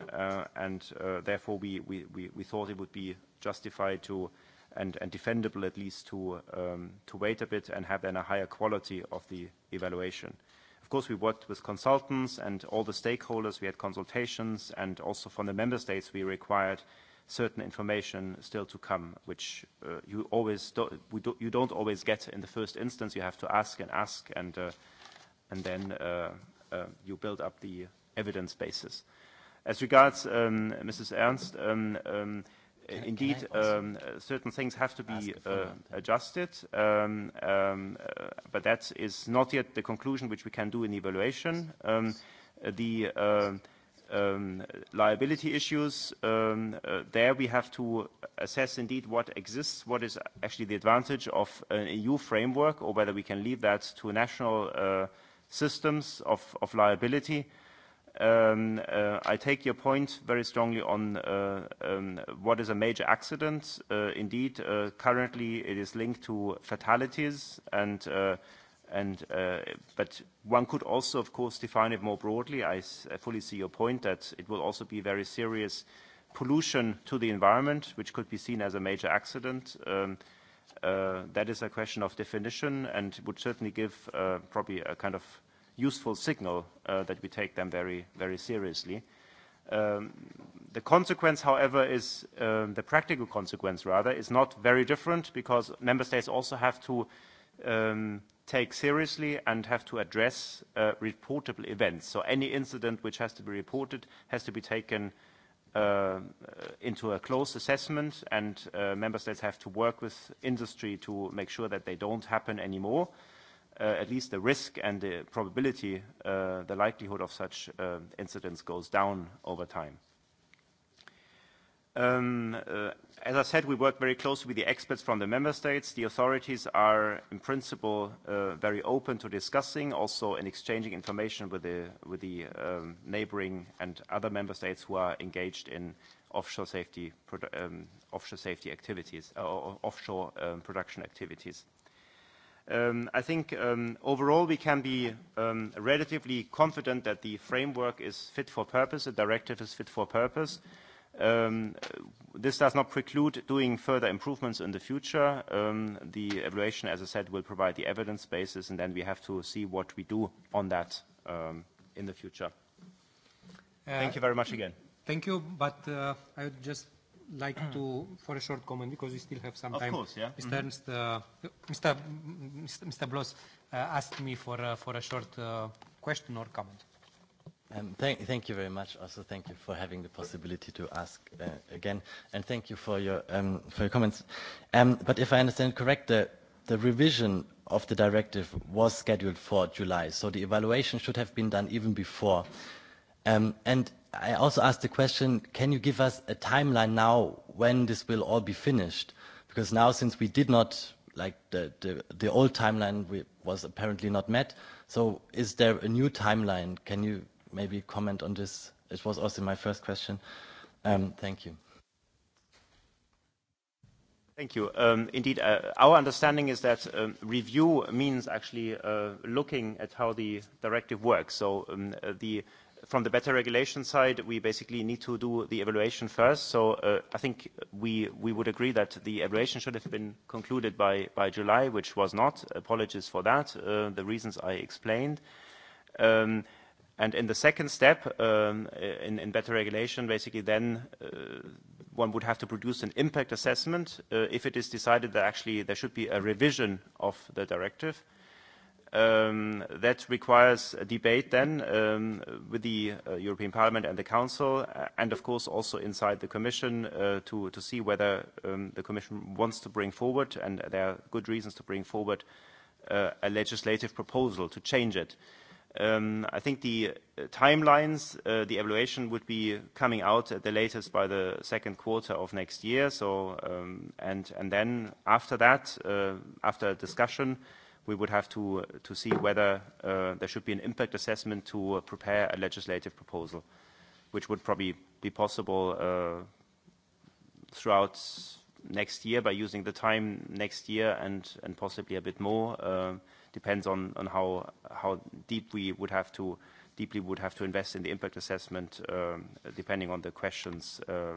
therefore, we thought it would be justified to and defendable at least um, to wait a bit and have then a higher quality of the evaluation. Of course, we worked with consultants and all the stakeholders. We had consultations, and also from the member states, we required certain information still to come, which uh, you don't always get in the first instance. You have to ask and ask, and uh, then uh, you build up the evidence basis. As regards Mrs. Um, Ernst, um, indeed, um, uh, certain things have to be uh, adjusted, um, um, uh, but that is not yet the conclusion which we can do in the evaluation. Um, the uh, um, liability issues, um, uh, there we have to assess indeed what exists, what is actually the advantage of an EU framework, or whether we can leave that to national uh, systems of, of liability. Uh, Um, uh, I take your point very strongly on uh, um, what is a major accident. Uh, indeed, currently it is linked to fatalities but one could also, of course, define it more broadly. I fully see your point that it will also be very serious pollution to the environment, which could be seen as a major accident. Um, that is a question of definition and would certainly give probably a kind of useful signal uh, that we take them very, very seriously. Um, the consequence, however, is um, the practical consequence, rather, is not very different because member states also have to um, take seriously and have to address uh, reportable events. So any incident which has to be reported has to be taken uh, into a close assessment and uh, member states have to work with industry to make sure that they don't happen anymore. Uh, Uh, at least the risk and the probability, uh, the likelihood of such uh, incidents goes down over time. Um, uh, as I said, we work very closely with the experts from the member states. The authorities are, in principle, uh, very open to discussing, also in exchanging information with the, with the um, neighboring and other member states who are engaged in offshore safety, produ um, offshore safety activities, uh, offshore um, production activities. Um, I think um, overall, we can be um, relatively confident that the framework is fit for purpose, the directive is fit for purpose. This does not preclude doing further improvements in the future. The evaluation, as I said, will provide the evidence basis, and then we have to see what we do on that in the future. Uh, thank you very much again. Thank you. Uh, I would just like to, for a short comment, because we still have some of time. Of course, yeah. Mr. Mm-hmm. Uh, Mr. Mr. Bloss uh, asked me for, uh, for a short uh, question or comment. Um, thank, thank you very much. Also, thank you for having the possibility to ask uh, again, and thank you for your um, for your comments. Um, but if I understand correct, the, the revision of the directive was scheduled for July, so the evaluation should have been done even before. Um, and I also asked the question, can you give us a timeline now when this will all be finished? Because now since we did not, like the, the, the old timeline we, was apparently not met, so is there a new timeline? Can you maybe comment on this? It was also my first question. Um, thank you. Thank you. Um, indeed, uh, our understanding is that um, review means actually uh, looking at how the directive works. So um, uh, the from the better regulation side, we basically need to do the evaluation first. So uh, I think we, we would agree that the evaluation should have been concluded by, by July, which was not. Apologies for that, uh, the reasons I explained. Um, and in the second step, um, in, in better regulation, basically then uh, one would have to produce an impact assessment uh, if it is decided that actually there should be a revision of the directive. Uh, Um, that requires a debate then um, with the uh, European Parliament and the Council uh, and of course also inside the Commission uh, to, to see whether um, the Commission wants to bring forward and there are good reasons to bring forward uh, a legislative proposal to change it. Um, I think the uh, timelines, uh, the evaluation would be coming out at the latest by the second quarter of next year. So, um, and, and then after that, uh, after a discussion, uh, we would have to, uh, to see whether uh, there should be an impact assessment to uh, prepare a legislative proposal, which would probably be possible uh, throughout next year by using the time next year and, and possibly a bit more. Uh, depends on, on how, how deep we would have to, deeply would have to invest in the impact assessment, um, depending on the questions uh,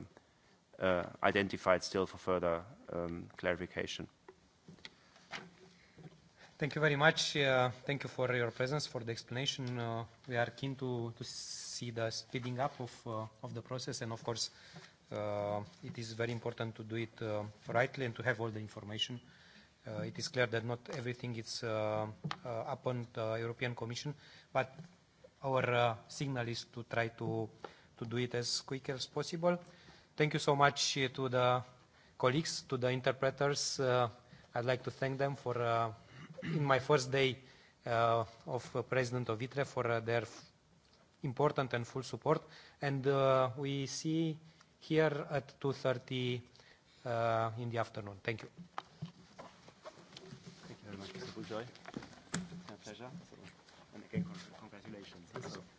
uh, identified still for further um, clarification. Thank you very much. Uh, thank you for your presence, for the explanation. Uh, we are keen to, to see the speeding up of, uh, of the process. And of course, uh, it is very important to do it uh, rightly and to have all the information. Uh, it is clear that not everything is uh, uh, upon the European Commission, but our uh, signal is to try to, to do it as quick as possible. Thank you so much uh, to the colleagues, to the interpreters. Uh, I'd like to thank them for uh, in my first day uh, of uh, president of Vitre for uh, their f- important and full support. And uh, we see here at 2.30 uh, in the afternoon. Thank you. Thank you very much, Mr. Bujoy. It's a pleasure. And again, congr- congratulations. Thank you.